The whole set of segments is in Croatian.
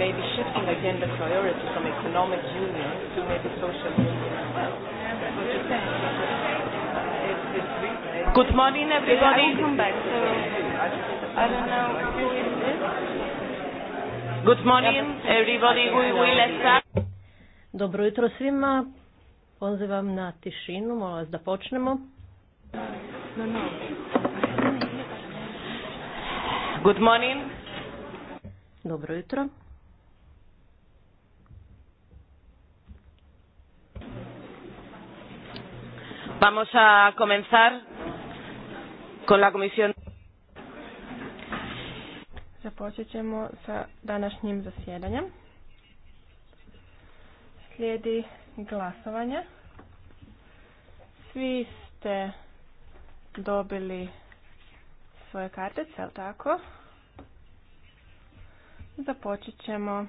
maybe shifting again the priority from economic union to maybe social union. Good morning, everybody. I come back. So I don't know who is this. Good morning, everybody. We will start. Dobro jutro svima. Pozivam na tišinu, molim vas da počnemo. No, no. Good morning. Dobro jutro. Vamos a comenzar con la comisión. Započet ćemo sa današnjim zasjedanjem. Slijedi glasovanje. Svi ste dobili svoje kartice, jel tako? Započet ćemo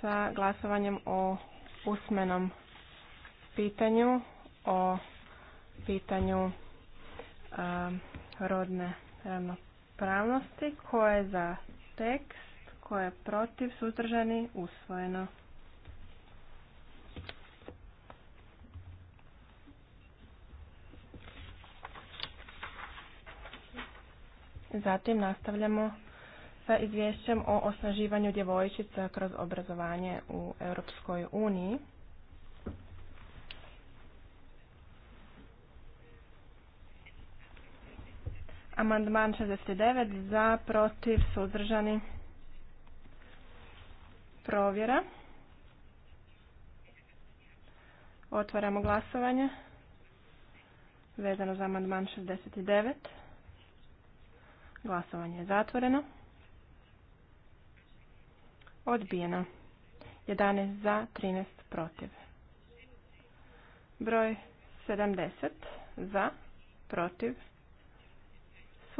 sa glasovanjem o usmenom pitanju o pitanju rodne ravnopravnosti. koje je za tekst? koje je protiv? Suzdržani? Usvojeno. Zatim nastavljamo sa izvješćem o osnaživanju djevojčica kroz obrazovanje u Europskoj uniji. Amandman 69 za, protiv, suzdržani. Provjera. Otvaramo glasovanje. Vezano za amandman 69. Glasovanje je zatvoreno. Odbijeno. 11 za, 13 protiv. Broj 70 za, protiv,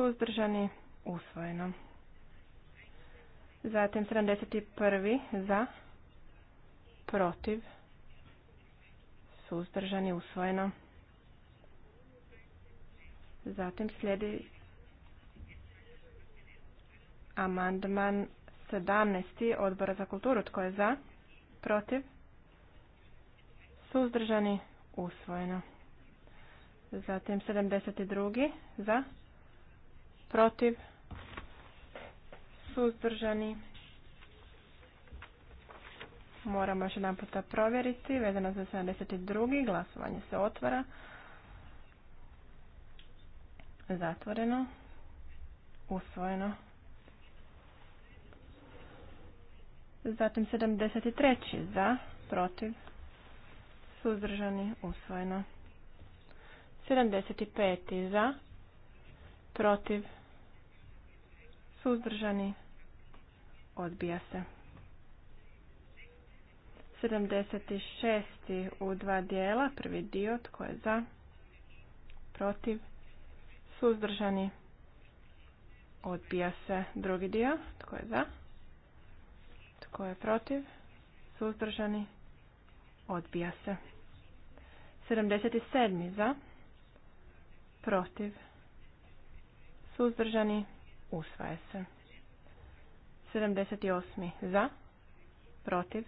suzdržani, usvojeno. Zatim 71. za, protiv, suzdržani, usvojeno. Zatim slijedi amandman 17. odbora za kulturu. Tko je za? Protiv? Suzdržani? Usvojeno. Zatim 72. za? protiv, suzdržani. Moramo još jedan puta provjeriti. Vezano za 72. Glasovanje se otvara. Zatvoreno. Usvojeno. Zatim 73. Za, protiv, suzdržani, usvojeno. 75. Za, protiv, Suzdržani. Odbija se. 76. u dva dijela. Prvi dio. Tko je za? Protiv. Suzdržani. Odbija se. Drugi dio. Tko je za? Tko je protiv? Suzdržani. Odbija se. 77. za. Protiv. Suzdržani. Usvaja se. 78. Za. Protiv.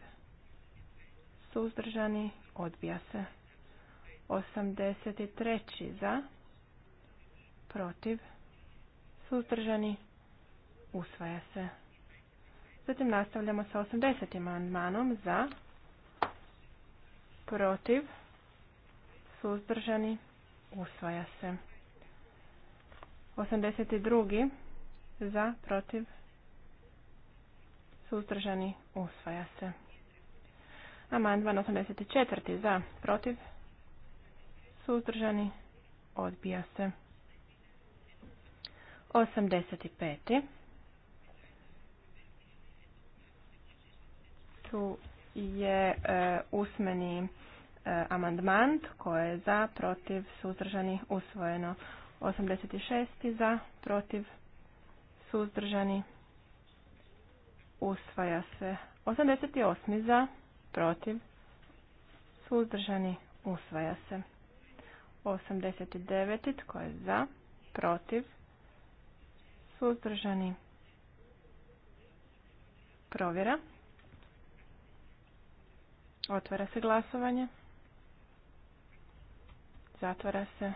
Suzdržani. Odbija se. 83. Za. Protiv. Suzdržani. Usvaja se. Zatim nastavljamo sa 80. Manom. za, protiv, suzdržani, usvaja se. 82 za, protiv, suzdržani, usvaja se. Amandman 84. za, protiv, suzdržani, odbija se. 85. Tu je e, usmeni e, amandman koje je za, protiv, suzdržani, usvojeno. 86. za, protiv, suzdržani, usvaja se. 88. za, protiv, suzdržani, usvaja se. 89. tko je za, protiv, suzdržani, provjera. Otvara se glasovanje. Zatvara se.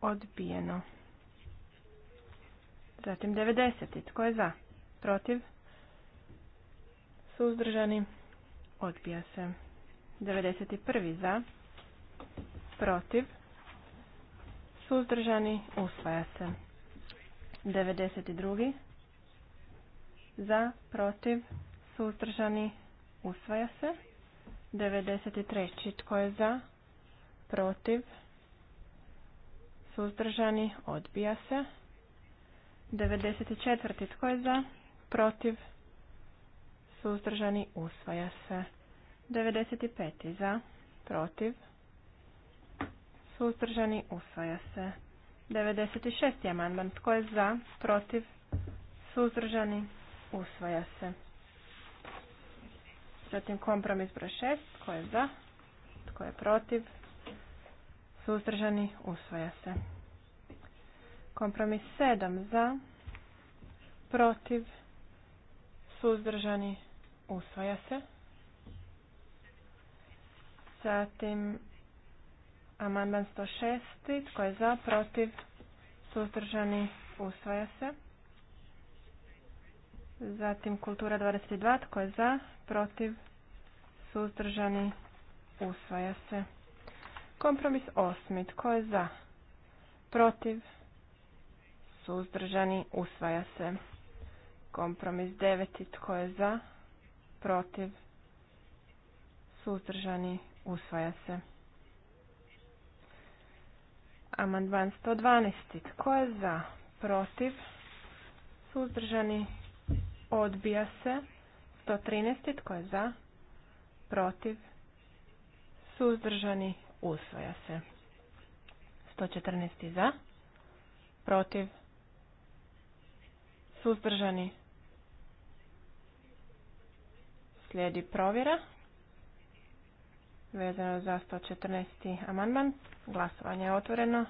Odbijeno. Zatim 90. Tko je za? Protiv? Suzdržani? Odbija se. 91. Za? Protiv? Suzdržani? Usvaja se. 92. Za? Protiv? Suzdržani? Usvaja se. 93. Tko je za? Protiv? Suzdržani? Odbija se. 94. Tko je za? Protiv? Suzdržani? Usvaja se. 95. Za? Protiv? Suzdržani? Usvaja se. 96. amandman. Tko je za? Protiv? Suzdržani? Usvaja se. Zatim kompromis broj 6. Tko je za? Tko je protiv? Suzdržani? Usvaja se. Kompromis 7 za, protiv, suzdržani, usvaja se. Zatim amandman 106. Tko je za, protiv, suzdržani, usvaja se. Zatim kultura 22. Tko je za, protiv, suzdržani, usvaja se. Kompromis 8. Tko je za, protiv, suzdržani, usvaja se. Kompromis 9. Tko je za? Protiv? Suzdržani, usvaja se. Amandman 112. Tko je za? Protiv? Suzdržani, odbija se. 113. Tko je za? Protiv? Suzdržani, usvaja se. 114. za? Protiv? Suzdržani? Slijedi provjera. Vezano za 114. amandman. Glasovanje je otvoreno.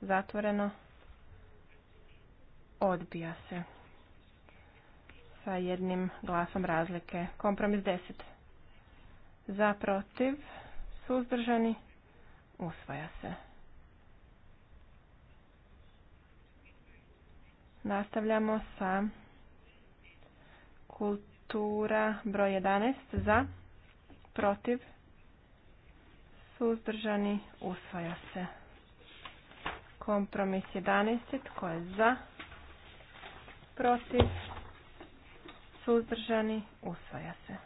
Zatvoreno. Odbija se. Sa jednim glasom razlike. Kompromis 10. Za protiv. Suzdržani. Usvaja se. Nastavljamo sa kultura broj 11 za, protiv, suzdržani, usvaja se. Kompromis 11, tko je za, protiv, suzdržani, usvaja se.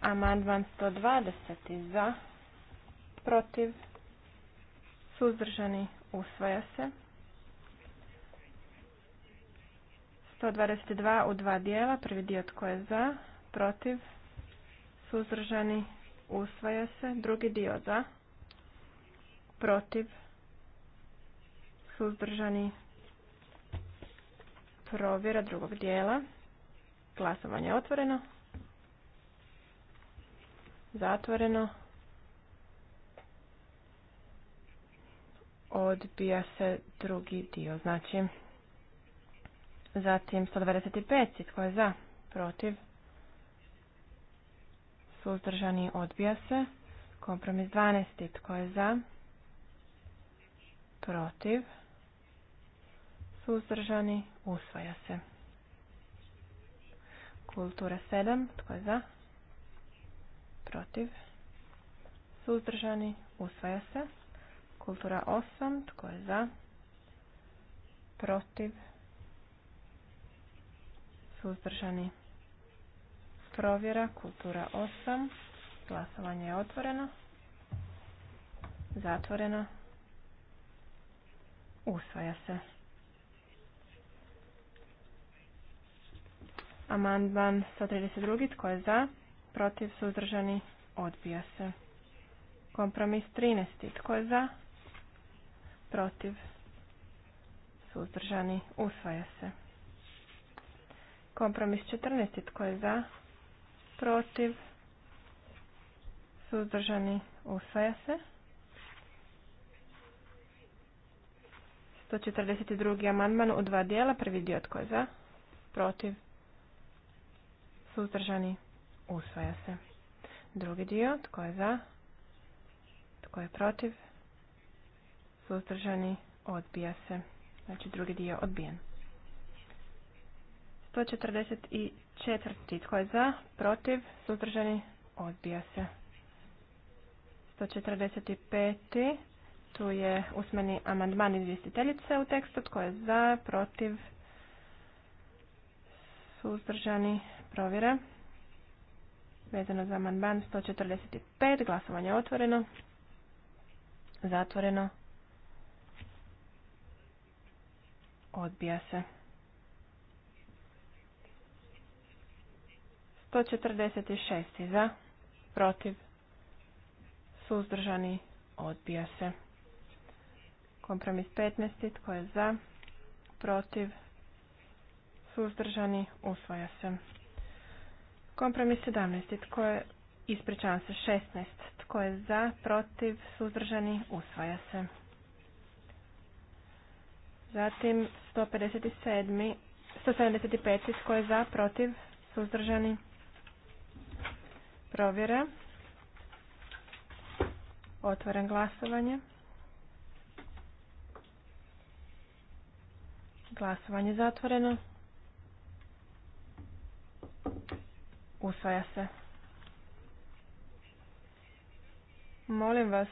Amandman 120 za, protiv, suzdržani, usvaja se. 122 u dva dijela. Prvi dio tko je za, protiv, suzdržani, usvaja se. Drugi dio za, protiv, suzdržani, provjera drugog dijela. Glasovanje je otvoreno. Zatvoreno. Odbija se drugi dio. Znači, Zatim 195. Tko je za? Protiv? Suzdržani odbija se. Kompromis 12. Tko je za? Protiv? Suzdržani usvaja se. Kultura 7. Tko je za? Protiv? Suzdržani usvaja se. Kultura 8. Tko je za? Protiv? suzdržani. Provjera kultura 8. Glasovanje je otvoreno. Zatvoreno. Usvaja se. Amandman 132. Tko je za? Protiv suzdržani. Odbija se. Kompromis 13. Tko je za? Protiv suzdržani. Usvaja se. Kompromis 14. Tko je za? Protiv? Suzdržani? Usvaja se. 142. amandman u dva dijela. Prvi dio tko je za? Protiv? Suzdržani? Usvaja se. Drugi dio tko je za? Tko je protiv? Suzdržani? Odbija se. Znači drugi dio odbijen. 144. Tko je za? Protiv? Suzdržani? Odbija se. 145. Tu je usmeni amandman izvjestiteljice u tekstu. Tko je za? Protiv? Suzdržani? Provjera. Vezano za amandman 145. Glasovanje je otvoreno. Zatvoreno. Odbija se. 146. za, protiv, suzdržani, odbija se. Kompromis 15. tko je za, protiv, suzdržani, usvaja se. Kompromis 17. tko je, ispričavam se, 16. tko je za, protiv, suzdržani, usvaja se. Zatim 157. 175. tko je za, protiv, suzdržani, usvaja se. Provjera. Otvoren glasovanje. Glasovanje zatvoreno. Usvaja se. Molim vas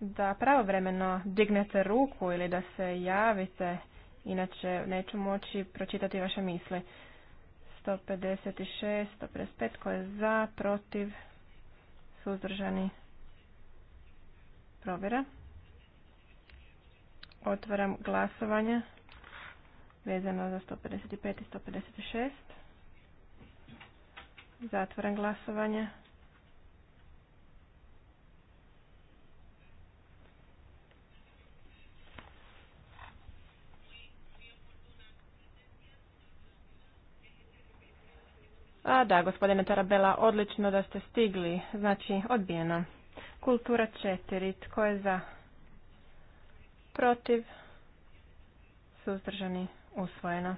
da pravovremeno dignete ruku ili da se javite, inače neću moći pročitati vaše misli. 156, 155 je za, protiv, suzdržani, provjera. Otvaram glasovanje vezano za 155 i 156. Zatvaram glasovanje. A da, gospodine Tarabela, odlično da ste stigli. Znači, odbijeno. Kultura četiri. Tko je za? Protiv? Suzdržani? Usvojeno.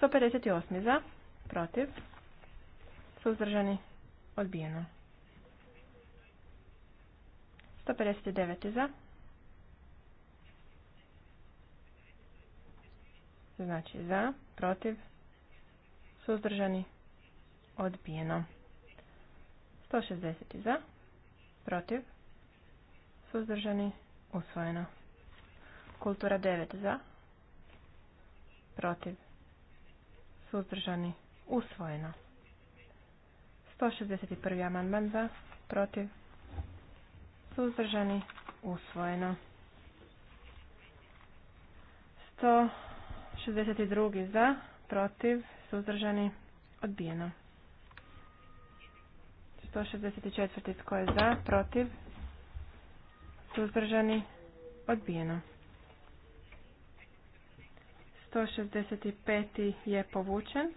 158. Za? Protiv? Suzdržani? Odbijeno. 159. Za? Znači za, protiv, suzdržani, odbijeno. 160 za, protiv, suzdržani, usvojeno. Kultura 9 za, protiv, suzdržani, usvojeno. 161. amandman za, protiv, suzdržani, usvojeno. 100 62. za, protiv, suzdržani, odbijeno. 164. tko je za, protiv, suzdržani, odbijeno. 165. je povučen,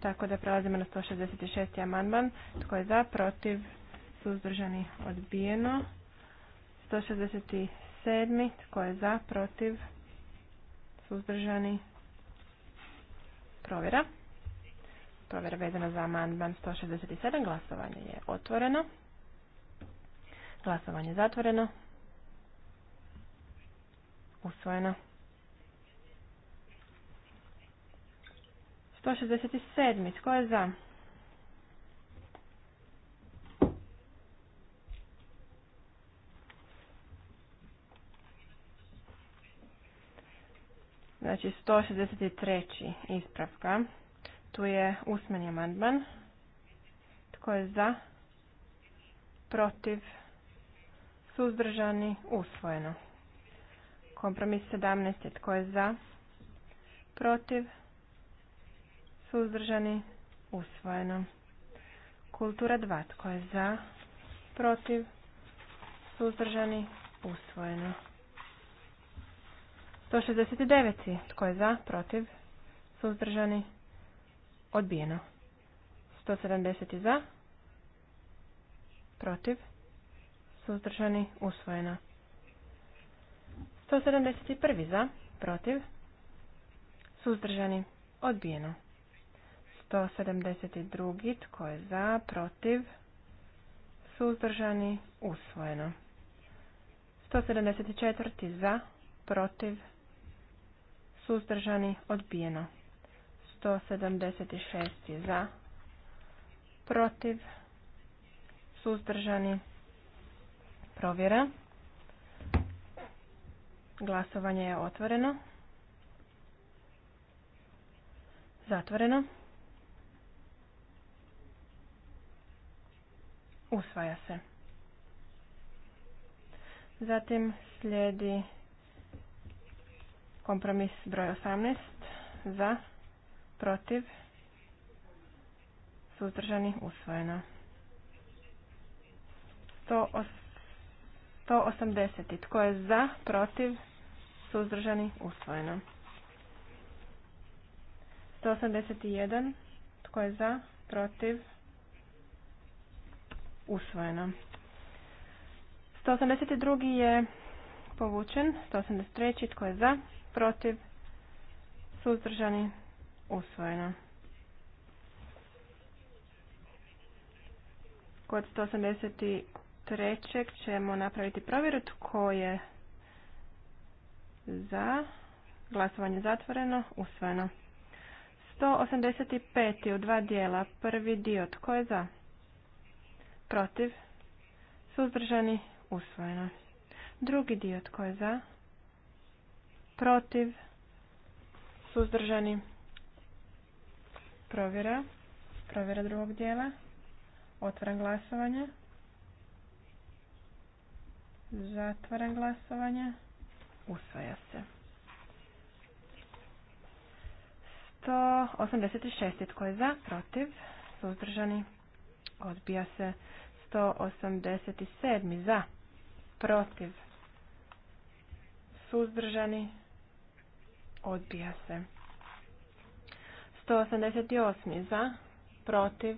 tako da prelazimo na 166. amandman. Tko je za, protiv, suzdržani, odbijeno. 167. Tko je za, protiv, suzdržani, odbijeno Provjera. Provjera vezana za amandman 167. Glasovanje je otvoreno. Glasovanje je zatvoreno. Usvojeno. 167. Tko je za? Znači 163. ispravka. Tu je usmeni amandman. Tko je za? Protiv? Suzdržani? Usvojeno. Kompromis 17. Tko je za? Protiv? Suzdržani? Usvojeno. Kultura 2. Tko je za? Protiv? Suzdržani? Usvojeno. 169. Tko je za? Protiv? Suzdržani? Odbijeno. 170. Za? Protiv? Suzdržani? Usvojeno. 171. Za? Protiv? Suzdržani? Odbijeno. 172. Tko je za? Protiv? Suzdržani? Usvojeno. 174. Za? Protiv? suzdržani, odbijeno. 176 je za, protiv, suzdržani, provjera. Glasovanje je otvoreno. Zatvoreno. Usvaja se. Zatim slijedi Kompromis broj 18 za, protiv, suzdržani, usvojeno. 180. Tko je za, protiv, suzdržani, usvojeno. 181. Tko je za, protiv, usvojeno. 182. je povučen. 183. Tko je za, protiv, suzdržani, usvojeno. Kod 183. ćemo napraviti provjeru tko je za, glasovanje zatvoreno, usvojeno. 185. u dva dijela, prvi dio, tko je za, protiv, suzdržani, usvojeno. Drugi dio, tko je za, protiv, suzdržani, provjera, provjera drugog dijela, otvaram glasovanje, zatvaram glasovanje, usvaja se. 186. Tko je za? Protiv. Suzdržani. Odbija se. 187. Za. Protiv. Suzdržani odbija se. 188. za, protiv,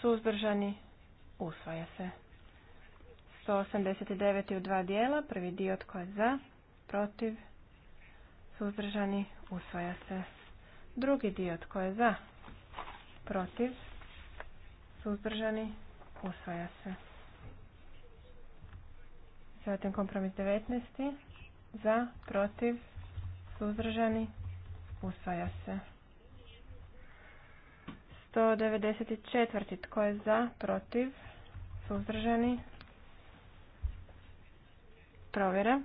suzdržani, usvaja se. 189. u dva dijela, prvi dio tko je za, protiv, suzdržani, usvaja se. Drugi dio tko je za, protiv, suzdržani, usvaja se. Zatim kompromis 19. za, protiv, Suzdržani? Usvaja se. 194. Tko je za? Protiv? Suzdržani? Provjera.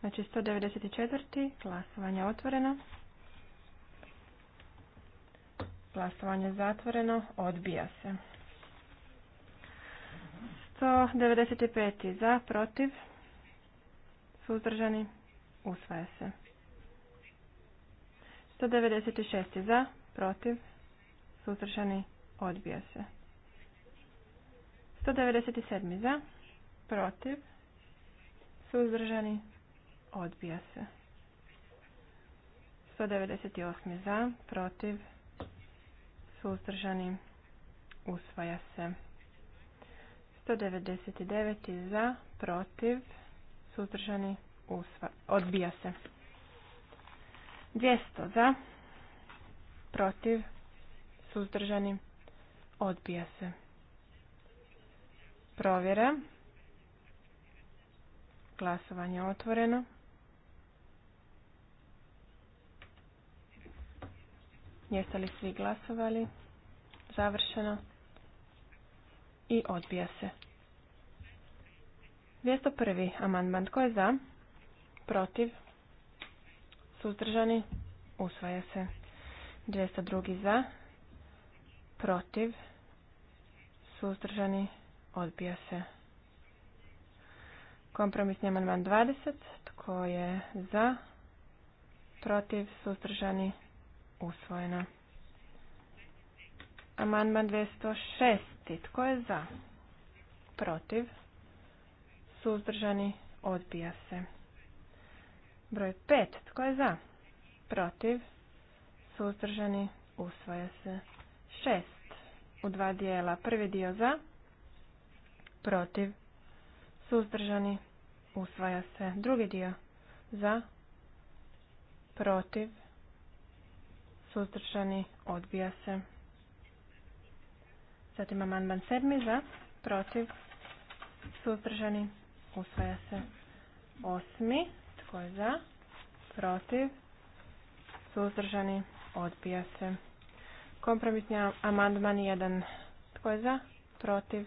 Znači 194. Glasovanje otvoreno. Glasovanje zatvoreno. Odbija se. 195. Za, protiv. Suzdržani? Usvaja se. 196. Za? Protiv? Suzdržani? Odbija se. 197. Za? Protiv? Suzdržani? Odbija se. 198. Za? Protiv? Suzdržani? Usvaja se. 199. Za? Protiv? suzdržani, usva, odbija se. 200 za, protiv, suzdržani, odbija se. Provjera. Glasovanje otvoreno. Jeste li svi glasovali? Završeno. I odbija se. 201. amandman. Tko je za? Protiv? Suzdržani? Usvaja se. 202. za? Protiv? Suzdržani? Odbija se. Kompromisni amandman 20. Tko je za? Protiv? Suzdržani? Usvojeno. Amandman 206. Tko je za? Protiv? suzdržani, odbija se. Broj pet, Tko je za? Protiv, suzdržani, usvaja se. Šest U dva dijela. Prvi dio za, protiv, suzdržani, usvaja se. Drugi dio za, protiv, suzdržani, odbija se. Zatim amandman sedmi za, protiv, suzdržani, usvaja se. Osmi, tko je za, protiv, suzdržani, odbija se. Kompromisni amandman 1, tko je za, protiv,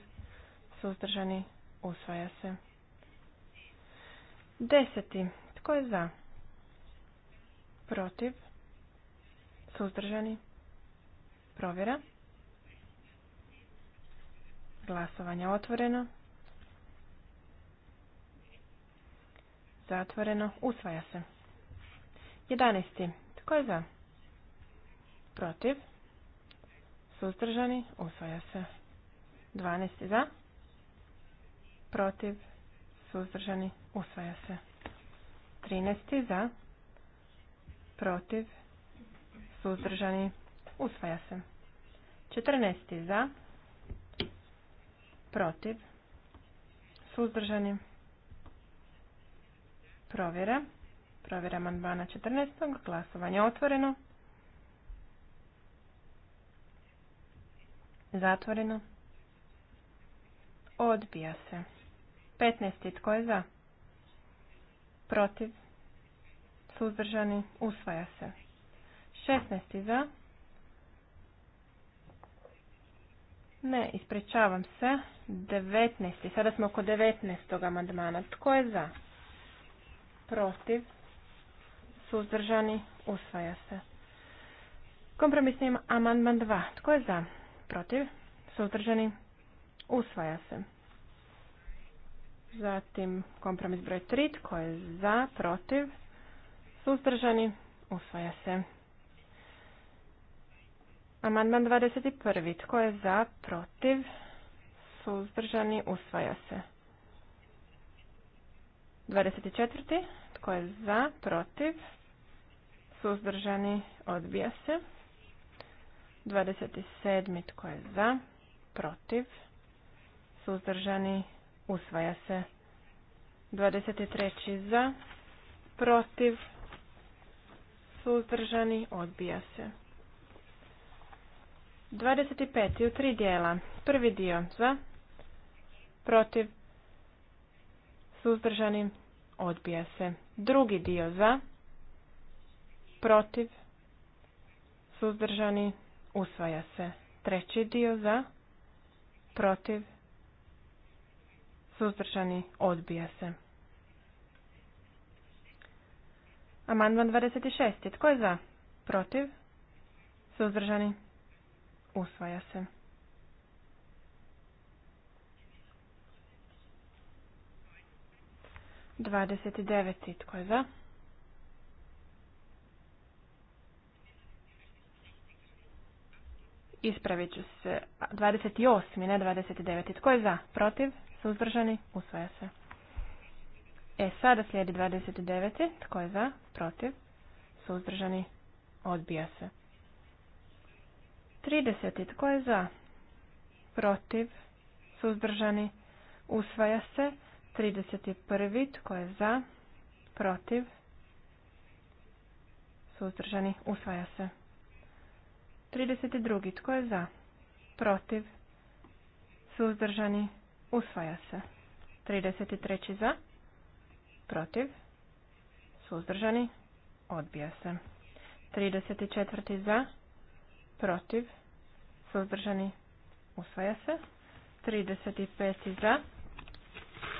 suzdržani, usvaja se. Deseti, tko je za, protiv, suzdržani, provjera. Glasovanje otvoreno. Zatvoreno. Usvaja se. 11. Tko je za? Protiv. Suzdržani. Usvaja se. 12. Za. Protiv. Suzdržani. Usvaja se. 13. Za. Protiv. Suzdržani. Usvaja se. 14. Za. Protiv. Suzdržani. Provjera. Provjera amandmana 14. Glasovanje otvoreno. Zatvoreno. Odbija se. 15. Tko je za? Protiv. Suzdržani. Usvaja se. 16. Za. Ne, ispričavam se. 19. Sada smo oko 19. amandmana. Tko je za? protiv, suzdržani, usvaja se. Kompromisni amandman 2. Tko je za? Protiv, suzdržani, usvaja se. Zatim kompromis broj 3. Tko je za? Protiv, suzdržani, usvaja se. Amandman 21. Tko je za? Protiv, suzdržani, usvaja se. 24. Tko je za? Protiv? Suzdržani? Odbija se. 27. Tko je za? Protiv? Suzdržani? Usvaja se. 23. Za? Protiv? Suzdržani? Odbija se. 25. U tri dijela. Prvi dio za? Protiv? suzdržani, odbija se. Drugi dio za, protiv, suzdržani, usvaja se. Treći dio za, protiv, suzdržani, odbija se. Amandman 26. Tko je za? Protiv? Suzdržani? Usvaja se. 29. Tko je za? Ispravit ću se. 28. ne 29. Tko je za? Protiv? Suzdržani? Usvaja se. E, sada slijedi 29. Tko je za? Protiv? Suzdržani? Odbija se. 30. Tko je za? Protiv? Suzdržani? Usvaja se. 31. Tko je za? Protiv? Suzdržani? Usvaja se. 32. Tko je za? Protiv? Suzdržani? Usvaja se. 33. Za? Protiv? Suzdržani? Odbija se. 34. Za? Protiv? Suzdržani? Usvaja se. 35. Za?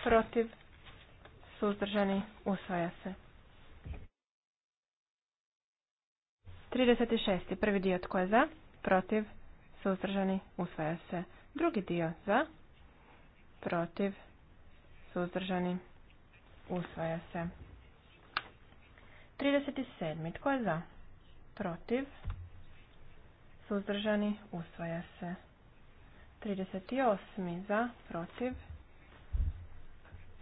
protiv, suzdržani, usvaja se. 36. Prvi dio tko je za, protiv, suzdržani, usvaja se. Drugi dio za, protiv, suzdržani, usvaja se. 37. Tko je za? Protiv. Suzdržani. Usvaja se. 38. Za. Protiv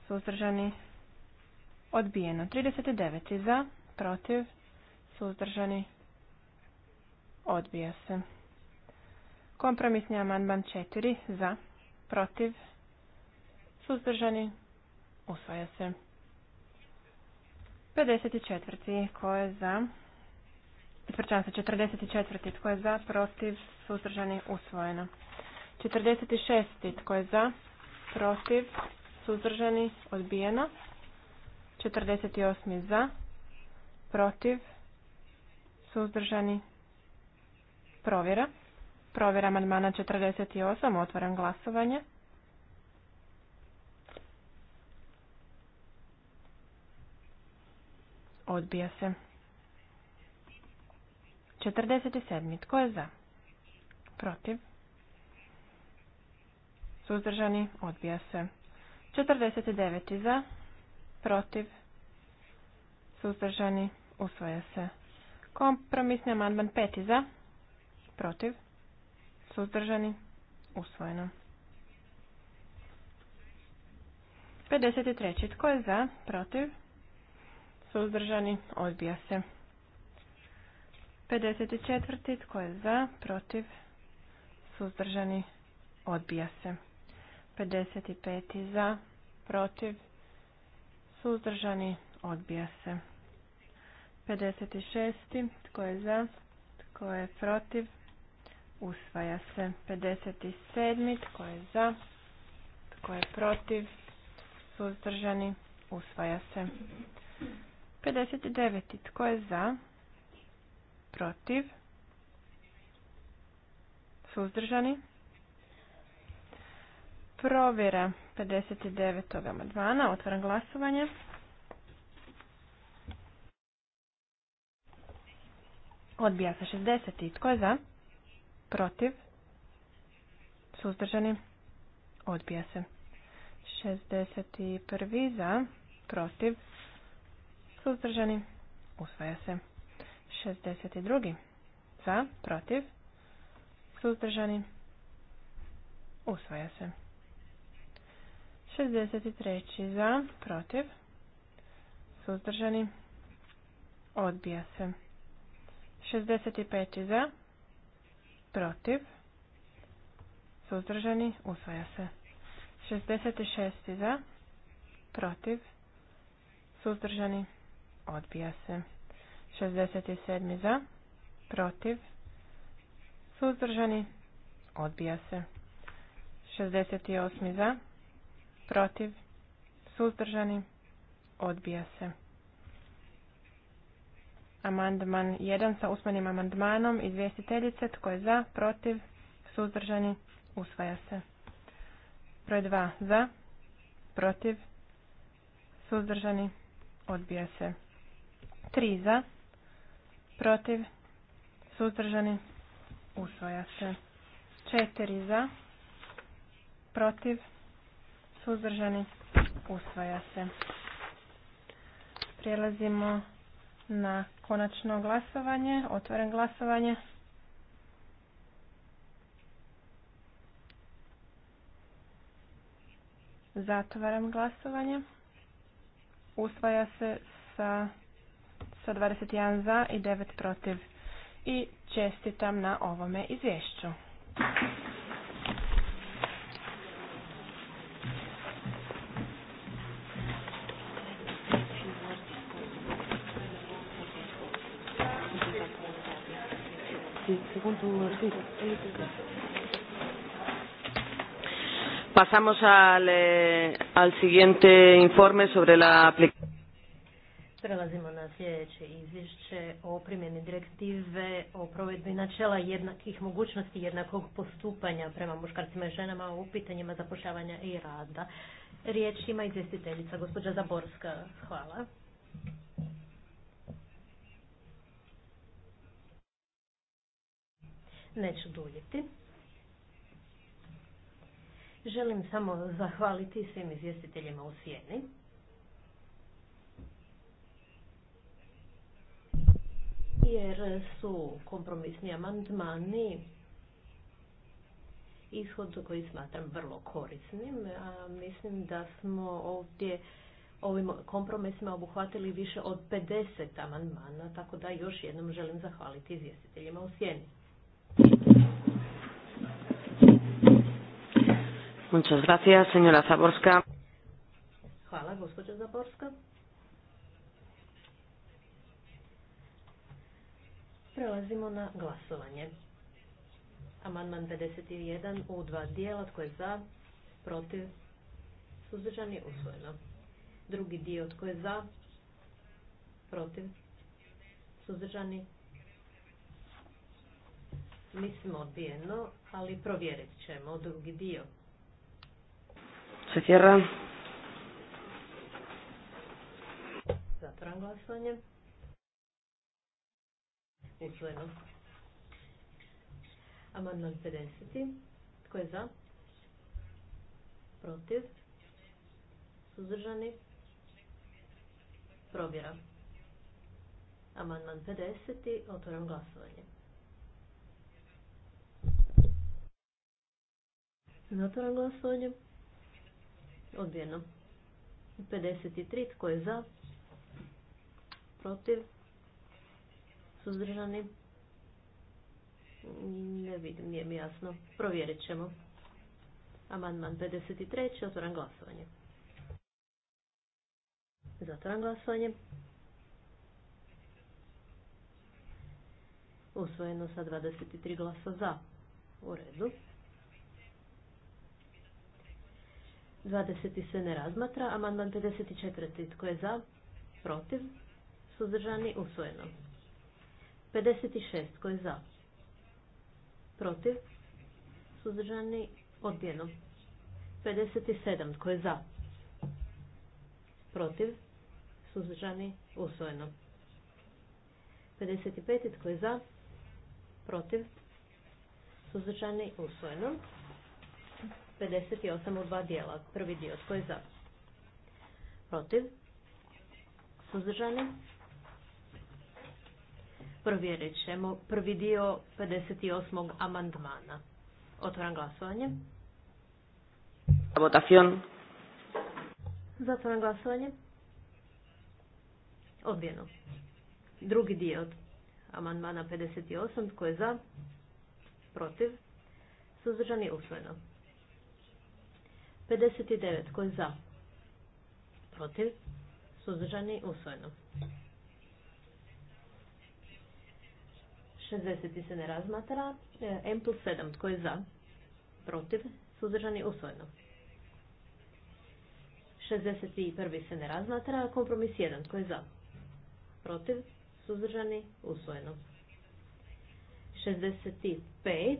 suzdržani, odbijeno. 39. za, protiv, suzdržani, odbija se. Kompromisni amandman 4 za, protiv, suzdržani, usvaja se. 54. ko je za, ispričavam se, 44. tko je za, protiv, suzdržani, usvojeno. 46. tko je za, protiv, suzdržani, odbijeno. 48. za, protiv, suzdržani, provjera. Provjera amandmana 48, otvaram glasovanje. Odbija se. 47. Tko je za? Protiv. Suzdržani. Odbija se. 49. za, protiv, suzdržani, usvaja se. Kompromisni amandman 5. za, protiv, suzdržani, usvojeno. 53. Tko je za? Protiv? Suzdržani? Odbija se. 54. Tko je za? Protiv? Suzdržani? Odbija se. 55. za, protiv, suzdržani, odbija se. 56. tko je za, tko je protiv, usvaja se. 57. tko je za, tko je protiv, suzdržani, usvaja se. 59. tko je za, protiv, suzdržani, Provjera 59. amadvana. Otvaram glasovanje. Odbija se 60. Tko je za? Protiv? Suzdržani? Odbija se. 61. Za? Protiv? Suzdržani? Usvaja se. 62. Za? Protiv? Suzdržani? Usvaja se. 63. za, protiv, suzdržani, odbija se. 65. za, protiv, suzdržani, usvaja se. 66. za, protiv, suzdržani, odbija se. 67. za, protiv, suzdržani, odbija se. 68. za, protiv, suzdržani, odbija se. Amandman 1 sa usmenim amandmanom izvjestiteljice tko je za, protiv, suzdržani, usvaja se. Broj 2 za, protiv, suzdržani, odbija se. 3 za, protiv, suzdržani, usvaja se. 4 za, protiv, suzdržani, usvaja se. Prelazimo na konačno glasovanje, otvoren glasovanje. Zatvaram glasovanje. Usvaja se sa, sa 21 za i 9 protiv. I čestitam na ovome izvješću. Pasamos al, eh, al siguiente informe sobre la aplicación. Prelazimo na sljedeće izvješće o primjeni direktive o provedbi načela jednakih mogućnosti jednakog postupanja prema muškarcima i ženama u pitanjima zapošljavanja i rada. Riječ ima izvjestiteljica, gospođa Zaborska. Hvala. Neću duljiti. Želim samo zahvaliti svim izvjestiteljima u sjeni. Jer su kompromisni amandmani ishod koji smatram vrlo korisnim. A mislim da smo ovdje ovim kompromisima obuhvatili više od 50 amandmana, tako da još jednom želim zahvaliti izvjestiteljima u Sjeni. Muchas gracias, señora Zaborska. Hvala, gospođo Zaborska. Prelazimo na glasovanje. Amandman 51 u dva dijela, tko je za, protiv, suzdržan je usvojeno. Drugi dio, tko je za, protiv, suzdržani, Mislim odbijeno, ali provjerit ćemo drugi dio. Cetjera. Zatvoram glasovanje. Usvojeno. Amandman 50. Tko je za? Protiv? Suzdržani? Provjera. Amandman 50. Otvoram glasovanje. Zatvoram glasovanje. Odbijeno. 53. Tko je za? Protiv? Suzdržani? Ne vidim, nije mi jasno. Provjerit ćemo. Amandman 53. Otvoram glasovanje. Zatvoram glasovanje. Usvojeno sa 23 glasa za. U redu. 20. se ne razmatra. Amandman 54. Tko je za? Protiv? Suzdržani? Usvojeno. 56. Tko je za? Protiv? Suzdržani? Odbijeno. 57. Tko je za? Protiv? Suzdržani? Usvojeno. 55. Tko je za? Protiv? Suzdržani? Usvojeno. 58 u dva dijela. Prvi dio, tko je za? Protiv? Suzdržani? Provjerit ćemo prvi dio 58. amandmana. Otvoram glasovanje. Votacion. Zatvoram glasovanje. Odbijeno. Drugi dio od amandmana 58. Tko je za? Protiv? Suzdržani usvojeno. 59. Tko je za? Protiv? Suzdržani? Usvojeno. 60. se ne razmatra. E, M plus 7. Tko je za? Protiv? Suzdržani? Usvojeno. 61. se ne razmatra. Kompromis 1. Tko je za? Protiv? Suzdržani? Usvojeno. 65.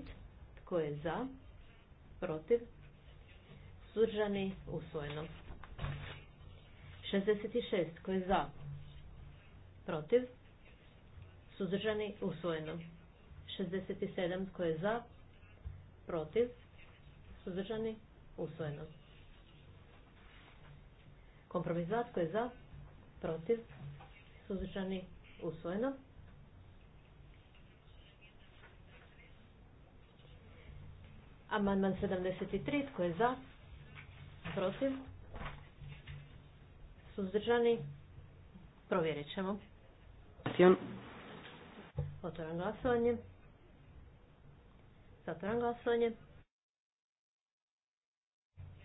Tko je za? Protiv? suzdržani, usvojeno. 66. Tko je za? Protiv? Suzdržani, usvojeno. 67. Tko je za? Protiv? Suzdržani, usvojeno. Kompromisat koji je za? Protiv? Suzdržani, usvojeno. Amandman 73. Tko je za? Protiv? Suzdržani? Provjerit ćemo. Otvoram glasovanje. Zatvoram glasovanje.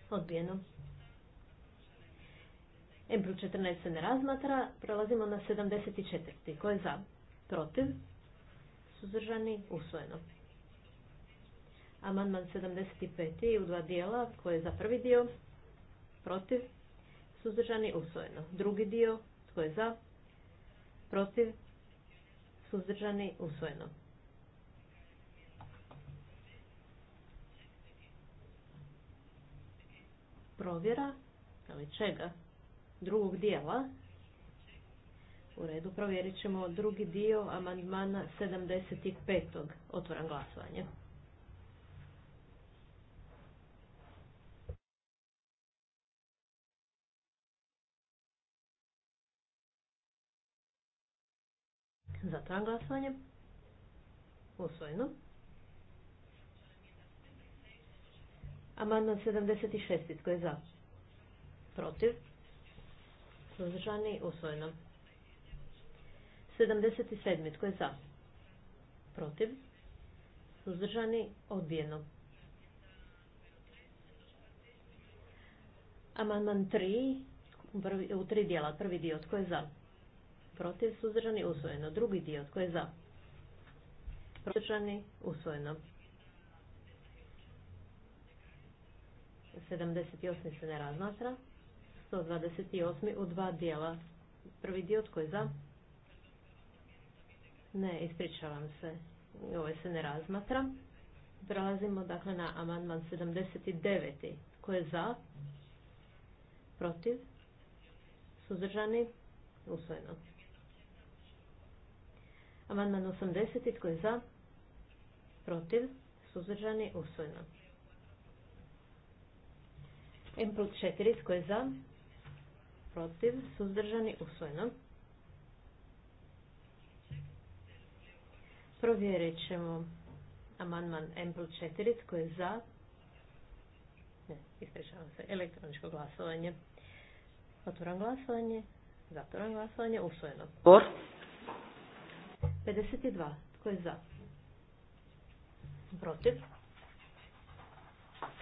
Odbijeno. M 14 se ne razmatra. Prelazimo na 74. Ko je za? Protiv? Suzdržani? Usvojeno. Amandman 75. u dva dijela. Ko je za prvi dio? protiv, suzdržani, usvojeno. Drugi dio, tko je za, protiv, suzdržani, usvojeno. Provjera, ali čega? Drugog dijela. U redu, provjerit ćemo drugi dio amandmana 75. otvoran glasovanje. Zatvaram glasovanje. Usvojeno. Amandman 76. Tko je za? Protiv? Suzdržani? Usvojeno. 77. Tko je za? Protiv? Suzdržani? Odbijeno. Amandman 3. u tri dijela. Prvi dio. Tko je za? protiv, suzdržani, usvojeno. Drugi dio, tko je za? Protiv, suzdržani, usvojeno. 78. se ne razmatra. 128. u dva dijela. Prvi dio, tko je za? Ne, ispričavam se. Ovo ovaj se ne razmatra. Prelazimo dakle na amandman 79. Tko je za? Protiv? Suzdržani? Usvojeno. Amandman 80. Tko je za? Protiv? Suzdržani? Usvojeno. M plus 4. Tko je za? Protiv? Suzdržani? Usvojeno. Provjerit ćemo amandman M plus 4. Tko je za? Ne, ispričavam se. Elektroničko glasovanje. Otvoram glasovanje. Zatvoram glasovanje. Usvojeno. Por. 52. Tko je za? Protiv?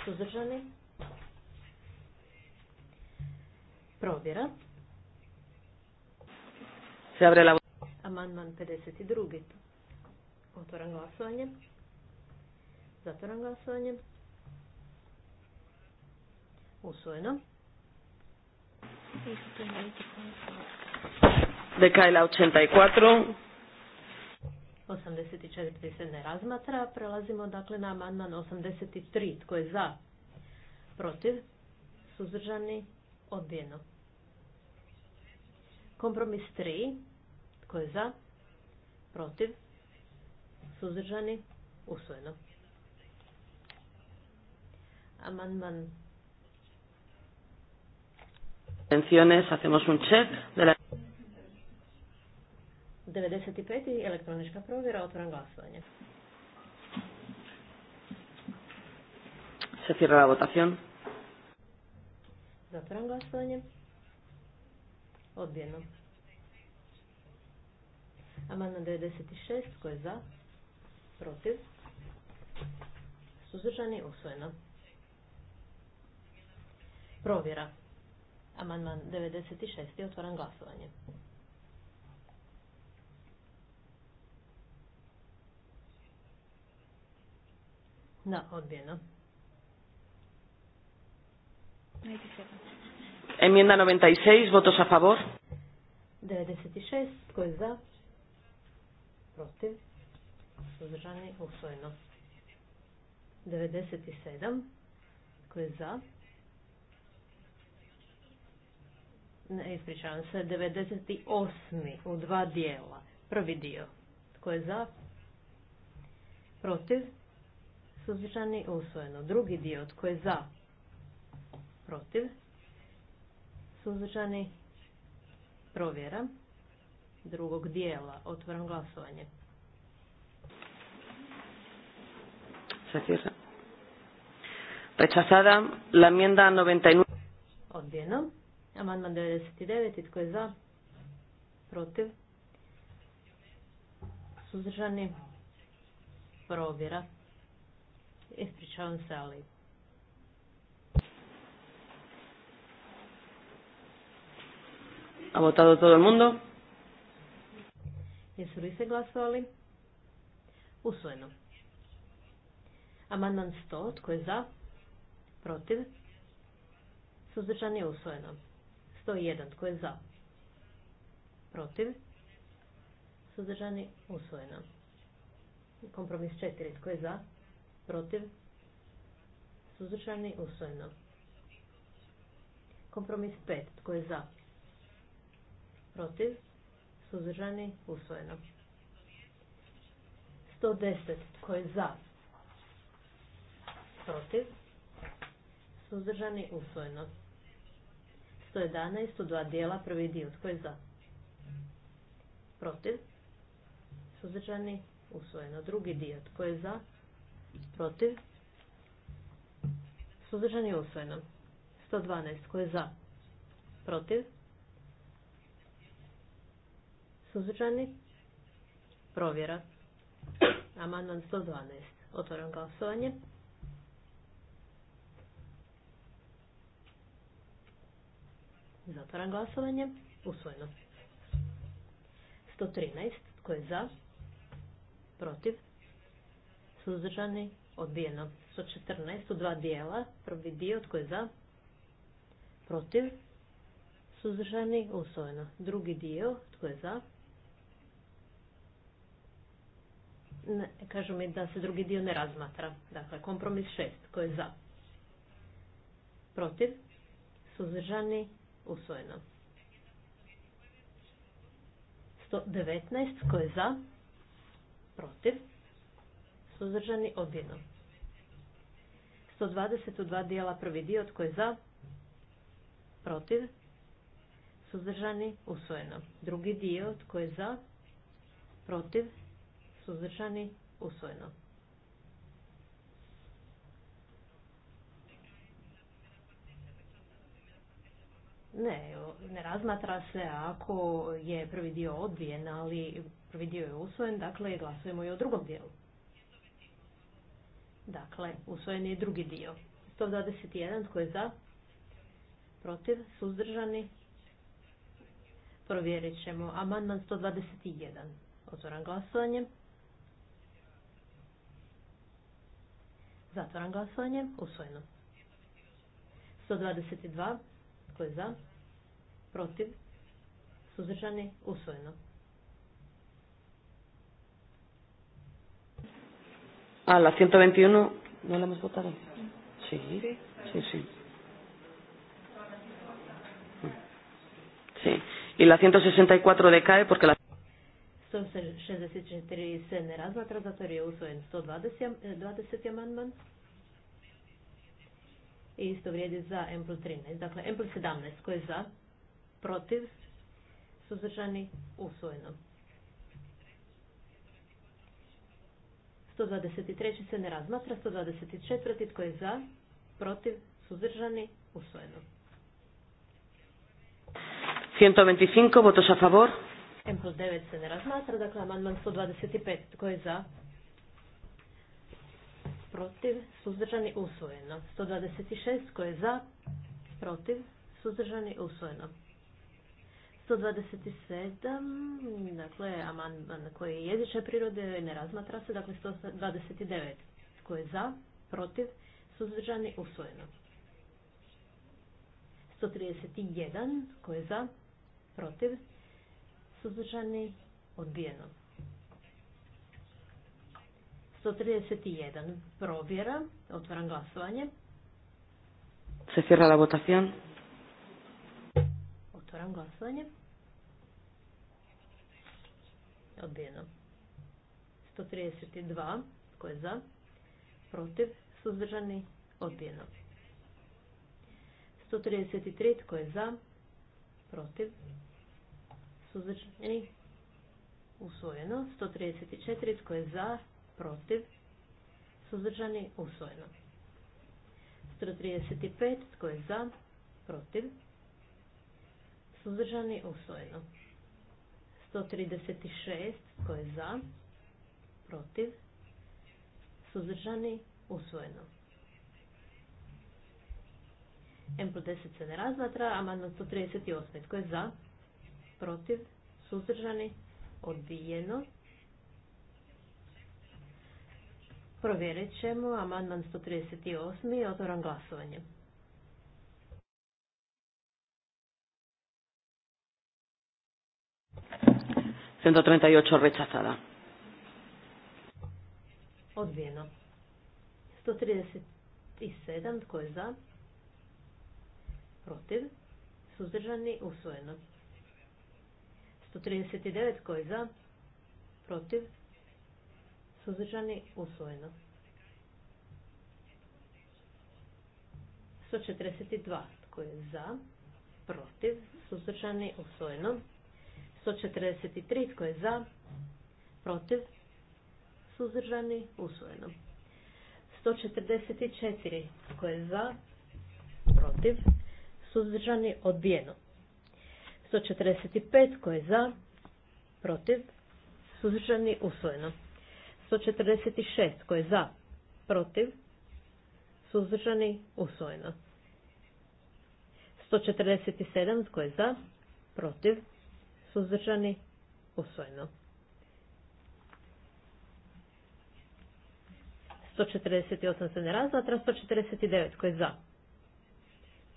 Suzdržani? Provjera. Amandman 52. Otvoram glasovanje. Zatvoram glasovanje. Usvojeno. 84. la 84. 84. se ne razmatra. Prelazimo dakle na amandman 83. Tko je za? Protiv? Suzdržani? Odbijeno. Kompromis 3. Tko je za? Protiv? Suzdržani? Usvojeno. Amandman. Hacemos un check de la 95. elektronička provjera, Otvoran glasovanje. Se cierra la votación. glasovanje. Odbijeno. Amandman 96, tko je za? Protiv? Suzržani. usvojeno. Provjera. Amandman 96. Otvaram glasovanje. Da, odbijeno. Enmienda 96, votos a favor. 96, tko je za? Protiv. Suzdržani, usvojeno. 97, tko je za? Ne, ispričavam se, 98. u dva dijela. Prvi dio. Tko je za? Protiv suzdržani, usvojeno. Drugi dio, tko je za, protiv, suzdržani, provjera drugog dijela. Otvaram glasovanje. Rechazada la enmienda 99. Odbijeno. Amandman 99. Tko je za? Protiv? Suzdržani? Provjera. Ispričavam se, ali... ¿Ha votado todo el mundo? Jesu li se glasovali? Usvojeno. Amandman 100, tko je za? Protiv? Suzdržan je usvojeno. 101, tko je za? Protiv? Suzdržan je usvojeno. Kompromis 4, tko je za? protiv, suzdržani, usvojeno. Kompromis 5. Tko je za? Protiv, suzdržani, usvojeno. 110. Tko je za? Protiv, suzdržani, usvojeno. 111 u dva dijela, prvi dio. Tko je za? Protiv, suzdržani, usvojeno. Drugi dio. Tko je za? Protiv? Suzdržani usvojeno. 112. Ko je za? Protiv? Suzdržani? Provjera. Amandman 112. Otvoram glasovanje. Zatvaram glasovanje. Usvojeno. 113. Tko je za? Protiv? suzdržani, odbijeno. 114 u dva dijela, prvi dio tko je za, protiv, suzdržani, usvojeno. Drugi dio tko je za, ne, kažu mi da se drugi dio ne razmatra. Dakle, kompromis šest, tko je za, protiv, suzdržani, usvojeno. 119 tko je za, protiv, suzdržani, odbijeno. 122 dijela, prvi dio, tko je za, protiv, suzdržani, usvojeno. Drugi dio, tko je za, protiv, suzdržani, usvojeno. Ne, ne razmatra se ako je prvi dio odbijen, ali prvi dio je usvojen, dakle glasujemo i o drugom dijelu. Dakle, usvojen je drugi dio. 121, tko je za? Protiv, suzdržani? Provjerit ćemo. Amandman 121. Otvoram glasovanje. Zatvoram glasovanje. Usvojeno. 122. Tko je za? Protiv? Suzdržani? Usvojeno. Ah, la 121, ¿no la hemos votado? Sí, sí, sí. Sí. I la 164 decae porque la... 164 se ne razmatra, zato jer je usvojen 120, amandman. I isto vrijedi za M plus 13. Dakle, M plus 17 koji je za, protiv, suzdržani, usvojeno. 123. se ne razmatra. 124. tko je za? Protiv? Suzdržani? Usvojeno. 125. Votos a favor. M plus 9 se ne razmatra. Dakle, amandman 125. Tko je za? Protiv? Suzdržani? Usvojeno. 126. Tko je za? Protiv? Suzdržani? Usvojeno. 127, dakle, amandman koji je jezične prirode ne razmatra se, dakle 129. Tko je za, protiv, suzdržani, usvojeno. 131. koji je za, protiv, suzdržani, odbijeno. 131. Provjera. Otvaram glasovanje. Se cierra la votación. Otvaram glasovanje. Odbijeno. 132. Tko je za? Protiv? Suzdržani? Odbijeno. 133. Tko je za? Protiv? Suzdržani? Usvojeno. 134. Tko je za? Protiv? Suzdržani? Usvojeno. 135. Tko je za? Protiv? suzdržani, usvojeno. 136, tko je za, protiv, suzdržani, usvojeno. M plus 10 se ne razmatra, amandman 138, tko je za, protiv, suzdržani, odbijeno. Provjerit ćemo amandman 138. Otvoram glasovanje. 138 rechazada. Odbijeno. 137 tko je za? Protiv. Suzdržani usvojeno. 139 tko je za? Protiv. Suzdržani usvojeno. 142 tko je za? Protiv. Suzdržani usvojeno. 143 tko je za, protiv, suzdržani, usvojeno. 144 tko je za, protiv, suzdržani, odbijeno. 145 tko je za, protiv, suzdržani, usvojeno. 146 tko je za, protiv, suzdržani, usvojeno. 147 tko je za, protiv, suzdržani, usvojeno. 148 se ne razmatra, 149 koji je za,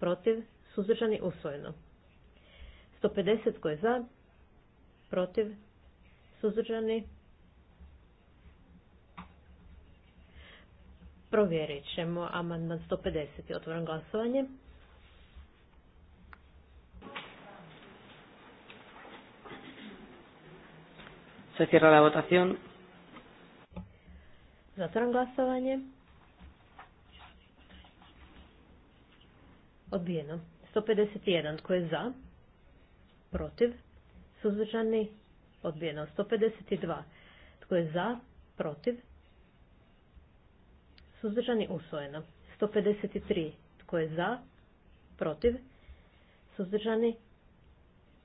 protiv, suzdržani, usvojeno. 150 koji je za, protiv, suzdržani, Provjerit ćemo amandman 150. Otvoram glasovanje. Se cierra la votación. Zatvaram glasovanje. Odbijeno. 151. Tko je za? Protiv? Suzdržani? Odbijeno. 152. Tko je za? Protiv? Suzdržani? Usvojeno. 153. Tko je za? Protiv? Suzdržani?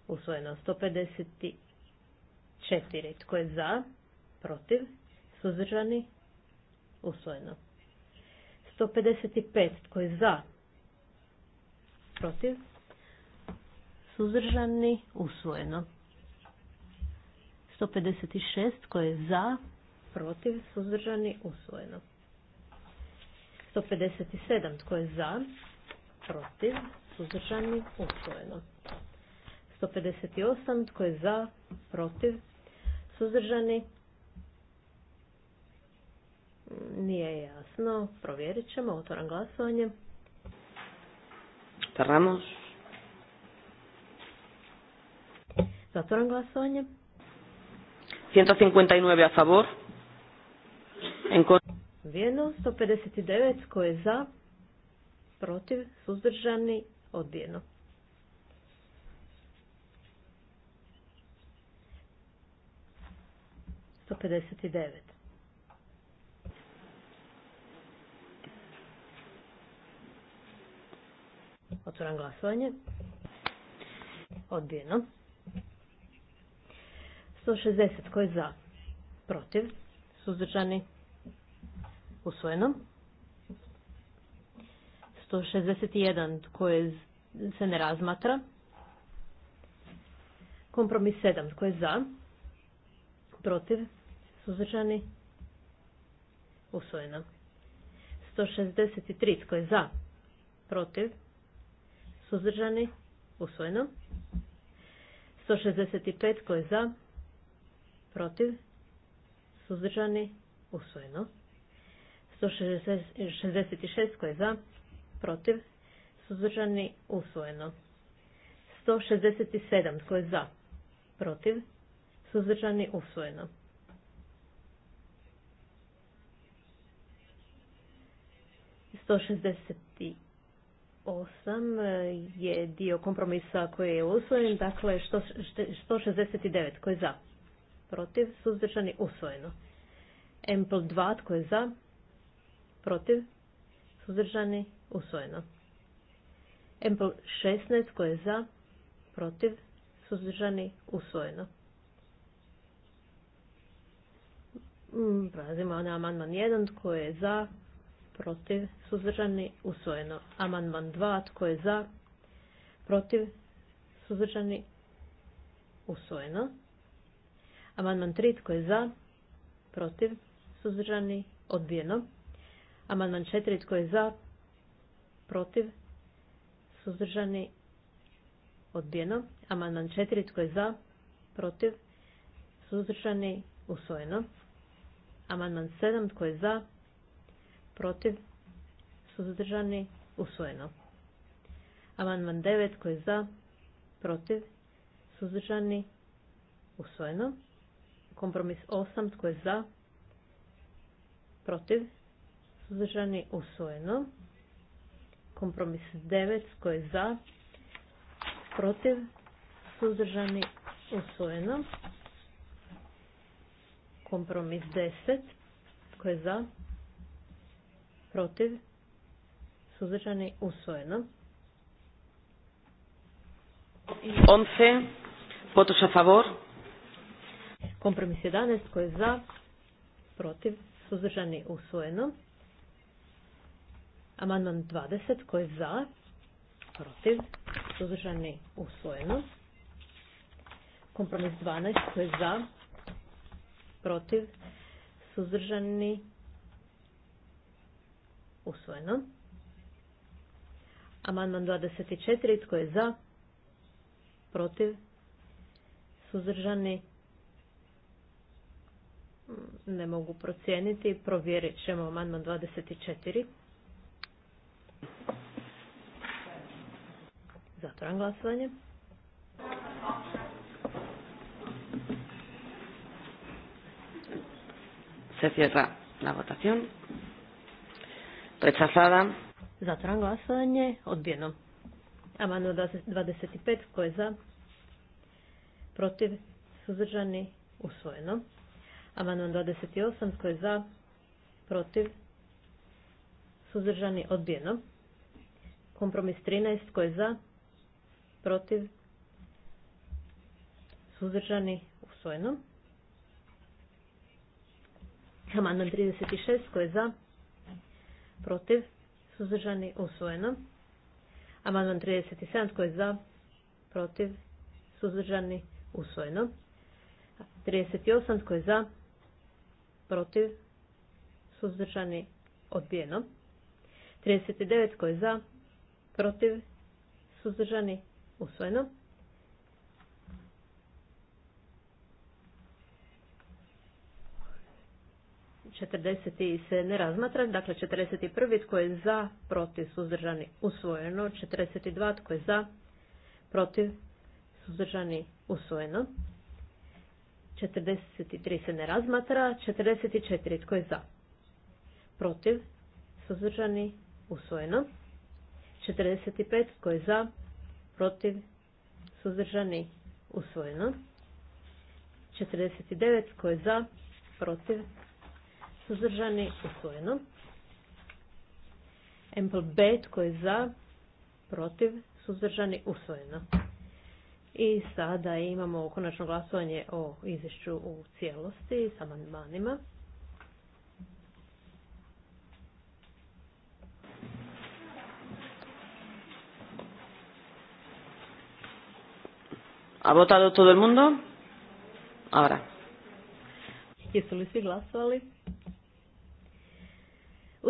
Usvojeno. 154. 4. Tko je za? Protiv? Suzdržani? Usvojeno. 155. Tko je za? Protiv? Suzdržani? Usvojeno. 156. Tko je za? Protiv? Suzdržani? Usvojeno. 157. Tko je za? Protiv? Suzdržani? Usvojeno. 158. Tko je za? Protiv? suzdržani? Nije jasno. Provjerit ćemo. Otvoram glasovanje. Cerramos. Zatvoram glasovanje. 159 a favor. En odbijeno. 159 koje je za, protiv, suzdržani, odbijeno. 159. Otvoram glasovanje. Odbijeno. 160 koji je za, protiv, suzdržani, usvojeno. 161 koje se ne razmatra. Kompromis 7 koje je za, protiv, Suzdržani? Usvojeno. 163. Tko je za? Protiv? Suzdržani? Usvojeno. 165. Tko je za? Protiv? Suzdržani? Usvojeno. 166. Tko je za? Protiv? Suzdržani? Usvojeno. 167. Tko je za? Protiv? Suzdržani? Usvojeno. 168 eh, je dio kompromisa koji je usvojen, dakle 169 koji je za, protiv, suzdržani, usvojeno. plus 2 koji je za, protiv, suzdržani, usvojeno. plus 16 koji je za, protiv, suzdržani, usvojeno. Mm, prelazimo na amandman 1 koji je za, protiv, suzdržani, usvojeno. Amandman 2, tko je za, protiv, suzdržani, usvojeno. Amandman 3, tko je za, protiv, suzdržani, odbijeno. Amandman 4, tko je za, protiv, suzdržani, odbijeno. Amandman 4, tko je za, protiv, suzdržani, usvojeno. Amandman 7, tko je za, protiv, suzdržani, usvojeno. Amandman 9 koji je za, protiv, suzdržani, usvojeno. Kompromis 8 tko je za, protiv, suzdržani, usvojeno. Kompromis 9 tko je za, protiv, suzdržani, usvojeno. Kompromis 10 tko je za, protiv, suzdržani, usvojeno. 11. potuša favor. Kompromis 11. koji je za? Protiv. Suzdržani usvojeno. Amandman 20. koji je za? Protiv. Suzdržani usvojeno. Kompromis 12. koji je za? Protiv. Suzdržani usvojeno. Amandman 24. Tko je za? Protiv? Suzdržani? Mm, ne mogu procijeniti. Provjerit ćemo amandman 24. Zatvoram glasovanje. Se cierra la votación. Rechazada. Zatvaram glasovanje. Odbijeno. Amano 25. Tko je za? Protiv? Suzdržani? Usvojeno. Amano 28. Tko je za? Protiv? Suzdržani? Odbijeno. Kompromis 13. Tko je za? Protiv? Suzdržani? Usvojeno. Amandman 36. Tko je za? protiv, suzdržani, usvojeno. Amandman 37, tko je za, protiv, suzdržani, usvojeno. 38, tko je za, protiv, suzdržani, odbijeno. 39, tko je za, protiv, suzdržani, usvojeno. 40. se ne razmatra, dakle 41. tko je za, protiv, suzdržani, usvojeno. 42. tko je za, protiv, suzdržani, usvojeno. 43. se ne razmatra, 44. tko je za, protiv, suzdržani, usvojeno. 45. tko je za, protiv, suzdržani, usvojeno. 49. tko je za, protiv, suzdržani, usvojeno. Ample B, tko je za, protiv, suzdržani, usvojeno. I sada imamo konačno glasovanje o izvješću u cijelosti sa amandmanima. ¿Ha votado todo el mundo? Ahora. Jesu li svi glasovali?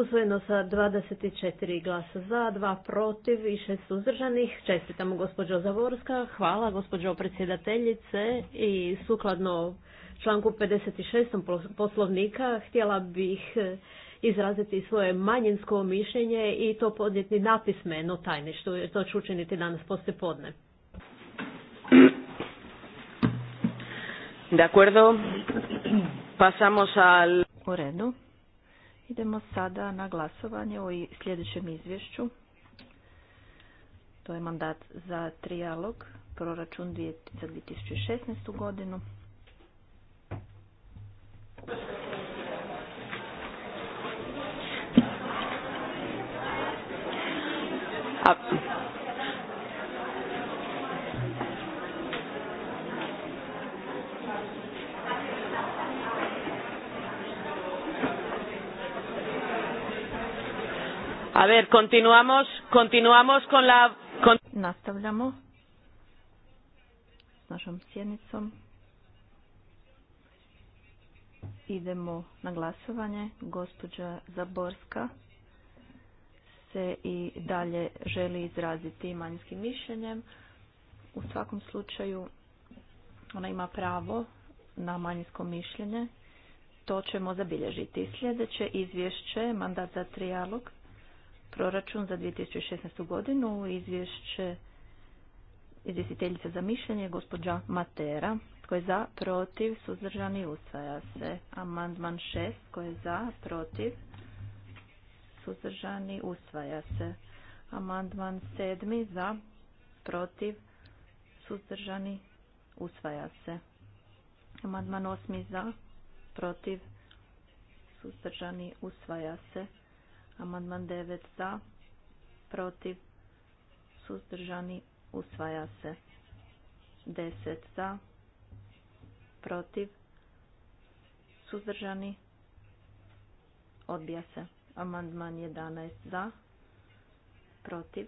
usvojeno sa 24 glasa za, dva protiv i šest suzdržanih. Čestitamo gospođo Zavorska, hvala gospođo predsjedateljice i sukladno članku 56. poslovnika htjela bih e, izraziti svoje manjinsko mišljenje i to podnijeti napismeno tajništvu, jer to ću učiniti danas poslije podne. De acuerdo, pasamos al... U redu. Idemo sada na glasovanje o sljedećem izvješću. To je mandat za trijalog, proračun za 2016. godinu. you. ver, continuamos, continuamos con la... Nastavljamo s našom sjednicom. Idemo na glasovanje. Gospođa Zaborska se i dalje želi izraziti manjskim mišljenjem. U svakom slučaju ona ima pravo na manjinsko mišljenje. To ćemo zabilježiti. Sljedeće izvješće, mandat za trijalog, proračun za 2016. godinu, izvješće izvjestiteljica za mišljenje, gospođa Matera. Tko je za, protiv, suzdržani, usvaja se. Amandman 6. Tko je za, protiv, suzdržani, usvaja se. Amandman 7. Za, protiv, suzdržani, usvaja se. Amandman 8. Za, protiv, suzdržani, usvaja se. Amandman 9 za, protiv, suzdržani, usvaja se. 10 za, protiv, suzdržani, odbija se. Amandman 11 za, protiv,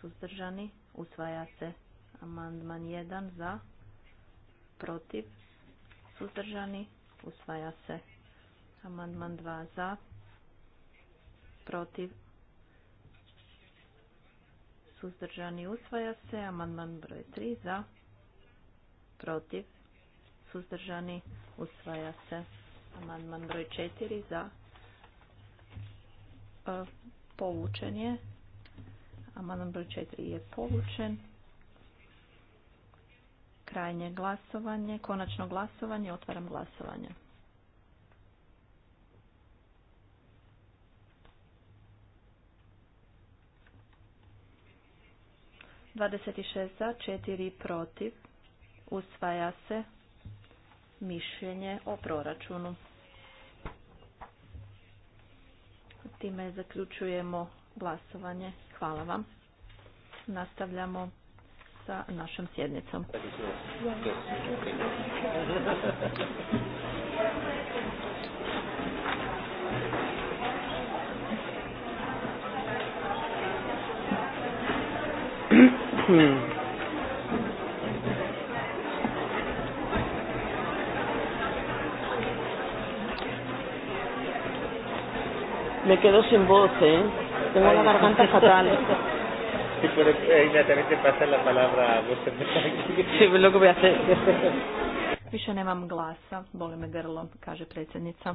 suzdržani, usvaja se. Amandman 1 za, protiv, suzdržani, usvaja se. Amandman 2 za, protiv, suzdržani usvaja se. Amandman broj 3 za, protiv, suzdržani usvaja se. Amandman broj 4 za, e, povučen je. Amandman broj 4 je povučen. Krajnje glasovanje, konačno glasovanje, otvaram glasovanje. 26 za, 4 protiv. Usvaja se mišljenje o proračunu. Time zaključujemo glasovanje. Hvala vam. Nastavljamo sa našom sjednicom. Hmm. Me quedo sin voz, ¿eh? Tengo Ay. la garganta fatal. Sí, por eso que pasa la palabra a vos. Sí, lo que voy a hacer. Više nemam glasa, boli me grlo, kaže predsjednica.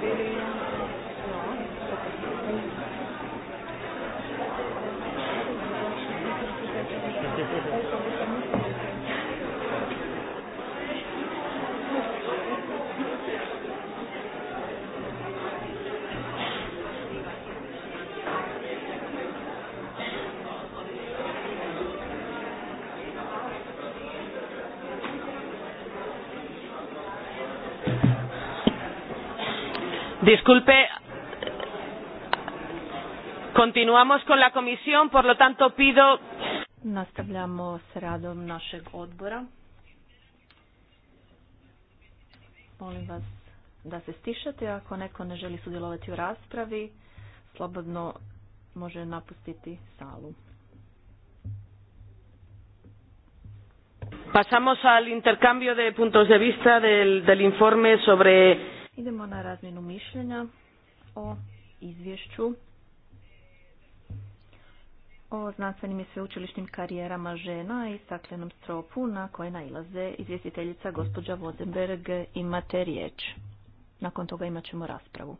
Hvala. Disculpe, continuamos con la comisión, por lo tanto pido... Nastavljamo s radom našeg odbora. Molim vas da se stišate. Ako neko ne želi sudjelovati u raspravi, slobodno može napustiti salu. Pasamos al intercambio de puntos de vista del, del informe sobre Idemo na razmjenu mišljenja o izvješću o znanstvenim i sveučilišnim karijerama žena i staklenom stropu na koje nailaze izvjestiteljica gospođa Vodenberg imate riječ. Nakon toga imat ćemo raspravu.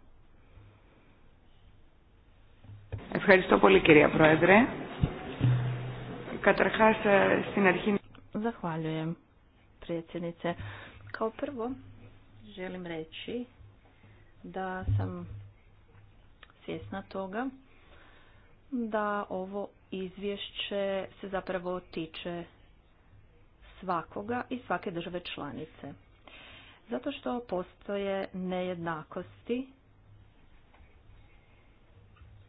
Zahvaljujem predsjednice. Kao prvo želim reći da sam svjesna toga da ovo izvješće se zapravo tiče svakoga i svake države članice. Zato što postoje nejednakosti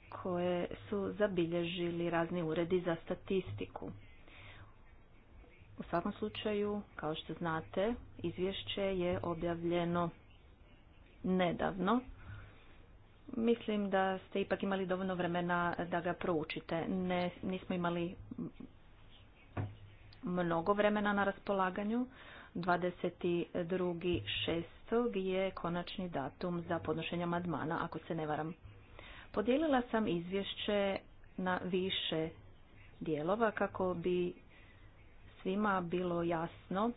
koje su zabilježili razni uredi za statistiku. U svakom slučaju, kao što znate, izvješće je objavljeno nedavno. Mislim da ste ipak imali dovoljno vremena da ga proučite. Ne, nismo imali mnogo vremena na raspolaganju. 22.6. je konačni datum za podnošenje Madmana, ako se ne varam. Podijelila sam izvješće na više dijelova kako bi svima bilo jasno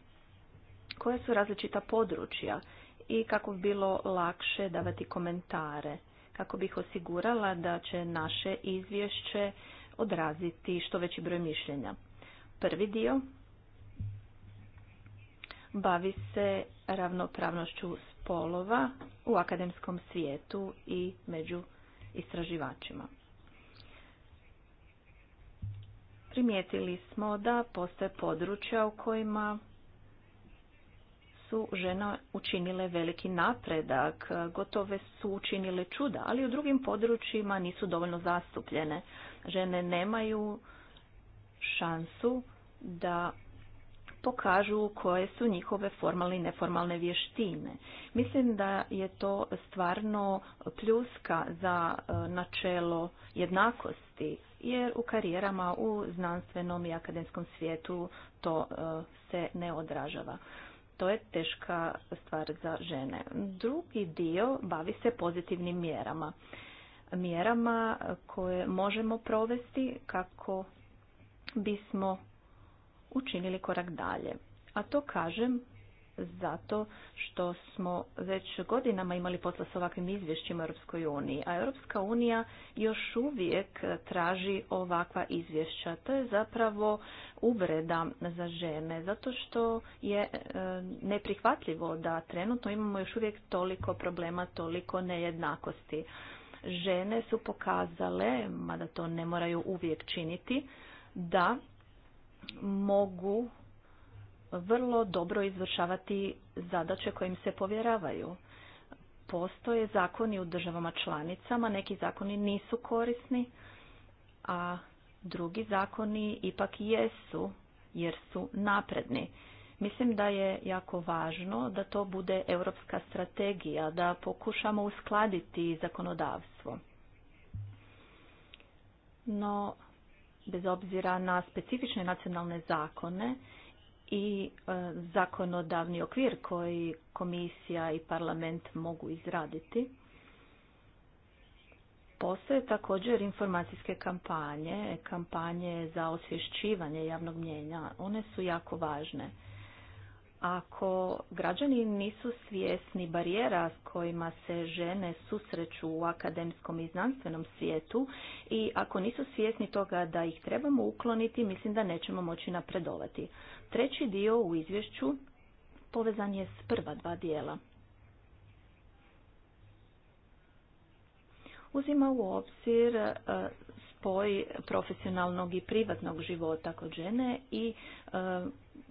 koje su različita područja i kako bi bilo lakše davati komentare, kako bih osigurala da će naše izvješće odraziti što veći broj mišljenja. Prvi dio bavi se ravnopravnošću spolova u akademskom svijetu i među istraživačima. primijetili smo da postoje područja u kojima su žene učinile veliki napredak, gotove su učinile čuda, ali u drugim područjima nisu dovoljno zastupljene. Žene nemaju šansu da pokažu koje su njihove formalne i neformalne vještine. Mislim da je to stvarno pljuska za e, načelo jednakosti jer u karijerama u znanstvenom i akademskom svijetu to e, se ne odražava. To je teška stvar za žene. Drugi dio bavi se pozitivnim mjerama. Mjerama koje možemo provesti kako bismo učinili korak dalje. A to kažem zato što smo već godinama imali posla s ovakvim izvješćima Europskoj uniji, a Europska unija još uvijek traži ovakva izvješća. To je zapravo uvreda za žene, zato što je e, neprihvatljivo da trenutno imamo još uvijek toliko problema, toliko nejednakosti. Žene su pokazale, mada to ne moraju uvijek činiti, da mogu vrlo dobro izvršavati zadaće kojim se povjeravaju. Postoje zakoni u državama članicama, neki zakoni nisu korisni, a drugi zakoni ipak jesu jer su napredni. Mislim da je jako važno da to bude europska strategija, da pokušamo uskladiti zakonodavstvo. No, bez obzira na specifične nacionalne zakone, i e, zakonodavni okvir koji komisija i parlament mogu izraditi. Postoje također informacijske kampanje, kampanje za osvješćivanje javnog mjenja. One su jako važne ako građani nisu svjesni barijera s kojima se žene susreću u akademskom i znanstvenom svijetu i ako nisu svjesni toga da ih trebamo ukloniti, mislim da nećemo moći napredovati. Treći dio u izvješću povezan je s prva dva dijela. Uzima u obzir e, spoj profesionalnog i privatnog života kod žene i e,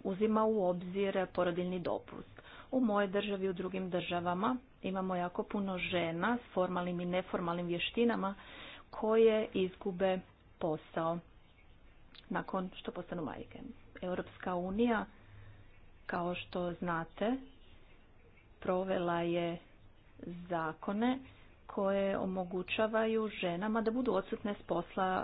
uzima u obzir porodiljni dopust. U mojoj državi i u drugim državama imamo jako puno žena s formalnim i neformalnim vještinama koje izgube posao nakon što postanu majke. Europska unija, kao što znate, provela je zakone koje omogućavaju ženama da budu odsutne s posla e,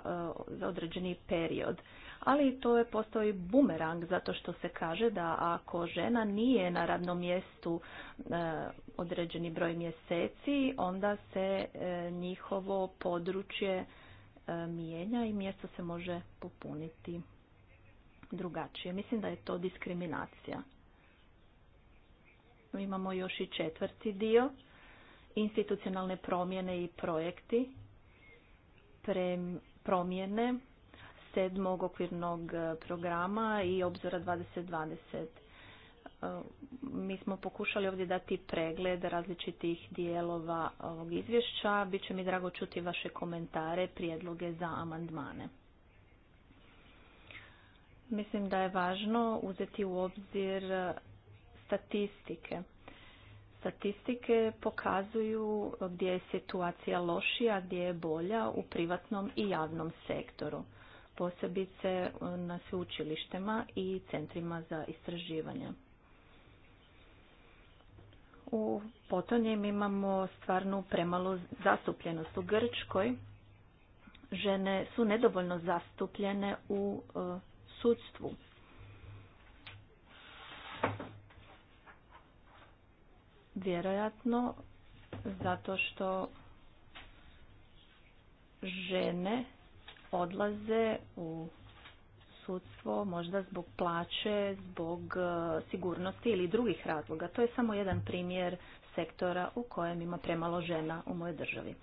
za određeni period ali to je postoji bumerang zato što se kaže da ako žena nije na radnom mjestu e, određeni broj mjeseci, onda se e, njihovo područje e, mijenja i mjesto se može popuniti drugačije. Mislim da je to diskriminacija. Imamo još i četvrti dio, institucionalne promjene i projekti, promjene sedmog okvirnog e, programa i obzora 2020. E, mi smo pokušali ovdje dati pregled različitih dijelova ovog izvješća. Biće mi drago čuti vaše komentare, prijedloge za amandmane. Mislim da je važno uzeti u obzir e, statistike. Statistike pokazuju gdje je situacija lošija, gdje je bolja u privatnom i javnom sektoru posebice na sveučilištima i centrima za istraživanje. U potonjem imamo stvarnu premalu zastupljenost. U Grčkoj žene su nedovoljno zastupljene u e, sudstvu. Vjerojatno zato što žene odlaze u sudstvo možda zbog plaće, zbog e, sigurnosti ili drugih razloga. To je samo jedan primjer sektora u kojem ima premalo žena u mojoj državi.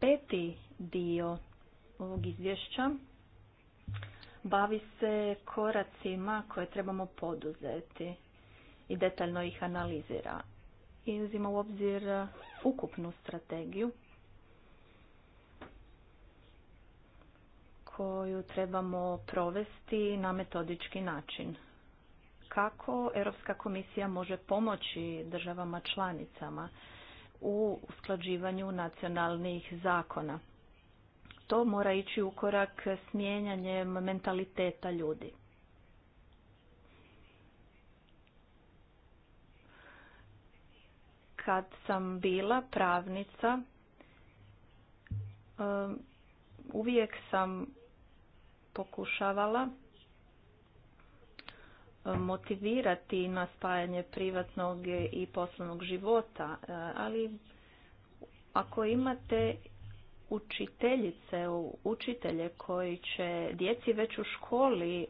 Peti dio ovog izvješća bavi se koracima koje trebamo poduzeti i detaljno ih analizira i uzima u obzir ukupnu strategiju koju trebamo provesti na metodički način. Kako Europska komisija može pomoći državama članicama u usklađivanju nacionalnih zakona? To mora ići u korak s mijenjanjem mentaliteta ljudi. Kad sam bila pravnica, um, uvijek sam pokušavala e, motivirati na spajanje privatnog i poslovnog života, e, ali ako imate učiteljice, učitelje koji će djeci već u školi e,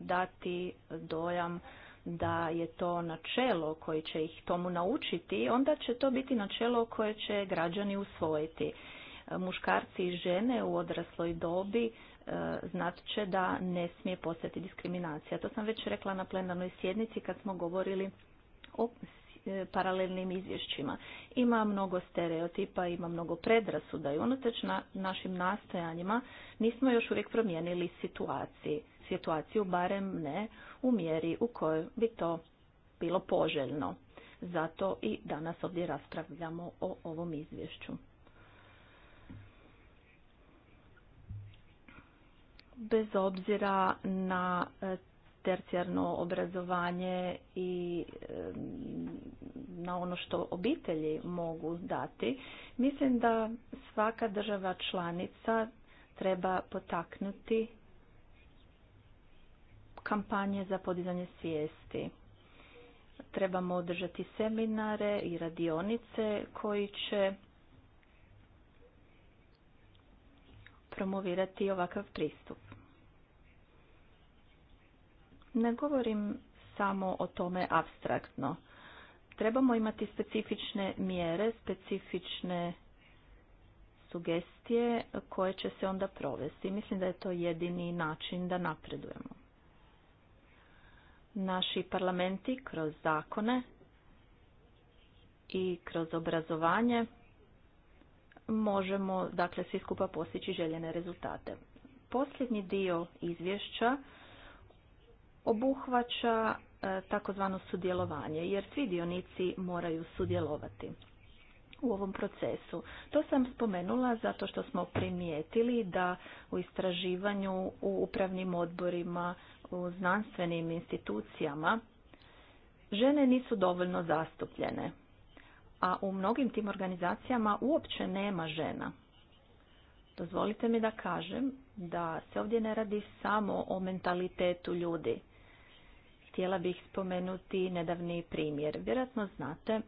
dati dojam da je to načelo koji će ih tomu naučiti, onda će to biti načelo koje će građani usvojiti. Muškarci i žene u odrasloj dobi E, znat će da ne smije postati diskriminacija. To sam već rekla na plenarnoj sjednici kad smo govorili o e, paralelnim izvješćima. Ima mnogo stereotipa, ima mnogo predrasuda i unatoč na našim nastojanjima nismo još uvijek promijenili situaciju, Situaciju barem ne u mjeri u kojoj bi to bilo poželjno. Zato i danas ovdje raspravljamo o ovom izvješću. bez obzira na e, tercijarno obrazovanje i e, na ono što obitelji mogu dati. Mislim da svaka država članica treba potaknuti kampanje za podizanje svijesti. Trebamo održati seminare i radionice koji će promovirati ovakav pristup. Ne govorim samo o tome abstraktno. Trebamo imati specifične mjere, specifične sugestije koje će se onda provesti. Mislim da je to jedini način da napredujemo. Naši parlamenti kroz zakone i kroz obrazovanje možemo dakle svi skupa postići željene rezultate. Posljednji dio izvješća obuhvaća e, takozvano sudjelovanje, jer svi dionici moraju sudjelovati u ovom procesu. To sam spomenula zato što smo primijetili da u istraživanju u upravnim odborima, u znanstvenim institucijama žene nisu dovoljno zastupljene, a u mnogim tim organizacijama uopće nema žena. Dozvolite mi da kažem da se ovdje ne radi samo o mentalitetu ljudi, htjela bih spomenuti nedavni primjer. Vjerojatno znate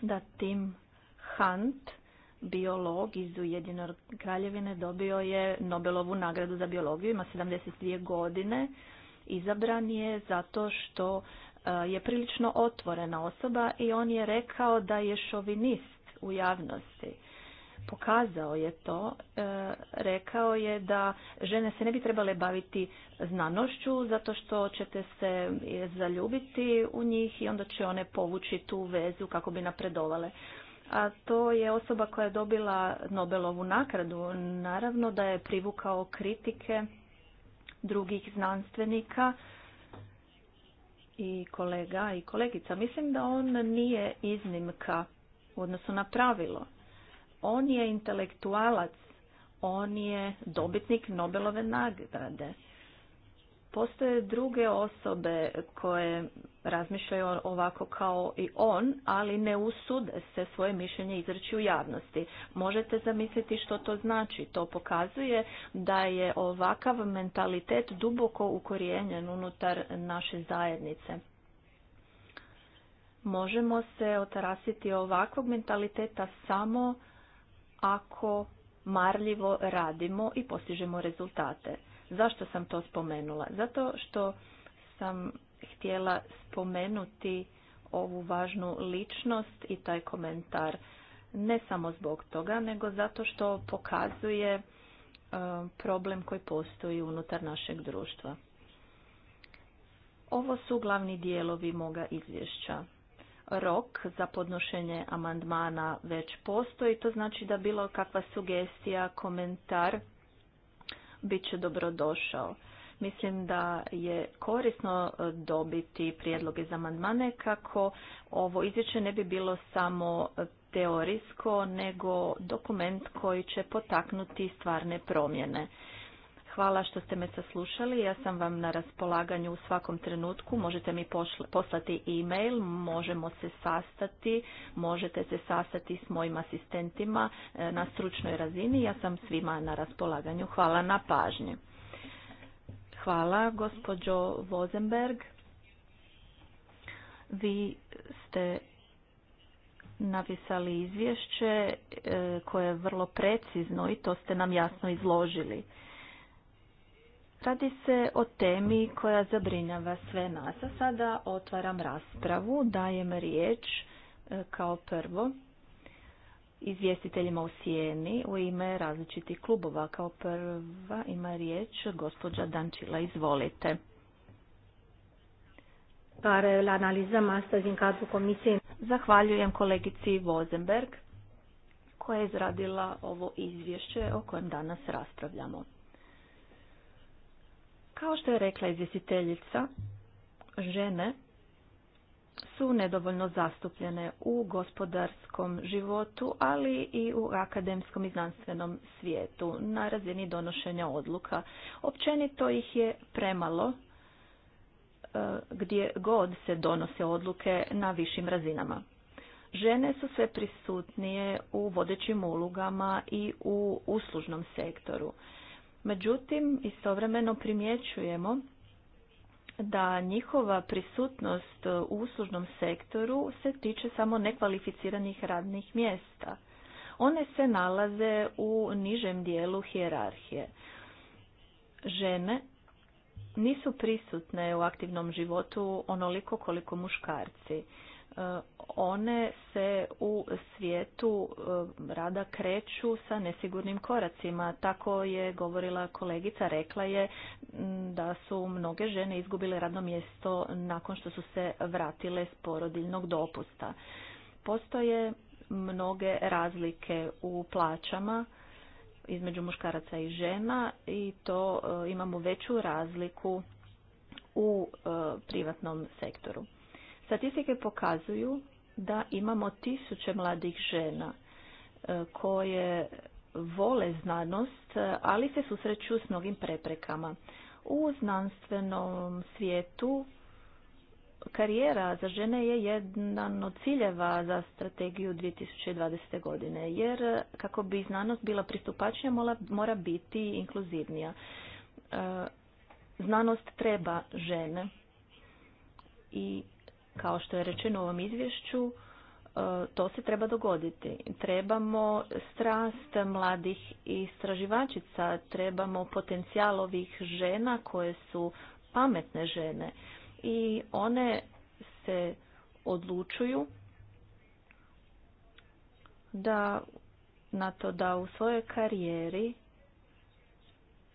da Tim Hunt, biolog iz Ujedinjene kraljevine, dobio je Nobelovu nagradu za biologiju, ima 72 godine. Izabran je zato što e, je prilično otvorena osoba i on je rekao da je šovinist u javnosti pokazao je to, e, rekao je da žene se ne bi trebale baviti znanošću zato što ćete se zaljubiti u njih i onda će one povući tu vezu kako bi napredovale. A to je osoba koja je dobila Nobelovu nakradu. Naravno da je privukao kritike drugih znanstvenika i kolega i kolegica. Mislim da on nije iznimka u odnosu na pravilo. On je intelektualac, on je dobitnik Nobelove nagrade. Postoje druge osobe koje razmišljaju ovako kao i on, ali ne usude se svoje mišljenje izreći u javnosti. Možete zamisliti što to znači. To pokazuje da je ovakav mentalitet duboko ukorijenjen unutar naše zajednice. Možemo se otarasiti ovakvog mentaliteta samo ako marljivo radimo i postižemo rezultate. Zašto sam to spomenula? Zato što sam htjela spomenuti ovu važnu ličnost i taj komentar ne samo zbog toga, nego zato što pokazuje e, problem koji postoji unutar našeg društva. Ovo su glavni dijelovi moga izvješća rok za podnošenje amandmana već postoji. To znači da bilo kakva sugestija, komentar bit će dobrodošao. Mislim da je korisno e, dobiti prijedloge za amandmane kako ovo izvješće ne bi bilo samo e, teorijsko, nego dokument koji će potaknuti stvarne promjene. Hvala što ste me saslušali. Ja sam vam na raspolaganju u svakom trenutku. Možete mi poslati e-mail, možemo se sastati, možete se sastati s mojim asistentima e, na stručnoj razini. Ja sam svima na raspolaganju. Hvala na pažnji. Hvala, gospođo Vozenberg. Vi ste napisali izvješće e, koje je vrlo precizno i to ste nam jasno izložili. Radi se o temi koja zabrinjava sve nas. A sada otvaram raspravu, dajem riječ e, kao prvo izvjestiteljima u Sijeni u ime različitih klubova. Kao prva ima riječ gospođa Dančila, izvolite. Zahvaljujem kolegici Vozenberg koja je izradila ovo izvješće o kojem danas raspravljamo. Kao što je rekla izvjestiteljica, žene su nedovoljno zastupljene u gospodarskom životu, ali i u akademskom i znanstvenom svijetu na razini donošenja odluka. Općenito ih je premalo e, gdje god se donose odluke na višim razinama. Žene su sve prisutnije u vodećim ulogama i u uslužnom sektoru. Međutim, istovremeno primjećujemo da njihova prisutnost u uslužnom sektoru se tiče samo nekvalificiranih radnih mjesta. One se nalaze u nižem dijelu hijerarhije. Žene nisu prisutne u aktivnom životu onoliko koliko muškarci one se u svijetu e, rada kreću sa nesigurnim koracima. Tako je govorila kolegica, rekla je da su mnoge žene izgubile radno mjesto nakon što su se vratile s porodiljnog dopusta. Postoje mnoge razlike u plaćama između muškaraca i žena i to e, imamo veću razliku u e, privatnom sektoru. Statistike pokazuju da imamo tisuće mladih žena e, koje vole znanost, e, ali se susreću s mnogim preprekama. U znanstvenom svijetu karijera za žene je jedan od ciljeva za strategiju 2020. godine, jer kako bi znanost bila pristupačnija, mora biti inkluzivnija. E, znanost treba žene i kao što je rečeno u ovom izvješću, e, to se treba dogoditi. Trebamo strast mladih istraživačica, trebamo potencijal ovih žena koje su pametne žene i one se odlučuju da na to da u svojoj karijeri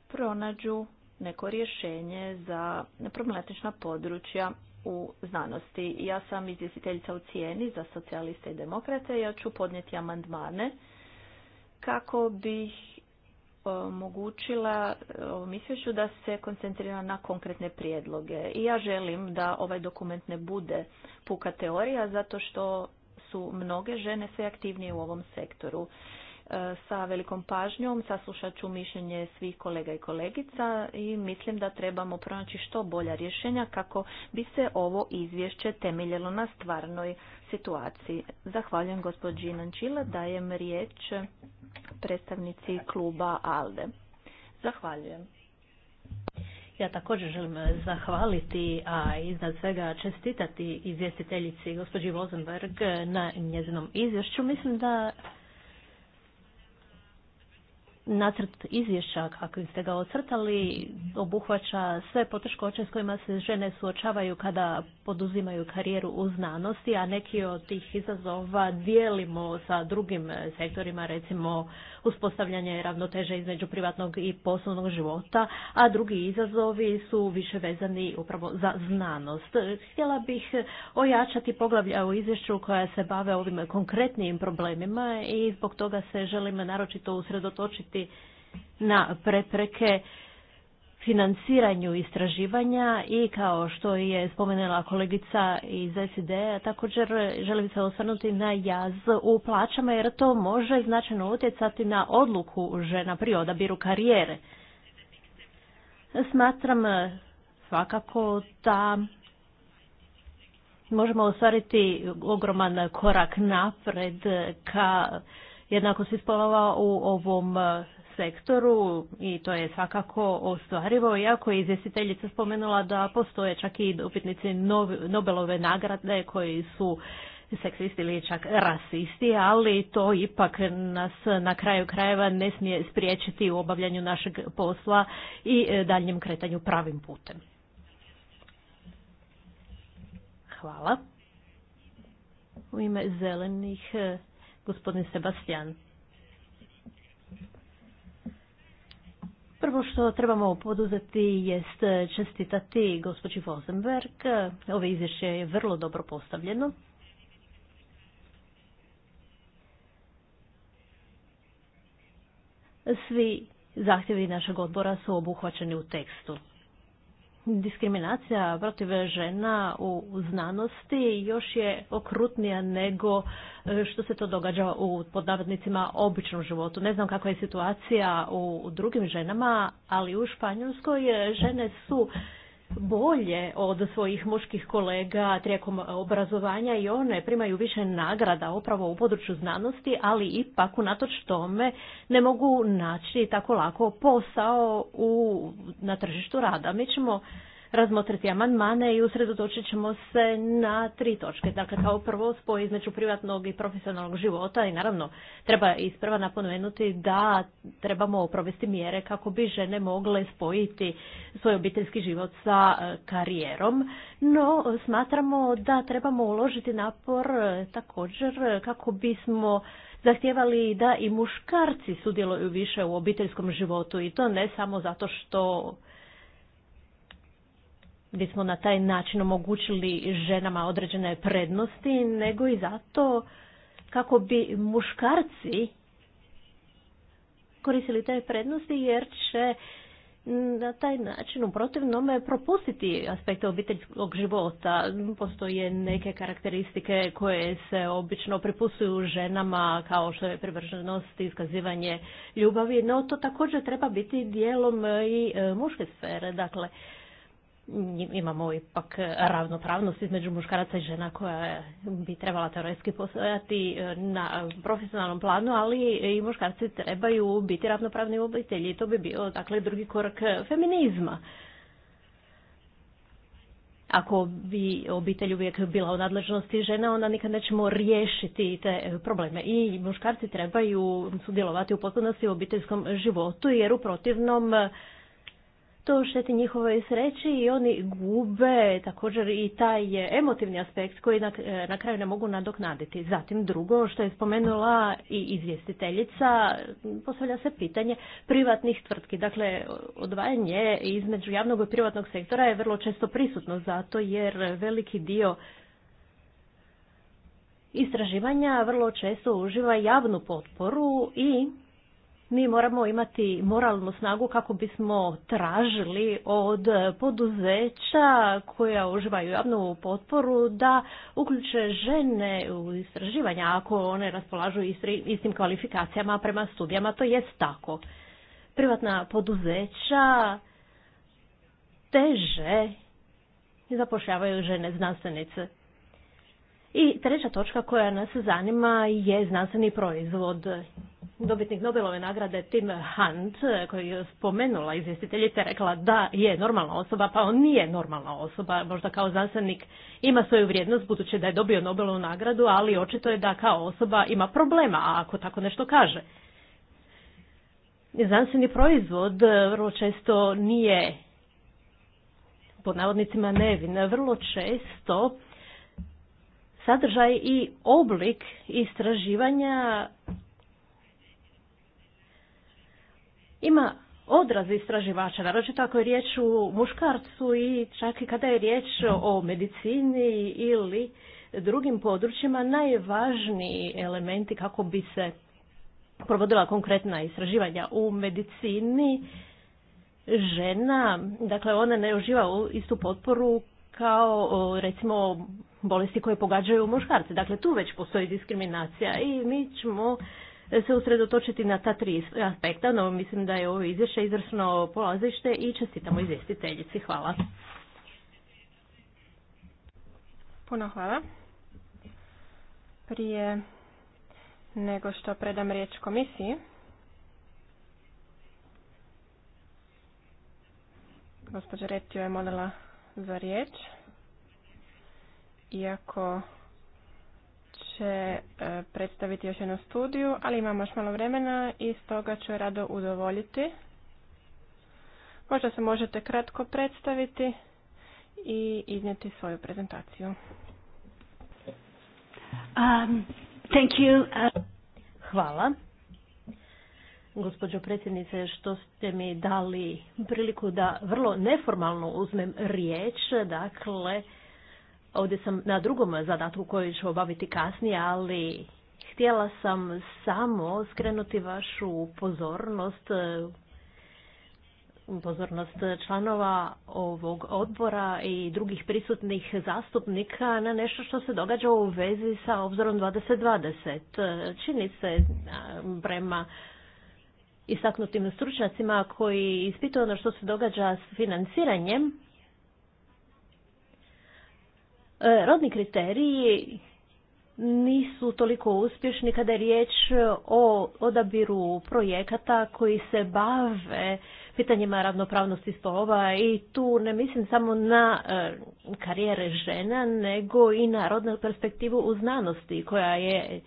pronađu neko rješenje za problematična područja u znanosti. Ja sam izvjestiteljica u cijeni za socijaliste i demokrate. Ja ću podnijeti amandmane kako bih e, omogućila e, ovom izvješću da se koncentrira na konkretne prijedloge. I ja želim da ovaj dokument ne bude puka teorija zato što su mnoge žene sve aktivnije u ovom sektoru sa velikom pažnjom, saslušat ću mišljenje svih kolega i kolegica i mislim da trebamo pronaći što bolja rješenja kako bi se ovo izvješće temeljilo na stvarnoj situaciji. Zahvaljujem gospođi Nančila, dajem riječ predstavnici kluba ALDE. Zahvaljujem. Ja također želim zahvaliti, a iznad svega čestitati izvjestiteljici gospođi Vozenberg na njezinom izvješću. Mislim da nacrt izvješća kako ste ga ocrtali obuhvaća sve poteškoće s kojima se žene suočavaju kada poduzimaju karijeru u znanosti, a neki od tih izazova dijelimo sa drugim sektorima, recimo uspostavljanje ravnoteže između privatnog i poslovnog života, a drugi izazovi su više vezani upravo za znanost. Htjela bih ojačati poglavlja u izvješću koja se bave ovim konkretnim problemima i zbog toga se želim naročito usredotočiti na prepreke financiranju istraživanja i kao što je spomenula kolegica iz SID, također želim se osvrnuti na jaz u plaćama jer to može značajno utjecati na odluku žena pri odabiru karijere. Smatram svakako da možemo ostvariti ogroman korak napred ka Jednako se spolova u ovom e, sektoru i to je svakako ostvarivo, iako je izvjestiteljica spomenula da postoje čak i upitnici Nobelove nagrade koji su seksisti ili čak rasisti, ali to ipak nas na kraju krajeva ne smije spriječiti u obavljanju našeg posla i e, daljnjem kretanju pravim putem. Hvala. U ime zelenih e, gospodin Sebastian. Prvo što trebamo poduzeti jest čestitati gospođi Vosenberg. Ovo izvješće je vrlo dobro postavljeno. Svi zahtjevi našeg odbora su obuhvaćeni u tekstu diskriminacija protiv žena u znanosti još je okrutnija nego e, što se to događa u podnavodnicima običnom životu. Ne znam kakva je situacija u drugim ženama, ali u Španjolskoj e, žene su bolje od svojih muških kolega tijekom obrazovanja i one primaju više nagrada upravo u području znanosti, ali ipak unatoč tome ne mogu naći tako lako posao u, na tržištu rada. Mi ćemo razmotriti amandmane i usredotočit ćemo se na tri točke. Dakle, kao prvo spoj između privatnog i profesionalnog života i naravno treba isprva napomenuti da trebamo provesti mjere kako bi žene mogle spojiti svoj obiteljski život sa e, karijerom, no smatramo da trebamo uložiti napor e, također kako bismo zahtjevali da i muškarci sudjeluju više u obiteljskom životu i to ne samo zato što Bismo na taj način omogućili ženama određene prednosti, nego i zato kako bi muškarci koristili te prednosti jer će na taj način u protivnome propustiti aspekte obiteljskog života. Postoje neke karakteristike koje se obično pripustuju ženama kao što je privrženost, iskazivanje ljubavi, no to također treba biti dijelom i e, muške sfere. Dakle, imamo ipak ravnopravnost između muškaraca i žena koja bi trebala teoretski postojati e, na profesionalnom planu, ali i muškarci trebaju biti ravnopravni u obitelji. To bi bio dakle drugi korak e, feminizma. Ako bi obitelj uvijek bila u nadležnosti žena, onda nikad nećemo riješiti te probleme. I muškarci trebaju sudjelovati u potpunosti u obiteljskom životu, jer u protivnom to šteti njihovoj sreći i oni gube također i taj e, emotivni aspekt koji na, e, na kraju ne mogu nadoknaditi. Zatim drugo što je spomenula i izvjestiteljica, postavlja se pitanje privatnih tvrtki. Dakle, odvajanje između javnog i privatnog sektora je vrlo često prisutno zato jer veliki dio istraživanja vrlo često uživa javnu potporu i mi moramo imati moralnu snagu kako bismo tražili od poduzeća koja uživaju javnu potporu da uključe žene u istraživanja ako one raspolažu istim kvalifikacijama prema studijama. To jest tako. Privatna poduzeća teže zapošljavaju žene znanstvenice. I treća točka koja nas zanima je znanstveni proizvod. Dobitnik Nobelove nagrade Tim Hunt, koji je spomenula izvjestiteljica, rekla da je normalna osoba, pa on nije normalna osoba, možda kao znanstvenik ima svoju vrijednost budući da je dobio Nobelovu nagradu, ali očito je da kao osoba ima problema, ako tako nešto kaže. Znanstveni proizvod vrlo često nije, pod navodnicima nevin, vrlo često sadržaj i oblik istraživanja ima odraz istraživača, naročito ako je riječ u muškarcu i čak i kada je riječ o medicini ili drugim područjima, najvažniji elementi kako bi se provodila konkretna istraživanja u medicini žena, dakle ona ne uživa istu potporu kao recimo bolesti koje pogađaju muškarce. Dakle, tu već postoji diskriminacija i mi ćemo se usredotočiti na ta tri aspekta, no mislim da je ovo izvješće izvršno polazište i čestitamo izvjestiteljici. Hvala. Puno hvala. Prije nego što predam riječ komisiji, gospođa Retio je molila za riječ iako će e, predstaviti još jednu studiju, ali imam još malo vremena i stoga ću rado udovoljiti. Možda se možete kratko predstaviti i iznijeti svoju prezentaciju. Um, thank you. Uh, Hvala. Gospođo predsjednice, što ste mi dali priliku da vrlo neformalno uzmem riječ. Dakle, Ovdje sam na drugom zadatku koji ću obaviti kasnije, ali htjela sam samo skrenuti vašu pozornost pozornost članova ovog odbora i drugih prisutnih zastupnika na nešto što se događa u vezi sa obzorom 2020. Čini se prema istaknutim stručnjacima koji ispituju ono što se događa s financiranjem, E, rodni kriteriji nisu toliko uspješni kada je riječ o odabiru projekata koji se bave pitanjima ravnopravnosti spolova i tu ne mislim samo na e, karijere žena, nego i na rodnu perspektivu u znanosti koja je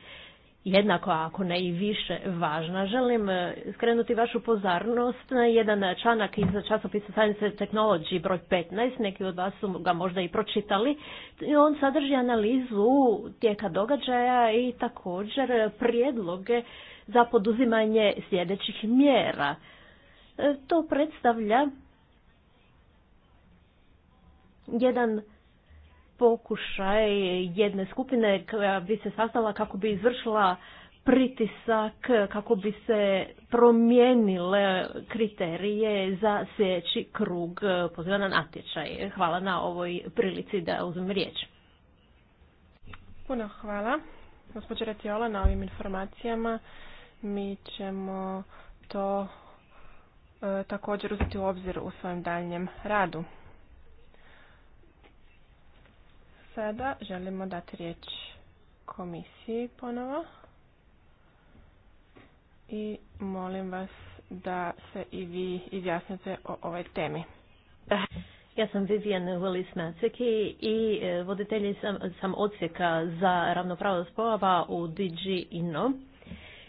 jednako, ako ne i više važna. Želim e, skrenuti vašu pozornost na jedan e, članak iz časopisa Science Technology broj 15, neki od vas su ga možda i pročitali. On sadrži analizu tijeka događaja i također prijedloge za poduzimanje sljedećih mjera. E, to predstavlja jedan pokušaj jedne skupine koja bi se sastala kako bi izvršila pritisak kako bi se promijenile kriterije za sljedeći krug poziva natječaj. Hvala na ovoj prilici da uzmem riječ. Puno hvala. Gospođa Retiola na ovim informacijama mi ćemo to e, također uzeti u obzir u svojem daljnjem radu. Sada želimo dati riječ komisiji ponovo i molim vas da se i vi izjasnite o ovoj temi. Ja sam Vivian Willis Maceki i e, voditelj sam, odsjeka za ravnopravnost spolova u DG INO.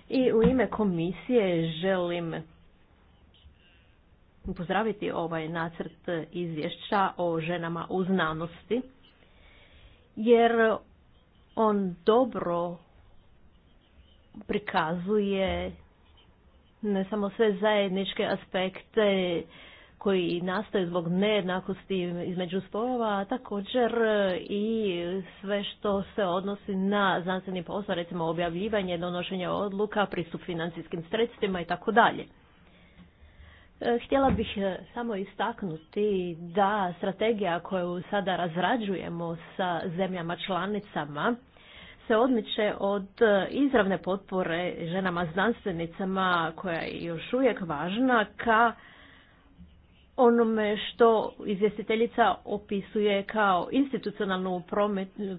I u ime komisije želim pozdraviti ovaj nacrt izvješća o ženama u znanosti jer on dobro prikazuje ne samo sve zajedničke aspekte koji nastaju zbog nejednakosti između spojeva, a također i sve što se odnosi na znanstveni posao, recimo objavljivanje, donošenje odluka, pristup financijskim sredstvima i tako dalje. E, htjela bih e, samo istaknuti da strategija koju sada razrađujemo sa zemljama članicama se odmiče od e, izravne potpore ženama znanstvenicama koja je još uvijek važna ka onome što izvjestiteljica opisuje kao institucionalnu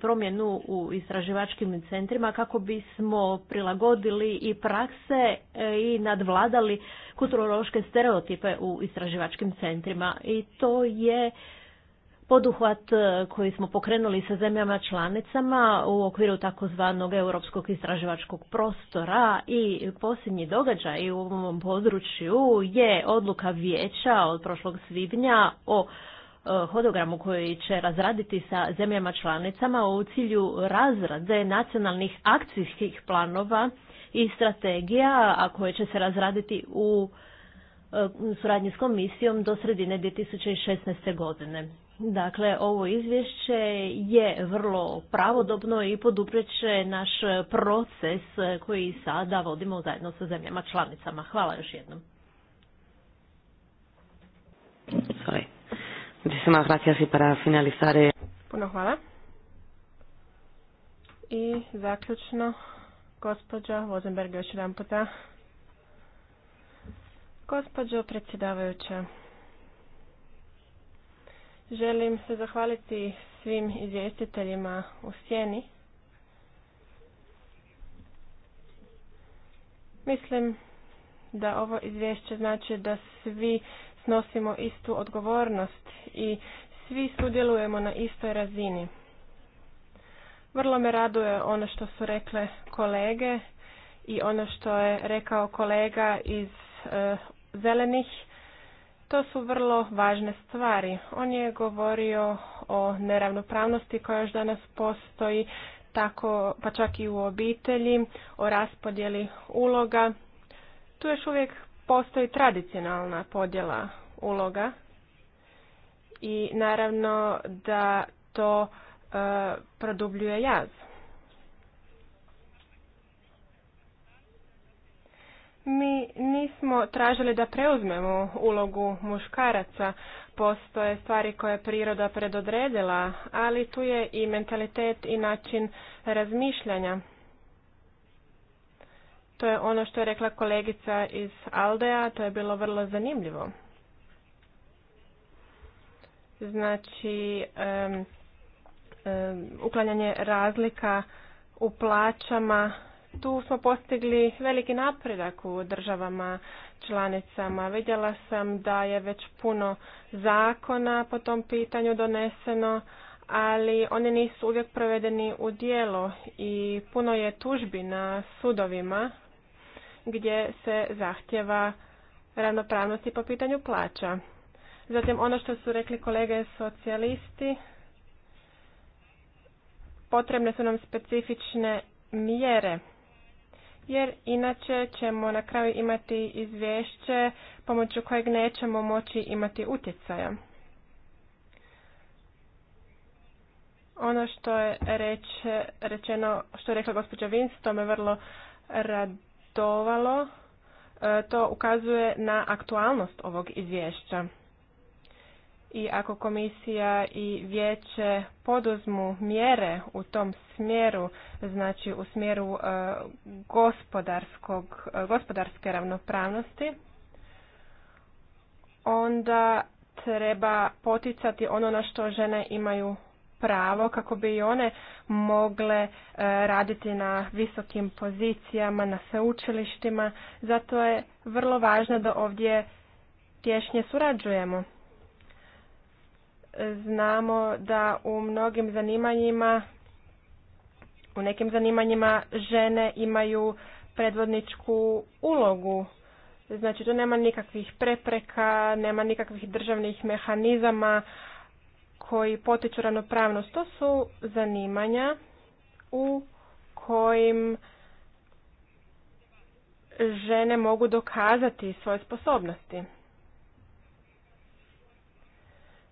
promjenu u istraživačkim centrima kako bismo prilagodili i prakse e, i nadvladali kulturološke stereotipe u istraživačkim centrima. I to je poduhvat e, koji smo pokrenuli sa zemljama članicama u okviru takozvanog europskog istraživačkog prostora i posljednji događaj u ovom području je odluka vijeća od prošlog svibnja o e, hodogramu koji će razraditi sa zemljama članicama u cilju razrade nacionalnih akcijskih planova i strategija, a koje će se razraditi u e, suradnji s komisijom do sredine 2016. godine. Dakle, ovo izvješće je vrlo pravodobno i podupreće naš proces koji sada vodimo zajedno sa zemljama članicama. Hvala još jednom. Eh, Puno hvala. I zaključno, gospođa Vozenberg još jedan puta. Gospođo predsjedavajuća, Želim se zahvaliti svim izvjestiteljima u sjeni. Mislim da ovo izvješće znači da svi snosimo istu odgovornost i svi sudjelujemo na istoj razini. Vrlo me raduje ono što su rekle kolege i ono što je rekao kolega iz e, zelenih to su vrlo važne stvari. On je govorio o neravnopravnosti koja još danas postoji, tako, pa čak i u obitelji, o raspodjeli uloga. Tu još uvijek postoji tradicionalna podjela uloga i naravno da to e, produbljuje jaz. Mi nismo tražili da preuzmemo ulogu muškaraca, postoje stvari koje je priroda predodredila, ali tu je i mentalitet i način razmišljanja. To je ono što je rekla kolegica iz Aldea, to je bilo vrlo zanimljivo. Znači, uklanjanje razlika u plaćama tu smo postigli veliki napredak u državama članicama. Vidjela sam da je već puno zakona po tom pitanju doneseno, ali oni nisu uvijek provedeni u dijelo i puno je tužbi na sudovima gdje se zahtjeva ravnopravnosti po pitanju plaća. Zatim ono što su rekli kolege socijalisti, potrebne su nam specifične mjere jer inače ćemo na kraju imati izvješće pomoću kojeg nećemo moći imati utjecaja. Ono što je reč, rečeno, što je rekla gospođa Vince, to me vrlo radovalo. E, to ukazuje na aktualnost ovog izvješća i ako komisija i vijeće poduzmu mjere u tom smjeru, znači u smjeru e, gospodarskog, e, gospodarske ravnopravnosti, onda treba poticati ono na što žene imaju pravo kako bi i one mogle e, raditi na visokim pozicijama, na sveučilištima. Zato je vrlo važno da ovdje tješnje surađujemo znamo da u mnogim zanimanjima u nekim zanimanjima žene imaju predvodničku ulogu. Znači tu nema nikakvih prepreka, nema nikakvih državnih mehanizama koji potiču ravnopravnost. To su zanimanja u kojim žene mogu dokazati svoje sposobnosti.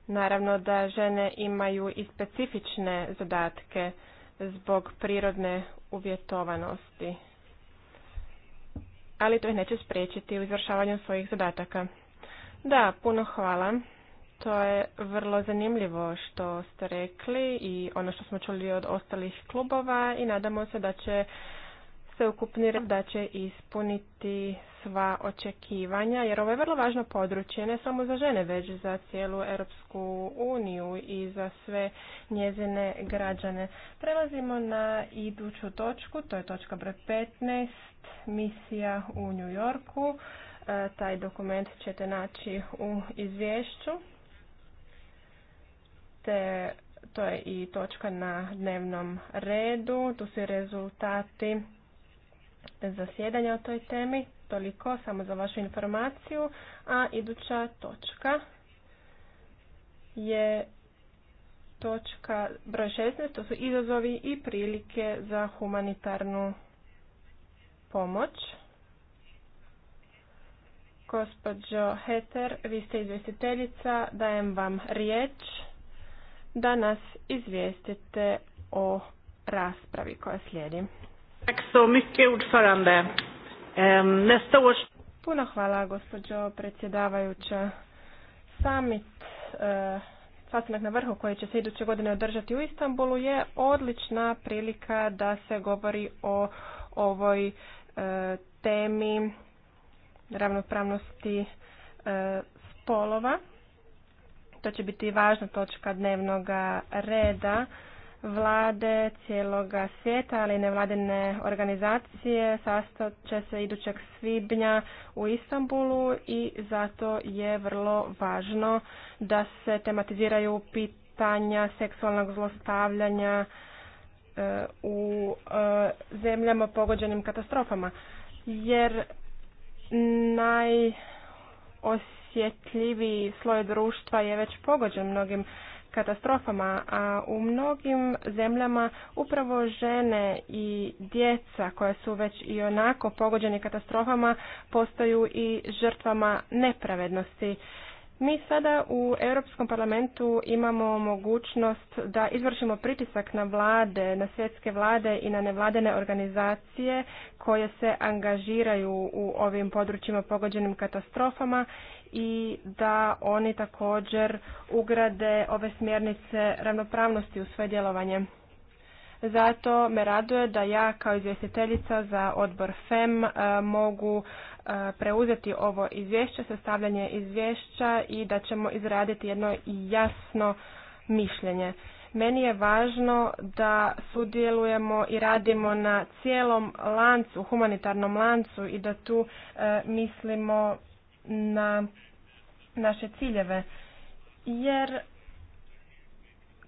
Naravno da žene imaju i specifične zadatke zbog prirodne uvjetovanosti, ali to ih neće spriječiti u izvršavanju svojih zadataka. Da, puno hvala. To je vrlo zanimljivo što ste rekli i ono što smo čuli od ostalih klubova i nadamo se da će sveukupni da će ispuniti sva očekivanja, jer ovo je vrlo važno područje, ne samo za žene, već za cijelu Europsku uniju i za sve njezine građane. Prelazimo na iduću točku, to je točka broj 15, misija u New Yorku. E, taj dokument ćete naći u izvješću. Te to je i točka na dnevnom redu, tu su rezultati zasjedanja o toj temi. Toliko, samo za vašu informaciju. A iduća točka je točka broj 16. To su izazovi i prilike za humanitarnu pomoć. Gospođo Heter, vi ste izvjestiteljica, dajem vam riječ da nas izvijestite o raspravi koja slijedi. Tack so mycket ordförande. Ehm, nästa års... Puno hvala gospođo predsjedavajuća. Summit, eh, sastanak na vrhu koji će se iduće godine održati u Istanbulu je odlična prilika da se govori o ovoj eh, temi ravnopravnosti eh, spolova. To će biti važna točka dnevnog reda vlade cijeloga svijeta, ali i nevladine organizacije sastat će se idućeg svibnja u Istanbulu i zato je vrlo važno da se tematiziraju pitanja seksualnog zlostavljanja e, u e, zemljama pogođenim katastrofama. Jer najosjetljiviji sloj društva je već pogođen mnogim katastrofama, a u mnogim zemljama upravo žene i djeca koje su već i onako pogođeni katastrofama postaju i žrtvama nepravednosti. Mi sada u Europskom parlamentu imamo mogućnost da izvršimo pritisak na vlade, na svjetske vlade i na nevladene organizacije koje se angažiraju u ovim područjima pogođenim katastrofama i da oni također ugrade ove smjernice ravnopravnosti u svoje djelovanje. Zato me raduje da ja kao izvjestiteljica za odbor FEM e, mogu e, preuzeti ovo izvješće, sastavljanje izvješća i da ćemo izraditi jedno jasno mišljenje. Meni je važno da sudjelujemo i radimo na cijelom lancu, humanitarnom lancu i da tu e, mislimo na naše ciljeve. Jer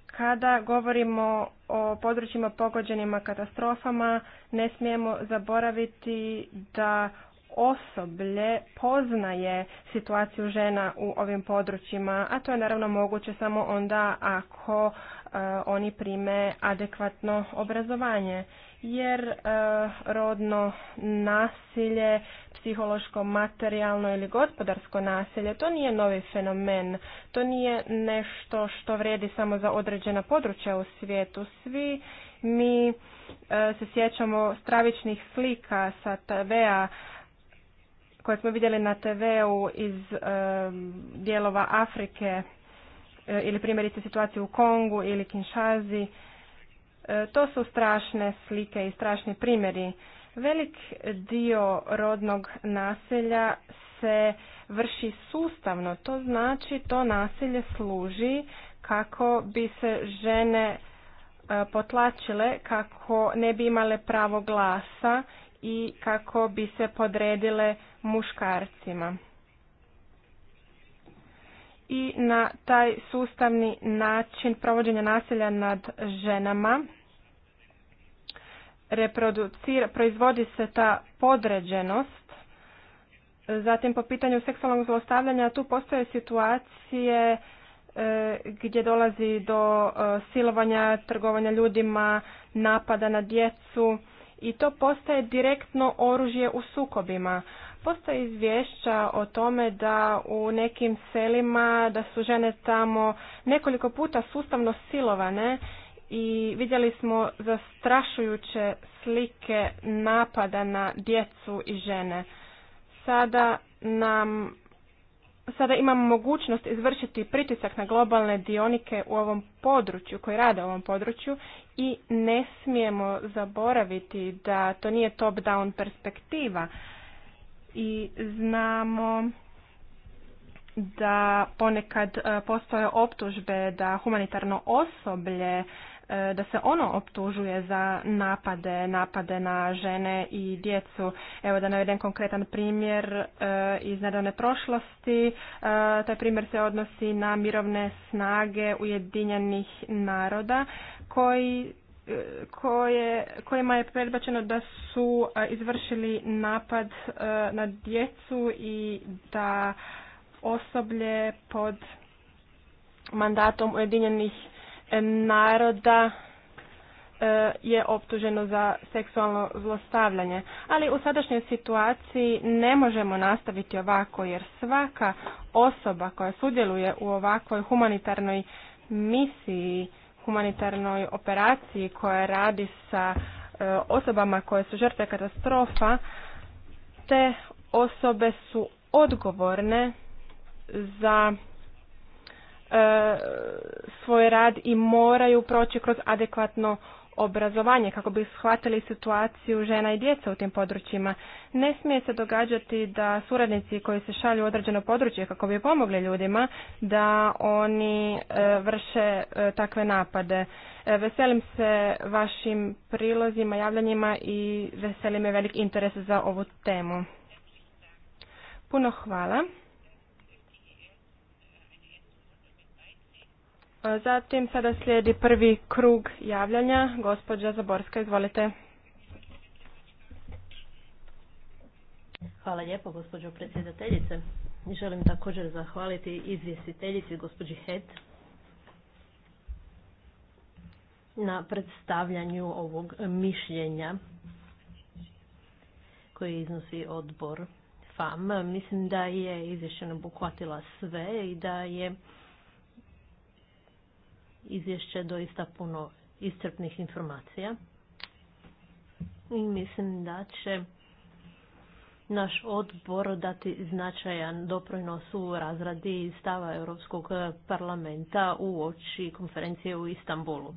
kada govorimo o područjima pogođenima katastrofama, ne smijemo zaboraviti da osoblje poznaje situaciju žena u ovim područjima, a to je naravno moguće samo onda ako e, oni prime adekvatno obrazovanje jer e, rodno nasilje, psihološko, materijalno ili gospodarsko nasilje, to nije novi fenomen. To nije nešto što vredi samo za određena područja u svijetu. Svi mi e, se sjećamo stravičnih slika sa TV-a koje smo vidjeli na TV-u iz e, dijelova Afrike ili primjerice situacije u Kongu ili Kinshazi. E, to su strašne slike i strašni primjeri. Velik dio rodnog naselja se vrši sustavno, to znači to nasilje služi kako bi se žene e, potlačile, kako ne bi imale pravo glasa i kako bi se podredile muškarcima i na taj sustavni način provođenja nasilja nad ženama reproducira, proizvodi se ta podređenost. Zatim po pitanju seksualnog zlostavljanja tu postoje situacije e, gdje dolazi do e, silovanja, trgovanja ljudima, napada na djecu i to postaje direktno oružje u sukobima. Postoje izvješća o tome da u nekim selima da su žene tamo nekoliko puta sustavno silovane i vidjeli smo zastrašujuće slike napada na djecu i žene. Sada nam sada imamo mogućnost izvršiti pritisak na globalne dionike u ovom području, koji rade u ovom području i ne smijemo zaboraviti da to nije top-down perspektiva, i znamo da ponekad e, postoje optužbe da humanitarno osoblje e, da se ono optužuje za napade, napade na žene i djecu. Evo da navedem konkretan primjer e, iz nedavne prošlosti. Taj primjer se odnosi na mirovne snage Ujedinjenih naroda koji kojima je predbačeno da su izvršili napad na djecu i da osoblje pod mandatom Ujedinjenih naroda e, je optuženo za seksualno zlostavljanje. Ali u sadašnjoj situaciji ne možemo nastaviti ovako jer svaka osoba koja sudjeluje u ovakvoj humanitarnoj misiji humanitarnoj operaciji koja radi sa e, osobama koje su žrtve katastrofa, te osobe su odgovorne za E, svoj rad i moraju proći kroz adekvatno obrazovanje kako bi shvatili situaciju žena i djeca u tim područjima. Ne smije se događati da suradnici koji se šalju u određeno područje kako bi pomogli ljudima da oni e, vrše e, takve napade. Veselim se vašim prilozima, javljanjima i veselim me velik interes za ovu temu. Puno hvala. Zatim sada slijedi prvi krug javljanja. Gospođa Zaborska, izvolite. Hvala lijepo, gospođo predsjedateljice. Želim također zahvaliti izvjestiteljici gospođi Het na predstavljanju ovog mišljenja koji iznosi odbor FAM. Mislim da je izvješćena obuhvatila sve i da je izvješće doista puno iscrpnih informacija i mislim da će naš odbor dati značajan doprinos u razradi stava Europskog parlamenta u oči konferencije u Istanbulu.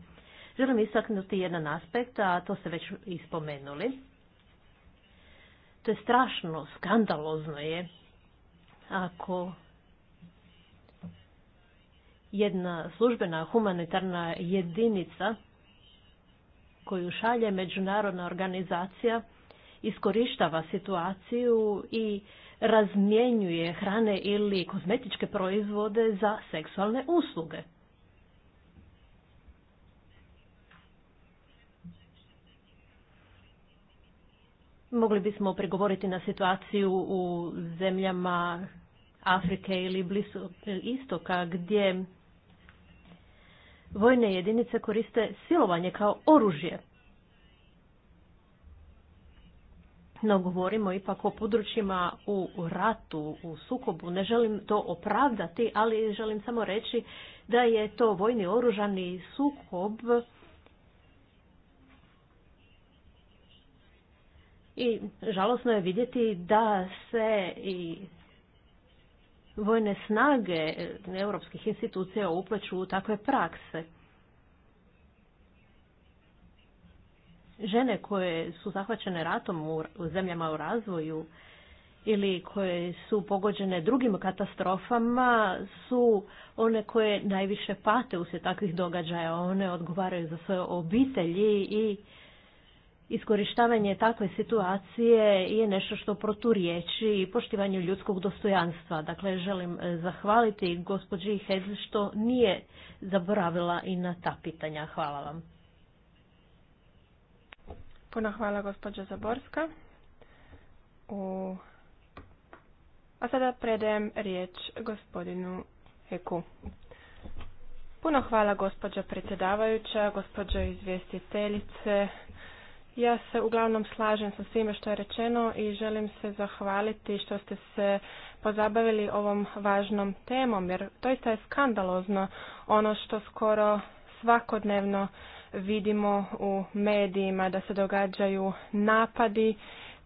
Želim istaknuti jedan aspekt, a to ste već ispomenuli. To je strašno, skandalozno je ako jedna službena humanitarna jedinica koju šalje međunarodna organizacija iskorištava situaciju i razmjenjuje hrane ili kozmetičke proizvode za seksualne usluge. Mogli bismo prigovoriti na situaciju u zemljama Afrike ili Blisog istoka gdje vojne jedinice koriste silovanje kao oružje. No govorimo ipak o područjima u ratu, u sukobu. Ne želim to opravdati, ali želim samo reći da je to vojni oružani sukob I žalosno je vidjeti da se i vojne snage e, europskih institucija upleću u takve prakse. Žene koje su zahvaćene ratom u zemljama u razvoju ili koje su pogođene drugim katastrofama su one koje najviše pate uslijed takvih događaja. One odgovaraju za svoje obitelji i iskorištavanje takve situacije je nešto što proturječi poštivanju ljudskog dostojanstva. Dakle, želim e, zahvaliti gospođi Hedl što nije zaboravila i na ta pitanja. Hvala vam. Puno hvala gospođa Zaborska. U... A sada predajem riječ gospodinu Heku. Puno hvala gospođa predsjedavajuća, gospođa izvjestiteljice, ja se uglavnom slažem sa svime što je rečeno i želim se zahvaliti što ste se pozabavili ovom važnom temom, jer doista je skandalozno ono što skoro svakodnevno vidimo u medijima da se događaju napadi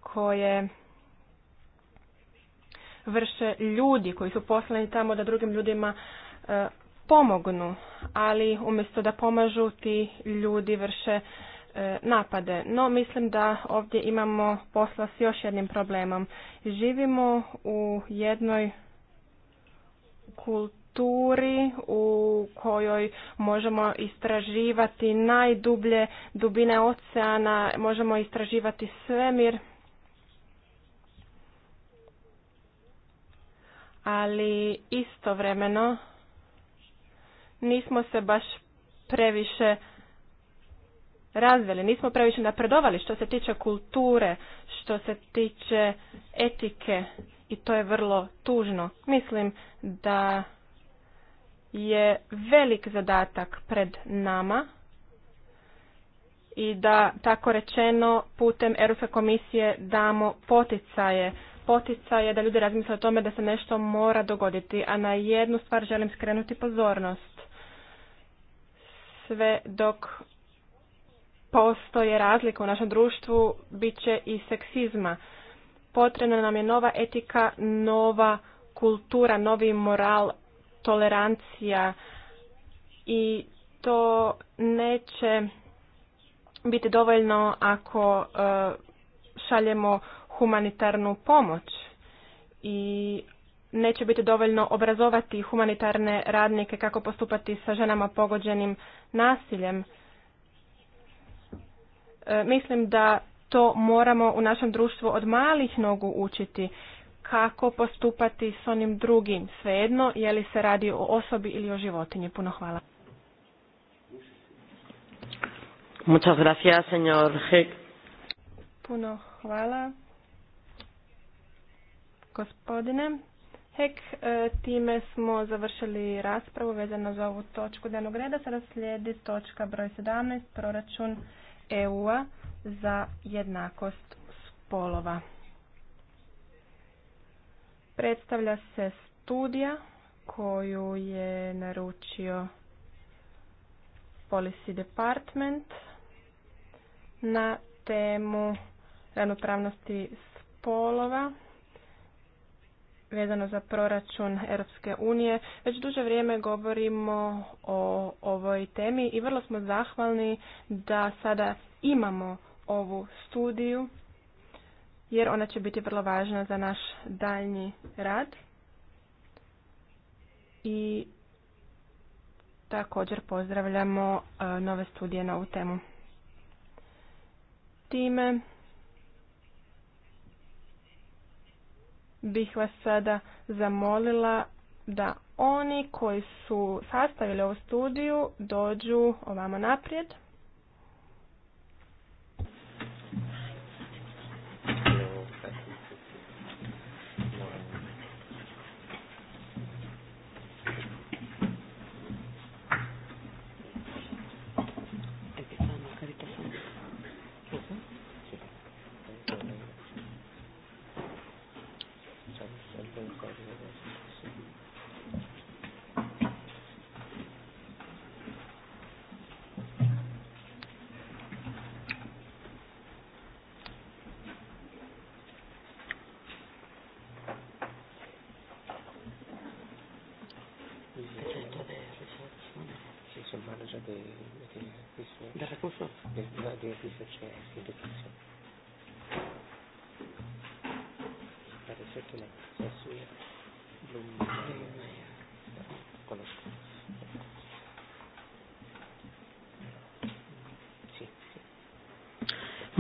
koje vrše ljudi koji su poslani tamo da drugim ljudima e, pomognu, ali umjesto da pomažu ti ljudi vrše E, napade. No, mislim da ovdje imamo posla s još jednim problemom. Živimo u jednoj kulturi u kojoj možemo istraživati najdublje dubine oceana, možemo istraživati svemir. Ali istovremeno nismo se baš previše razveli, nismo previše napredovali što se tiče kulture, što se tiče etike i to je vrlo tužno. Mislim da je velik zadatak pred nama i da tako rečeno putem Europske komisije damo poticaje poticaje da ljudi razmisle o tome da se nešto mora dogoditi, a na jednu stvar želim skrenuti pozornost. Sve dok postoje razlike u našem društvu, bit će i seksizma. Potrebna nam je nova etika, nova kultura, novi moral, tolerancija i to neće biti dovoljno ako e, šaljemo humanitarnu pomoć i neće biti dovoljno obrazovati humanitarne radnike kako postupati sa ženama pogođenim nasiljem E, mislim da to moramo u našem društvu od malih nogu učiti kako postupati s onim drugim, svejedno je li se radi o osobi ili o životinji. Puno hvala. Muchas gracias, señor Heck. Puno hvala. Gospodine Hek, e, time smo završili raspravu vezano za ovu točku dnevnog reda. Sada slijedi točka broj 17, proračun EU-a za jednakost spolova. Predstavlja se studija koju je naručio Policy Department na temu ravnopravnosti spolova vezano za proračun Europske unije. Već duže vrijeme govorimo o ovoj temi i vrlo smo zahvalni da sada imamo ovu studiju jer ona će biti vrlo važna za naš daljnji rad i također pozdravljamo e, nove studije na ovu temu. Time bih vas sada zamolila da oni koji su sastavili ovu studiju dođu ovamo naprijed.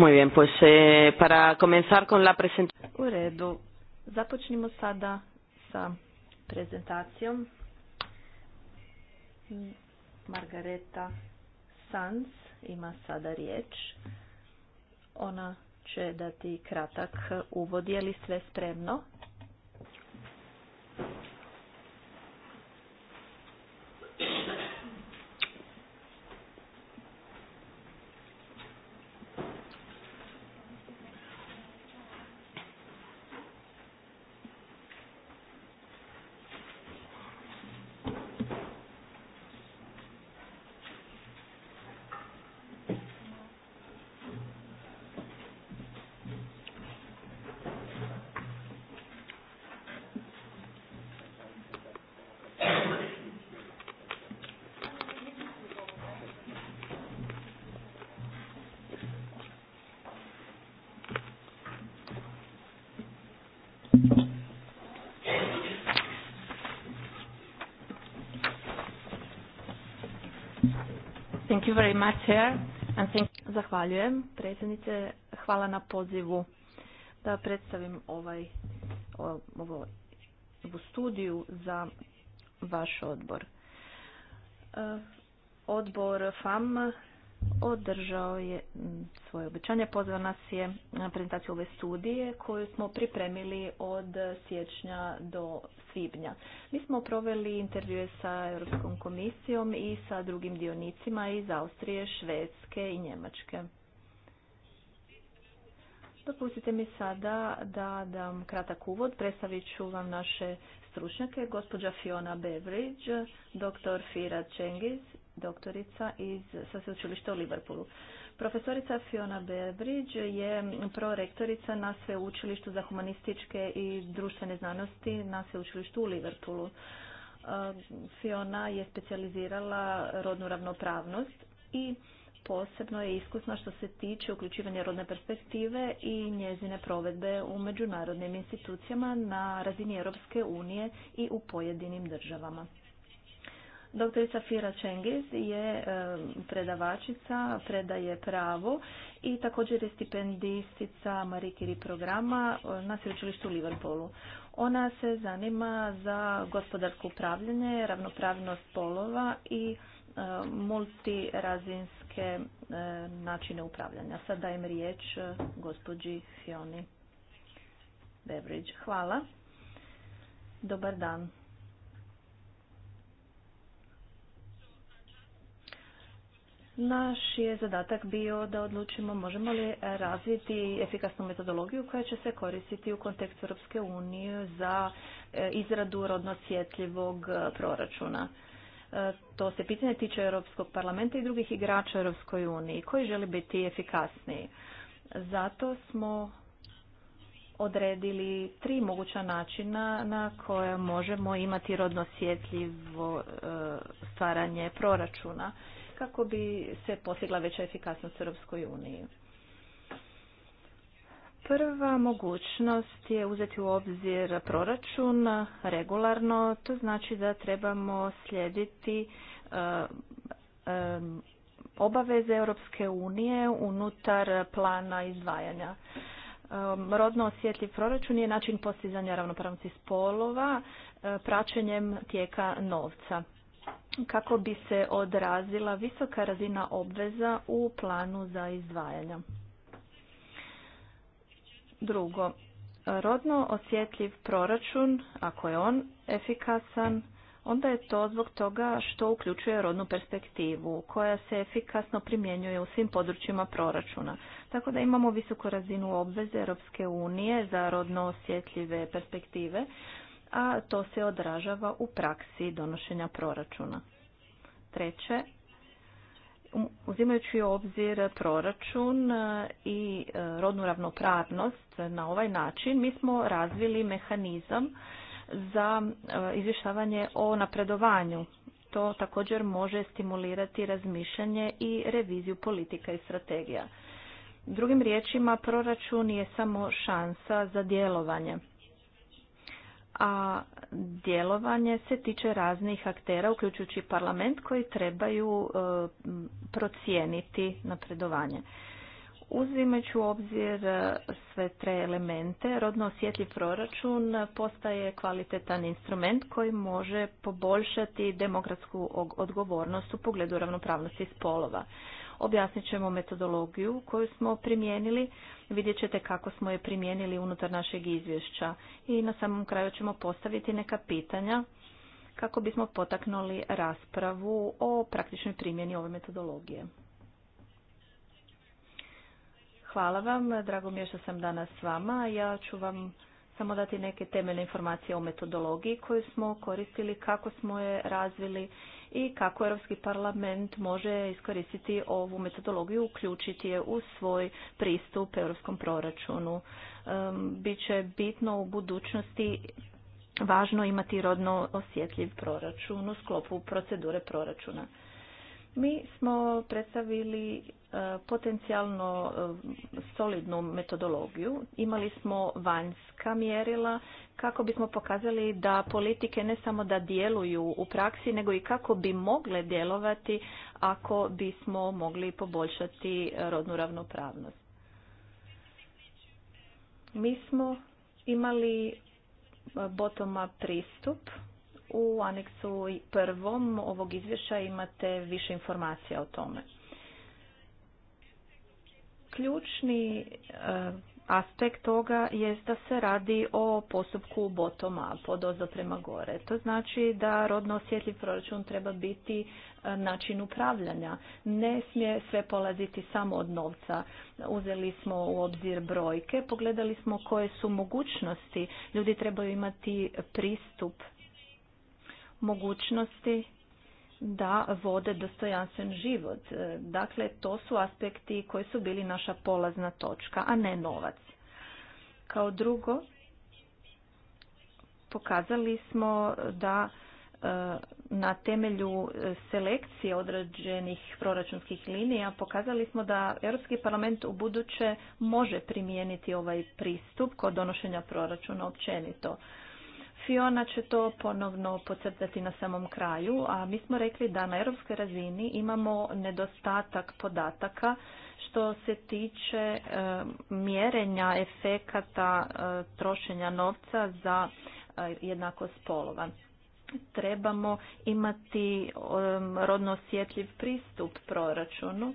Muy bien, eh, para comenzar la U redu. Započnimo sada sa prezentacijom. Margareta Sanz ima sada riječ. Ona će dati kratak uvod. Je li sve spremno? very Zahvaljujem, predsjednice. Hvala na pozivu da predstavim ovaj, ovu studiju za vaš odbor. E, odbor FAM održao je svoje obećanje. Pozvao nas je na prezentaciju ove studije koju smo pripremili od siječnja do svibnja. Mi smo proveli intervjue sa Europskom komisijom i sa drugim dionicima iz Austrije, Švedske i Njemačke. Dopustite mi sada da dam kratak uvod. Predstavit ću vam naše stručnjake, gospođa Fiona Beveridge, doktor Fira Čengiz doktorica iz sveučilišta u Liverpoolu. Profesorica Fiona Bebridge je prorektorica na sveučilištu za humanističke i društvene znanosti na sveučilištu u Liverpoolu. E, Fiona je specijalizirala rodnu ravnopravnost i posebno je iskusna što se tiče uključivanja rodne perspektive i njezine provedbe u međunarodnim institucijama na razini Europske unije i u pojedinim državama. Doktorica Fira Čengiz je e, predavačica, predaje pravo i također je stipendistica Marikiri programa e, na sveučilištu u Liverpoolu. Ona se zanima za gospodarsko upravljanje, ravnopravnost polova i e, multirazinske načine upravljanja. Sad dajem riječ gospođi Fioni Beveridge. Hvala. Dobar dan. Naš je zadatak bio da odlučimo možemo li razviti efikasnu metodologiju koja će se koristiti u kontekstu Europske unije za e, izradu rodno osjetljivog e, proračuna. E, to se pitanje tiče Europskog parlamenta i drugih igrača u Europskoj uniji koji žele biti efikasniji. Zato smo odredili tri moguća načina na koje možemo imati rodno osjetljivo stvaranje proračuna kako bi se postigla veća efikasnost u Europskoj uniji. Prva mogućnost je uzeti u obzir proračun regularno, to znači da trebamo slijediti e, e, obaveze Europske unije unutar plana izdvajanja. E, rodno osjetljiv proračun je način postizanja ravnopravnosti spolova praćenjem tijeka novca kako bi se odrazila visoka razina obveza u planu za izdvajanja. Drugo, rodno osjetljiv proračun, ako je on efikasan, onda je to zbog toga što uključuje rodnu perspektivu koja se efikasno primjenjuje u svim područjima proračuna. Tako da imamo visoku razinu obveze Europske unije za rodno osjetljive perspektive, a to se odražava u praksi donošenja proračuna. Treće, um, uzimajući u obzir proračun e, i e, rodnu ravnopravnost na ovaj način, mi smo razvili mehanizam za e, izvještavanje o napredovanju. To također može stimulirati razmišljanje i reviziju politika i strategija. Drugim riječima, proračun je samo šansa za djelovanje a djelovanje se tiče raznih aktera, uključujući parlament, koji trebaju e, procijeniti napredovanje. Uzimajući u obzir e, sve tre elemente, rodno osjetljiv proračun postaje kvalitetan instrument koji može poboljšati demokratsku odgovornost u pogledu ravnopravnosti spolova objasnit ćemo metodologiju koju smo primijenili, vidjet ćete kako smo je primijenili unutar našeg izvješća i na samom kraju ćemo postaviti neka pitanja kako bismo potaknuli raspravu o praktičnoj primjeni ove metodologije. Hvala vam, drago mi je što sam danas s vama. Ja ću vam samo dati neke temeljne informacije o metodologiji koju smo koristili, kako smo je razvili i kako Europski parlament može iskoristiti ovu metodologiju, uključiti je u svoj pristup europskom proračunu. Biće bitno u budućnosti važno imati rodno osjetljiv proračun u sklopu procedure proračuna. Mi smo predstavili e, potencijalno e, solidnu metodologiju. Imali smo vanjska mjerila kako bismo pokazali da politike ne samo da djeluju u praksi, nego i kako bi mogle djelovati ako bismo mogli poboljšati e, rodnu ravnopravnost. Mi smo imali bottom-up pristup u aneksu prvom ovog izvješća imate više informacija o tome. Ključni eh, aspekt toga je da se radi o postupku bottom-up, od ozdo prema gore. To znači da rodno osjetljiv proračun treba biti eh, način upravljanja. Ne smije sve polaziti samo od novca. Uzeli smo u obzir brojke, pogledali smo koje su mogućnosti. Ljudi trebaju imati pristup mogućnosti da vode dostojanstven život. E, dakle, to su aspekti koji su bili naša polazna točka, a ne novac. Kao drugo, pokazali smo da e, na temelju selekcije određenih proračunskih linija pokazali smo da Europski parlament u buduće može primijeniti ovaj pristup kod donošenja proračuna općenito ona će to ponovno pocrtati na samom kraju, a mi smo rekli da na europskoj razini imamo nedostatak podataka što se tiče e, mjerenja efekata e, trošenja novca za e, jednakost spolova. Trebamo imati rodno osjetljiv pristup proračunu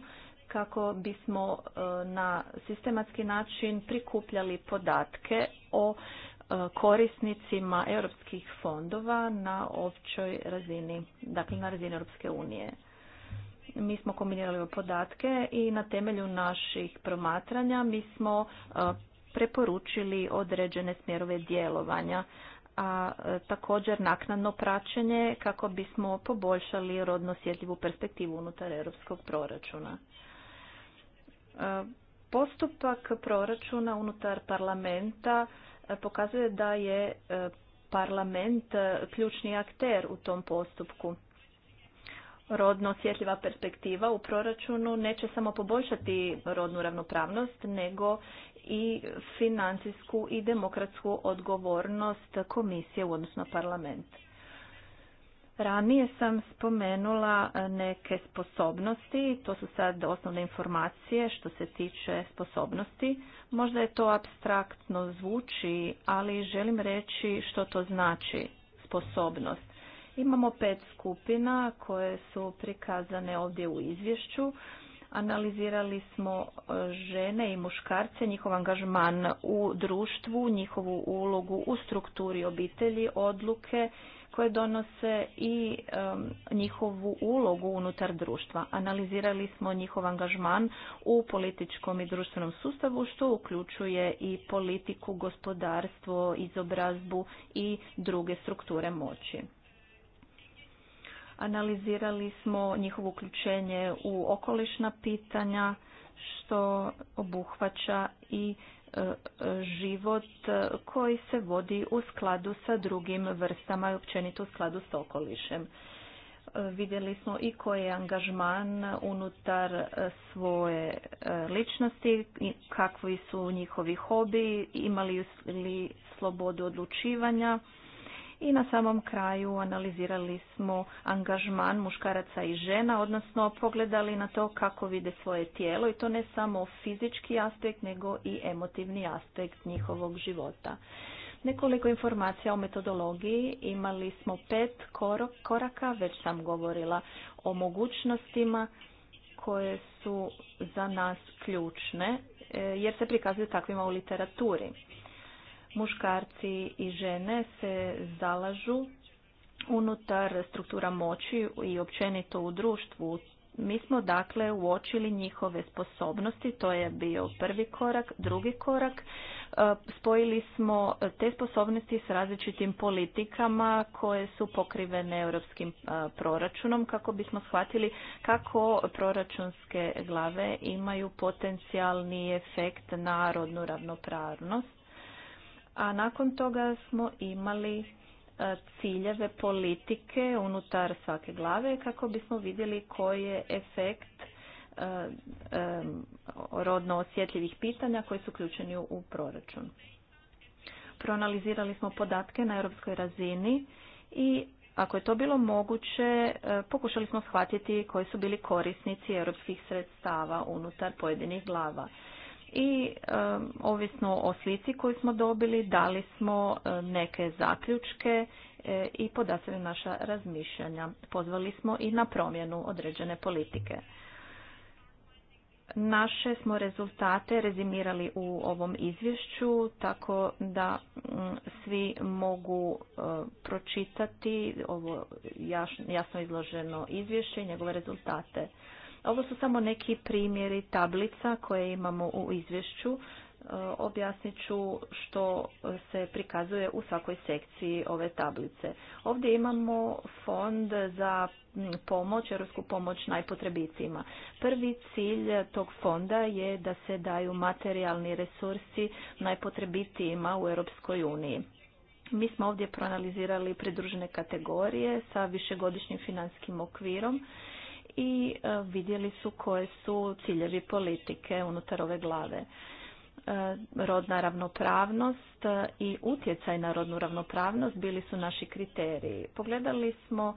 kako bismo na sistematski način prikupljali podatke o korisnicima europskih fondova na općoj razini, dakle na razini Europske unije. Mi smo kombinirali ove podatke i na temelju naših promatranja mi smo e, preporučili određene smjerove djelovanja, a e, također naknadno praćenje kako bismo poboljšali rodno osjetljivu perspektivu unutar europskog proračuna. E, postupak proračuna unutar parlamenta pokazuje da je e, parlament e, ključni akter u tom postupku. Rodno osjetljiva perspektiva u proračunu neće samo poboljšati rodnu ravnopravnost, nego i financijsku i demokratsku odgovornost komisije u odnosu parlament. Ranije sam spomenula e, neke sposobnosti, to su sad osnovne informacije što se tiče sposobnosti. Možda je to abstraktno zvuči, ali želim reći što to znači sposobnost. Imamo pet skupina koje su prikazane ovdje u izvješću. Analizirali smo e, žene i muškarce, njihov angažman u društvu, njihovu ulogu u strukturi obitelji, odluke koje donose i njihovu ulogu unutar društva. Analizirali smo njihov angažman u političkom i društvenom sustavu što uključuje i politiku, gospodarstvo, izobrazbu i druge strukture moći. Analizirali smo njihovo uključenje u okolišna pitanja što obuhvaća i život koji se vodi u skladu sa drugim vrstama i općenito u skladu s okolišem. Vidjeli smo i koji je angažman unutar svoje e, ličnosti, kakvi su njihovi hobi, imali li slobodu odlučivanja, i na samom kraju analizirali smo angažman muškaraca i žena, odnosno pogledali na to kako vide svoje tijelo i to ne samo fizički aspekt nego i emotivni aspekt njihovog života. Nekoliko informacija o metodologiji. Imali smo pet koraka, već sam govorila o mogućnostima koje su za nas ključne e, jer se prikazuju takvima u literaturi muškarci i žene se zalažu unutar struktura moći i općenito u društvu. Mi smo dakle uočili njihove sposobnosti, to je bio prvi korak, drugi korak. E, spojili smo te sposobnosti s različitim politikama koje su pokrivene europskim e, proračunom kako bismo shvatili kako proračunske glave imaju potencijalni efekt na rodnu ravnopravnost a nakon toga smo imali e, ciljeve politike unutar svake glave kako bismo vidjeli koji je efekt e, e, rodno osjetljivih pitanja koji su uključeni u proračun. Proanalizirali smo podatke na europskoj razini i ako je to bilo moguće, pokušali smo shvatiti koji su bili korisnici europskih sredstava unutar pojedinih glava i e, ovisno o slici koju smo dobili dali smo e, neke zaključke e, i podasili naša razmišljanja. Pozvali smo i na promjenu određene politike. Naše smo rezultate rezimirali u ovom izvješću tako da svi mogu pročitati ovo jasno izloženo izvješće i njegove rezultate. Ovo su samo neki primjeri tablica koje imamo u izvješću. E, objasnit ću što se prikazuje u svakoj sekciji ove tablice. Ovdje imamo fond za pomoć, europsku pomoć najpotrebitijima. Prvi cilj tog fonda je da se daju materijalni resursi najpotrebitijima u Europskoj uniji. Mi smo ovdje proanalizirali pridružene kategorije sa višegodišnjim finanskim okvirom i e, vidjeli su koje su ciljevi politike unutar ove glave e, rodna ravnopravnost e, i utjecaj na rodnu ravnopravnost bili su naši kriteriji. Pogledali smo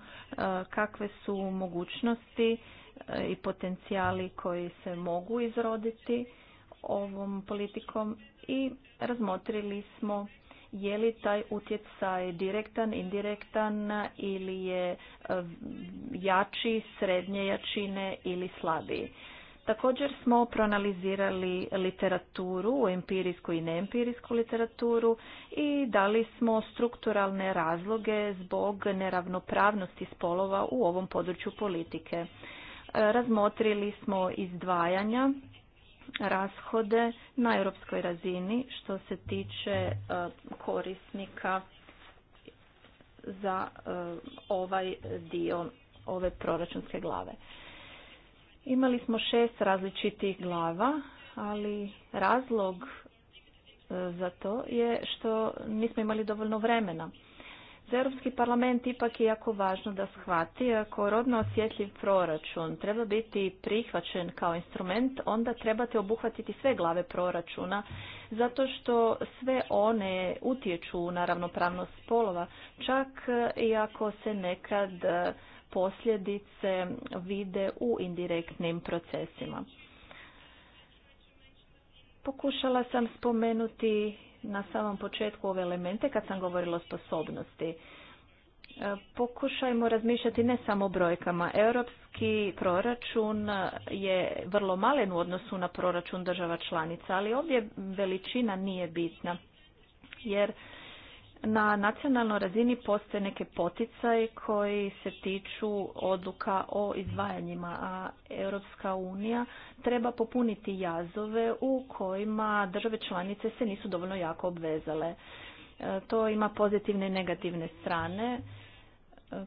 kakve su mogućnosti i potencijali koji se mogu izroditi ovom politikom i razmotrili smo je li taj utjecaj direktan, indirektan ili je e, jači, srednje jačine ili slabiji. Također smo proanalizirali literaturu, empirijsku i neempirijsku literaturu i dali smo strukturalne razloge zbog neravnopravnosti spolova u ovom području politike. E, razmotrili smo izdvajanja rashode na europskoj razini što se tiče e, korisnika za e, ovaj dio ove proračunske glave. Imali smo šest različitih glava, ali razlog e, za to je što nismo imali dovoljno vremena. Za Europski parlament ipak je jako važno da shvati ako rodno osjetljiv proračun treba biti prihvaćen kao instrument, onda trebate obuhvatiti sve glave proračuna zato što sve one utječu na ravnopravnost spolova, čak i ako se nekad posljedice vide u indirektnim procesima. Pokušala sam spomenuti na samom početku ove elemente kad sam govorila o sposobnosti. E, pokušajmo razmišljati ne samo o brojkama. Europski proračun je vrlo malen u odnosu na proračun država članica, ali ovdje veličina nije bitna jer na nacionalnoj razini postoje neke poticaje koji se tiču odluka o izdvajanjima, a Europska unija treba popuniti jazove u kojima države članice se nisu dovoljno jako obvezale. E, to ima pozitivne i negativne strane, e,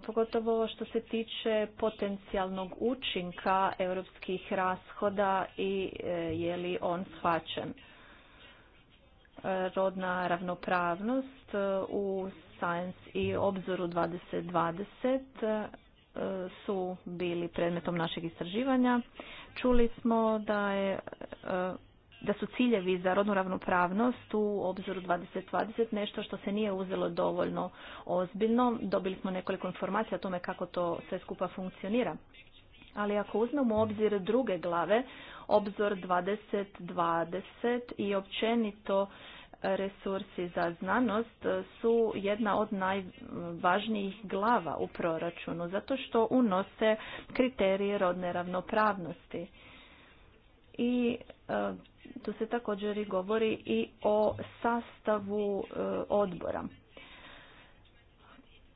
pogotovo što se tiče potencijalnog učinka europskih rashoda i e, je li on shvaćen rodna ravnopravnost e, u Science i obzoru 2020 e, su bili predmetom našeg istraživanja. Čuli smo da je e, da su ciljevi za rodnu ravnopravnost u obzoru 2020 nešto što se nije uzelo dovoljno ozbiljno. Dobili smo nekoliko informacija o tome kako to sve skupa funkcionira. Ali ako uzmemo obzir druge glave, obzor 2020 i općenito resursi za znanost su jedna od najvažnijih glava u proračunu, zato što unose kriterije rodne ravnopravnosti. I e, tu se također i govori i o sastavu e, odbora.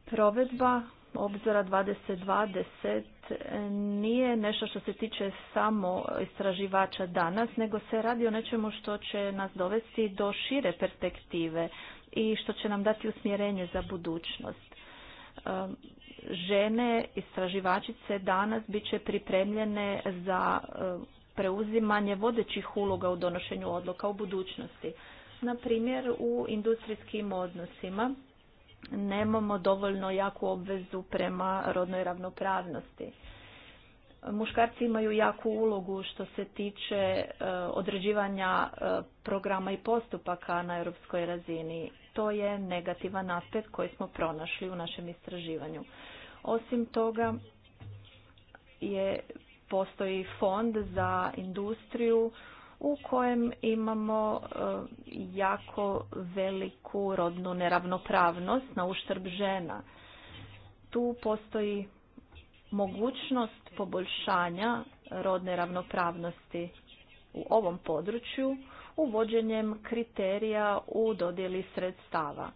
Provedba obzora 2020 nije nešto što se tiče samo istraživača danas, nego se radi o nečemu što će nas dovesti do šire perspektive i što će nam dati usmjerenje za budućnost. Žene istraživačice danas bit će pripremljene za preuzimanje vodećih uloga u donošenju odluka u budućnosti. Na primjer u industrijskim odnosima nemamo dovoljno jaku obvezu prema rodnoj ravnopravnosti. Muškarci imaju jaku ulogu što se tiče e, određivanja e, programa i postupaka na europskoj razini. To je negativan aspekt koji smo pronašli u našem istraživanju. Osim toga je postoji fond za industriju u kojem imamo e, jako veliku rodnu neravnopravnost na uštrb žena. Tu postoji mogućnost poboljšanja rodne ravnopravnosti u ovom području uvođenjem kriterija u dodjeli sredstava.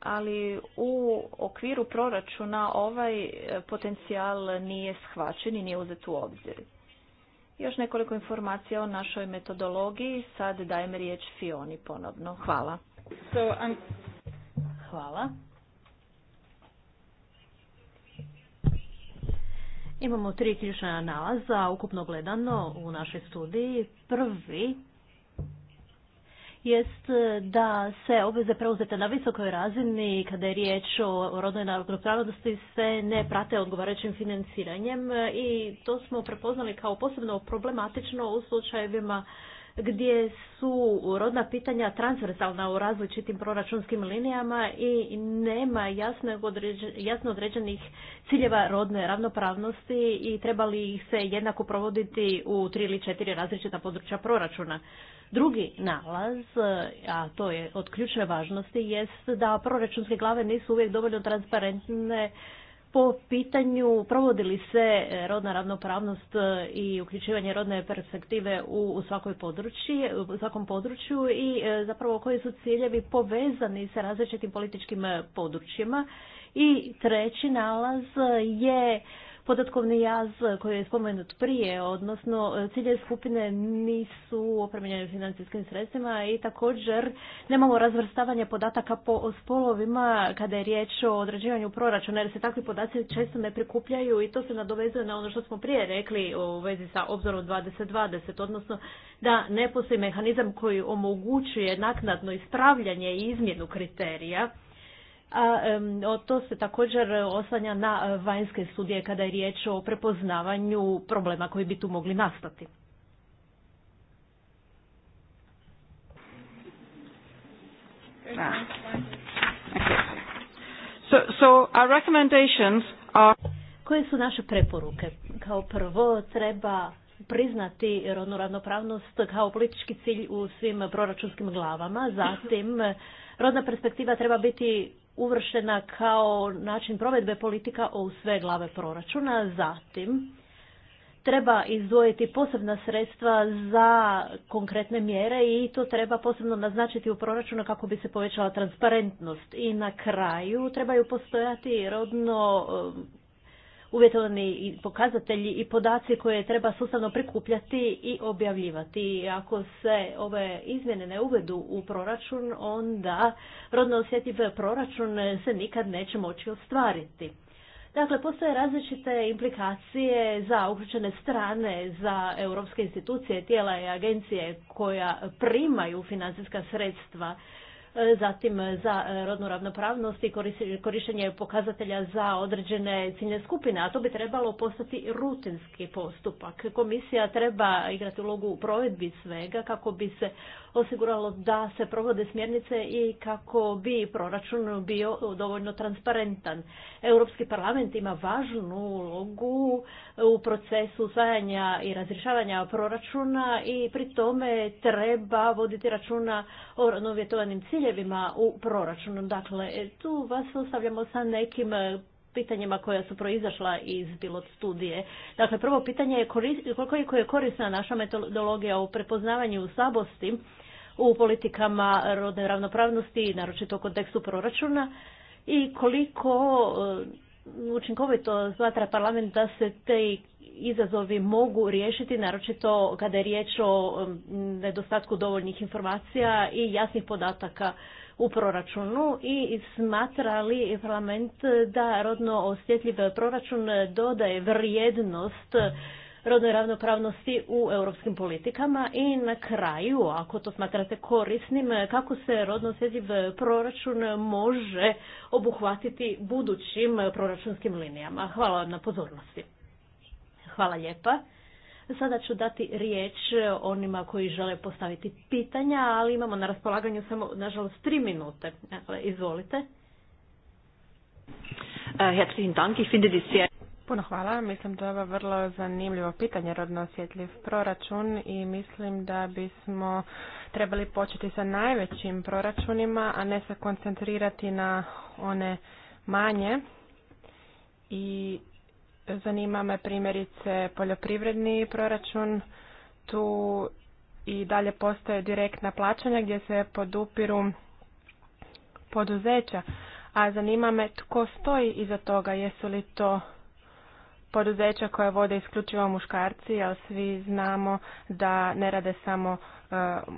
Ali u okviru proračuna ovaj e, potencijal nije shvaćen i nije uzet u obzir. Još nekoliko informacija o našoj metodologiji. Sad dajem riječ Fioni ponovno. Hvala. So, um, Hvala. Imamo tri ključna nalaza ukupno gledano u našoj studiji. Prvi jest e, da se obveze preuzete na visokoj razini kada je riječ o rodnoj ravnopravnosti se ne prate odgovarajućim financiranjem e, i to smo prepoznali kao posebno problematično u slučajevima gdje su rodna pitanja transversalna u različitim proračunskim linijama i nema jasno određenih ciljeva rodne ravnopravnosti i trebali ih se jednako provoditi u tri ili četiri različita područja proračuna. Drugi nalaz, a to je od ključne važnosti, jest da proračunske glave nisu uvijek dovoljno transparentne po pitanju provodili se rodna ravnopravnost e, i uključivanje rodne perspektive u svakoj područji, u svakom području i e, zapravo koji su ciljevi povezani sa različitim političkim područjima. I treći nalaz je podatkovni jaz koji je spomenut prije, odnosno e, cilje skupine nisu opremljene financijskim sredstvima i također nemamo razvrstavanje podataka po spolovima kada je riječ o određivanju proračuna jer se takvi podaci često ne prikupljaju i to se nadovezuje na ono što smo prije rekli u vezi sa obzorom 2020, odnosno da ne postoji mehanizam koji omogućuje naknadno ispravljanje i izmjenu kriterija a to se također oslanja na e, vanjske studije kada je riječ o prepoznavanju problema koji bi tu mogli nastati. Koje su naše preporuke? Kao prvo treba priznati rodnu ravnopravnost kao politički cilj u svim proračunskim glavama, zatim rodna perspektiva treba biti uvrštena kao način provedbe politika u sve glave proračuna. Zatim, treba izdvojiti posebna sredstva za konkretne mjere i to treba posebno naznačiti u proračunu kako bi se povećala transparentnost. I na kraju trebaju postojati rodno uvjetovani pokazatelji i podaci koje treba sustavno prikupljati i objavljivati. ako se ove izmjene ne uvedu u proračun, onda rodno osjetljiv proračun se nikad neće moći ostvariti. Dakle, postoje različite implikacije za uključene strane, za europske institucije, tijela i agencije koja primaju financijska sredstva E, zatim e, za e, rodnu ravnopravnost i korištenje pokazatelja za određene ciljne skupine, a to bi trebalo postati rutinski postupak. Komisija treba igrati ulogu u provedbi svega kako bi se osiguralo da se provode smjernice i kako bi proračun bio dovoljno transparentan. Europski parlament ima važnu ulogu u procesu usvajanja i razrješavanja proračuna i pri tome treba voditi računa o novjetovanim ciljevima u proračunu. Dakle, e, tu vas ostavljamo sa nekim pitanjima koja su proizašla iz pilot studije. Dakle, prvo pitanje je koliko je korisna naša metodologija u prepoznavanju slabosti u politikama rodne ravnopravnosti, naročito u kontekstu proračuna i koliko e, učinkovito smatra parlament da se te izazovi mogu riješiti, naročito kada je riječ o mm, nedostatku dovoljnih informacija i jasnih podataka u proračunu i smatra li parlament da rodno osjetljiv proračun dodaje vrijednost rodnoj ravnopravnosti u europskim politikama i na kraju, ako to smatrate korisnim, kako se rodno osjetljiv proračun može obuhvatiti budućim proračunskim linijama. Hvala vam na pozornosti. Hvala lijepa. Sada ću dati riječ onima koji žele postaviti pitanja, ali imamo na raspolaganju samo, nažalost, tri minute. izvolite. Eh, herzlichen Dank, ich finde Puno hvala. Mislim da je ovo vrlo zanimljivo pitanje rodno osjetljiv proračun i mislim da bismo trebali početi sa najvećim proračunima, a ne se koncentrirati na one manje. I zanima me primjerice poljoprivredni proračun. Tu i dalje postoje direktna plaćanja gdje se podupiru poduzeća. A zanima me tko stoji iza toga, jesu li to poduzeća koja vode isključivo muškarci, jer svi znamo da ne rade samo e,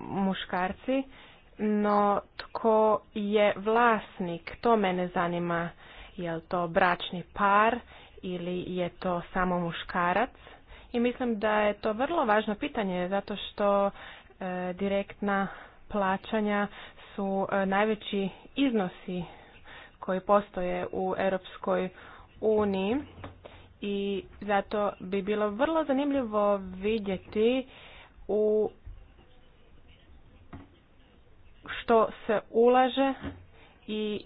muškarci, no tko je vlasnik, to mene zanima, je li to bračni par ili je to samo muškarac. I mislim da je to vrlo važno pitanje zato što e, direktna plaćanja su e, najveći iznosi koji postoje u Europskoj uniji i zato bi bilo vrlo zanimljivo vidjeti u što se ulaže i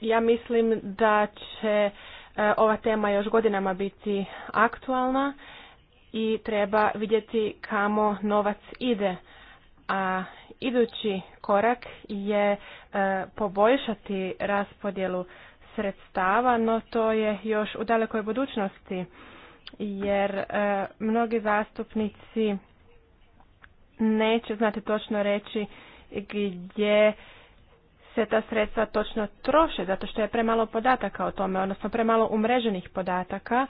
ja mislim da će e, ova tema još godinama biti aktualna i treba vidjeti kamo novac ide. A idući korak je e, poboljšati raspodjelu sredstava, no to je još u dalekoj budućnosti jer e, mnogi zastupnici neće znati točno reći gdje se ta sredstva točno troše, zato što je premalo podataka o tome, odnosno premalo umreženih podataka,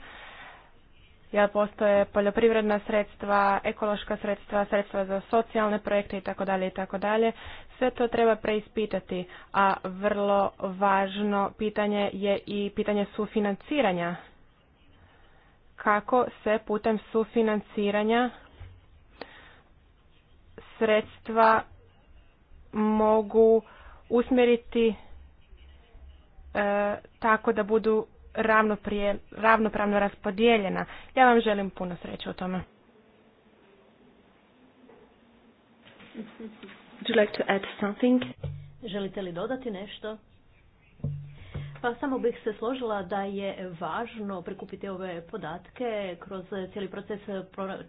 jer postoje poljoprivredna sredstva, ekološka sredstva, sredstva za socijalne projekte itd. itd. Sve to treba preispitati, a vrlo važno pitanje je i pitanje sufinanciranja. Kako se putem sufinanciranja sredstva mogu usmjeriti e, tako da budu ravnoprije, ravnopravno raspodijeljena. Ja vam želim puno sreće u tome. you like to add something? Želite li dodati nešto? Pa samo bih se složila da je važno prikupiti ove podatke kroz cijeli proces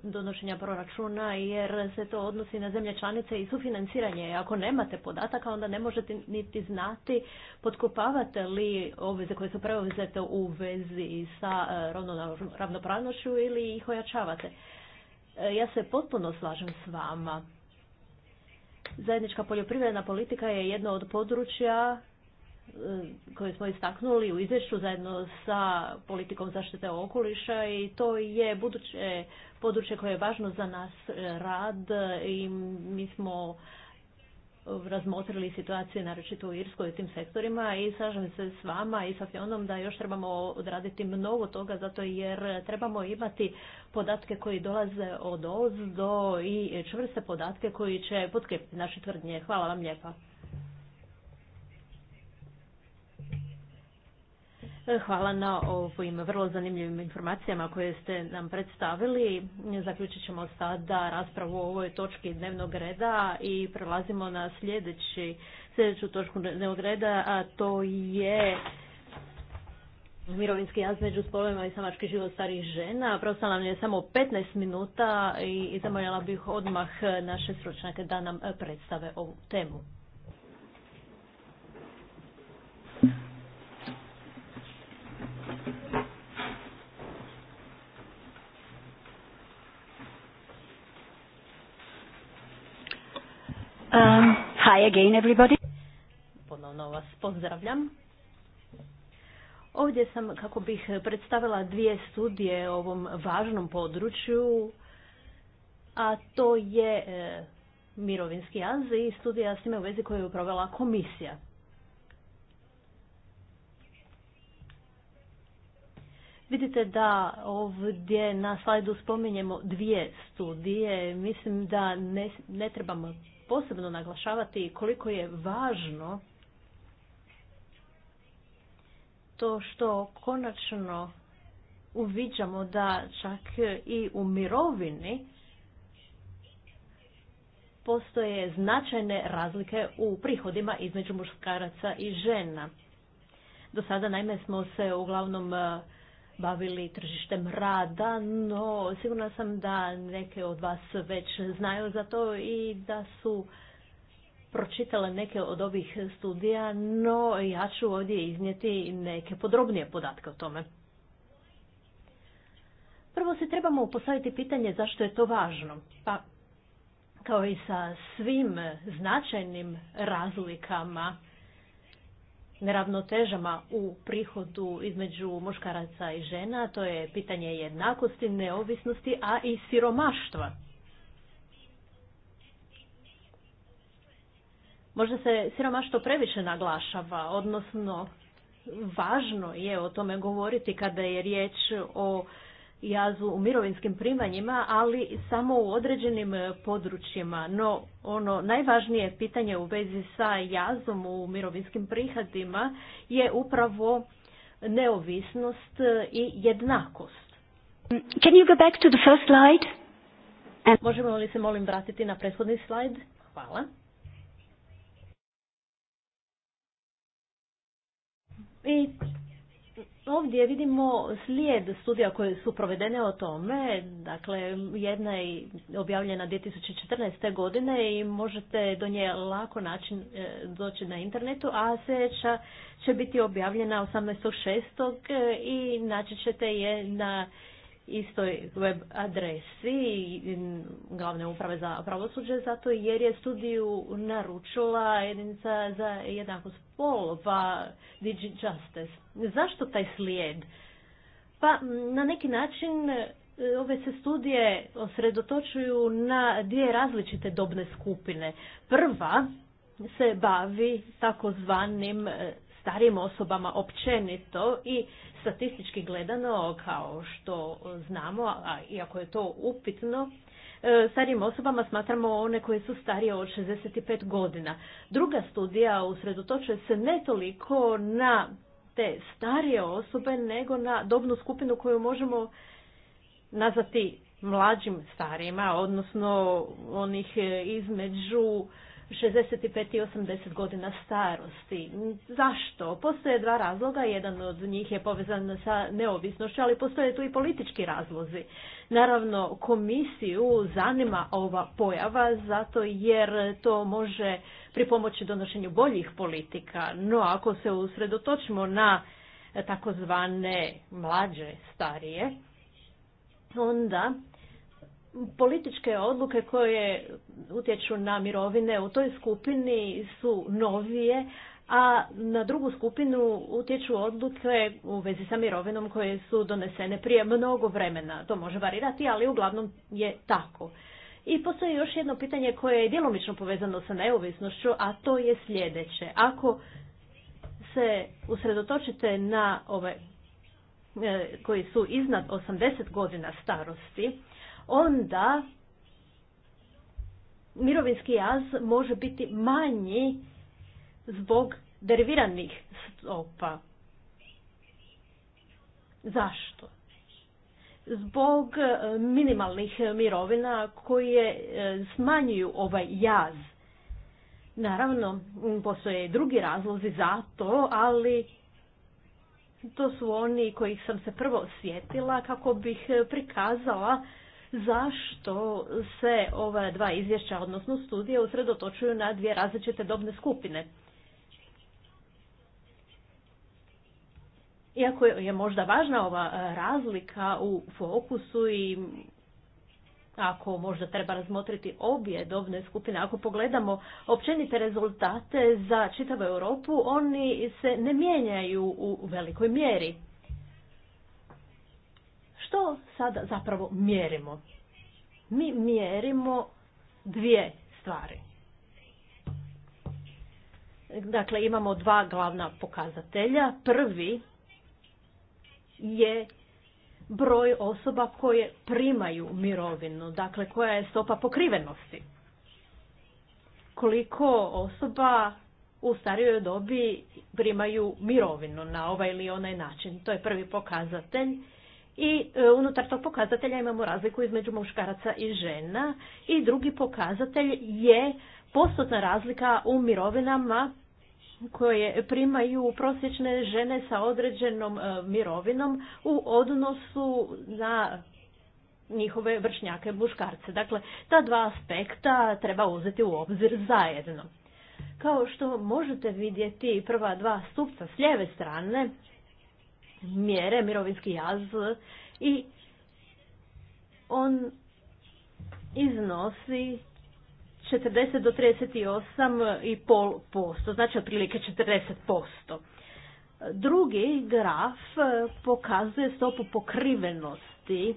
donošenja proračuna jer se to odnosi na zemlje članice i sufinanciranje. Ako nemate podataka onda ne možete niti znati potkopavate li obveze koje su preuzete u vezi sa e, ravnopravnošću ili ih ojačavate. E, ja se potpuno slažem s vama Zajednička poljoprivredna politika je jedno od područja e, koje smo istaknuli u izvješću zajedno sa politikom zaštite okoliša i to je buduće područje koje je važno za nas rad i mi smo razmotrili situaciju naročito u Irskoj i tim sektorima i slažem se s vama i sa Fionom da još trebamo odraditi mnogo toga zato jer trebamo imati podatke koji dolaze od do i čvrste podatke koji će potkrepiti naše tvrdnje. Hvala vam lijepa. Hvala na ovim vrlo zanimljivim informacijama koje ste nam predstavili. Zaključit ćemo sada raspravu o ovoj točki dnevnog reda i prelazimo na sljedeći, sljedeću točku dnevnog reda, a to je mirovinski jaz među spolovima i samački život starih žena. Prostala nam je samo 15 minuta i zamoljala bih odmah naše stručnjake da nam predstave ovu temu. Um, hi Ponovno vas pozdravljam. Ovdje sam kako bih predstavila dvije studije o ovom važnom području, a to je e, mirovinski jaz i studija s time u vezi koju je provela komisija. Vidite da ovdje na slajdu spominjemo dvije studije. Mislim da ne trebamo posebno naglašavati koliko je važno to što konačno uviđamo da čak i u mirovini postoje značajne razlike u prihodima između muškaraca i žena. Do sada naime smo se uglavnom bavili tržištem rada, no sigurna sam da neke od vas već znaju za to i da su pročitale neke od ovih studija, no ja ću ovdje iznijeti neke podrobnije podatke o tome. Prvo se trebamo postaviti pitanje zašto je to važno. Pa, kao i sa svim značajnim razlikama neravnotežama u prihodu između muškaraca i žena, to je pitanje jednakosti, neovisnosti, a i siromaštva. Možda se siromaštvo previše naglašava, odnosno važno je o tome govoriti kada je riječ o jazu u mirovinskim primanjima, ali samo u određenim e, područjima. No, ono najvažnije pitanje u vezi sa jazom u mirovinskim prihadima je upravo neovisnost i jednakost. Can you go back to the first slide? Možemo li se molim vratiti na prethodni slajd? Hvala. I Ovdje vidimo slijed studija koje su provedene o tome, dakle jedna je objavljena 2014. godine i možete do nje lako način e, doći na internetu, a sljedeća će biti objavljena 18.6. E, i naći ćete je na istoj web adresi glavne uprave za pravosuđe zato jer je studiju naručila jedinica za jednakost spolova Digi Justice. Zašto taj slijed? Pa na neki način e, ove se studije osredotočuju na dvije različite dobne skupine. Prva se bavi takozvanim e, starijim osobama općenito i statistički gledano, kao što znamo, a iako je to upitno, e, starijim osobama smatramo one koje su starije od 65 godina. Druga studija usredotočuje se ne toliko na te starije osobe, nego na dobnu skupinu koju možemo nazvati mlađim starijima, odnosno onih e, između 65 i 80 godina starosti. Zašto? Postoje dva razloga, jedan od njih je povezan sa neovisnošću, ali postoje tu i politički razlozi. Naravno, komisiju zanima ova pojava zato jer to može pripomoći donošenju boljih politika, no ako se usredotočimo na takozvane mlađe starije, onda političke odluke koje utječu na mirovine u toj skupini su novije, a na drugu skupinu utječu odluke u vezi sa mirovinom koje su donesene prije mnogo vremena. To može varirati, ali uglavnom je tako. I postoji još jedno pitanje koje je djelomično povezano sa neovisnošću, a to je sljedeće. Ako se usredotočite na ove e, koji su iznad 80 godina starosti, onda mirovinski jaz može biti manji zbog deriviranih stopa. Zašto? Zbog e, minimalnih mirovina koje e, smanjuju ovaj jaz. Naravno, postoje i drugi razlozi za to, ali to su oni kojih sam se prvo osjetila kako bih prikazala zašto se ova dva izvješća, odnosno studije, usredotočuju na dvije različite dobne skupine. Iako je možda važna ova e, razlika u fokusu i ako možda treba razmotriti obje dobne skupine, ako pogledamo općenite rezultate za čitavu Europu, oni se ne mijenjaju u velikoj mjeri. Što sada zapravo mjerimo? Mi mjerimo dvije stvari. Dakle, imamo dva glavna pokazatelja. Prvi je broj osoba koje primaju mirovinu, dakle koja je stopa pokrivenosti. Koliko osoba u starijoj dobi primaju mirovinu na ovaj ili onaj način. To je prvi pokazatelj i e, unutar tog pokazatelja imamo razliku između muškaraca i žena i drugi pokazatelj je postotna razlika u mirovinama koje primaju prosječne žene sa određenom e, mirovinom u odnosu na njihove vršnjake muškarce. Dakle, ta dva aspekta treba uzeti u obzir zajedno. Kao što možete vidjeti prva dva stupca s lijeve strane, mjere, mirovinski jaz i on iznosi 40 do posto, znači otprilike 40%. Drugi graf pokazuje stopu pokrivenosti.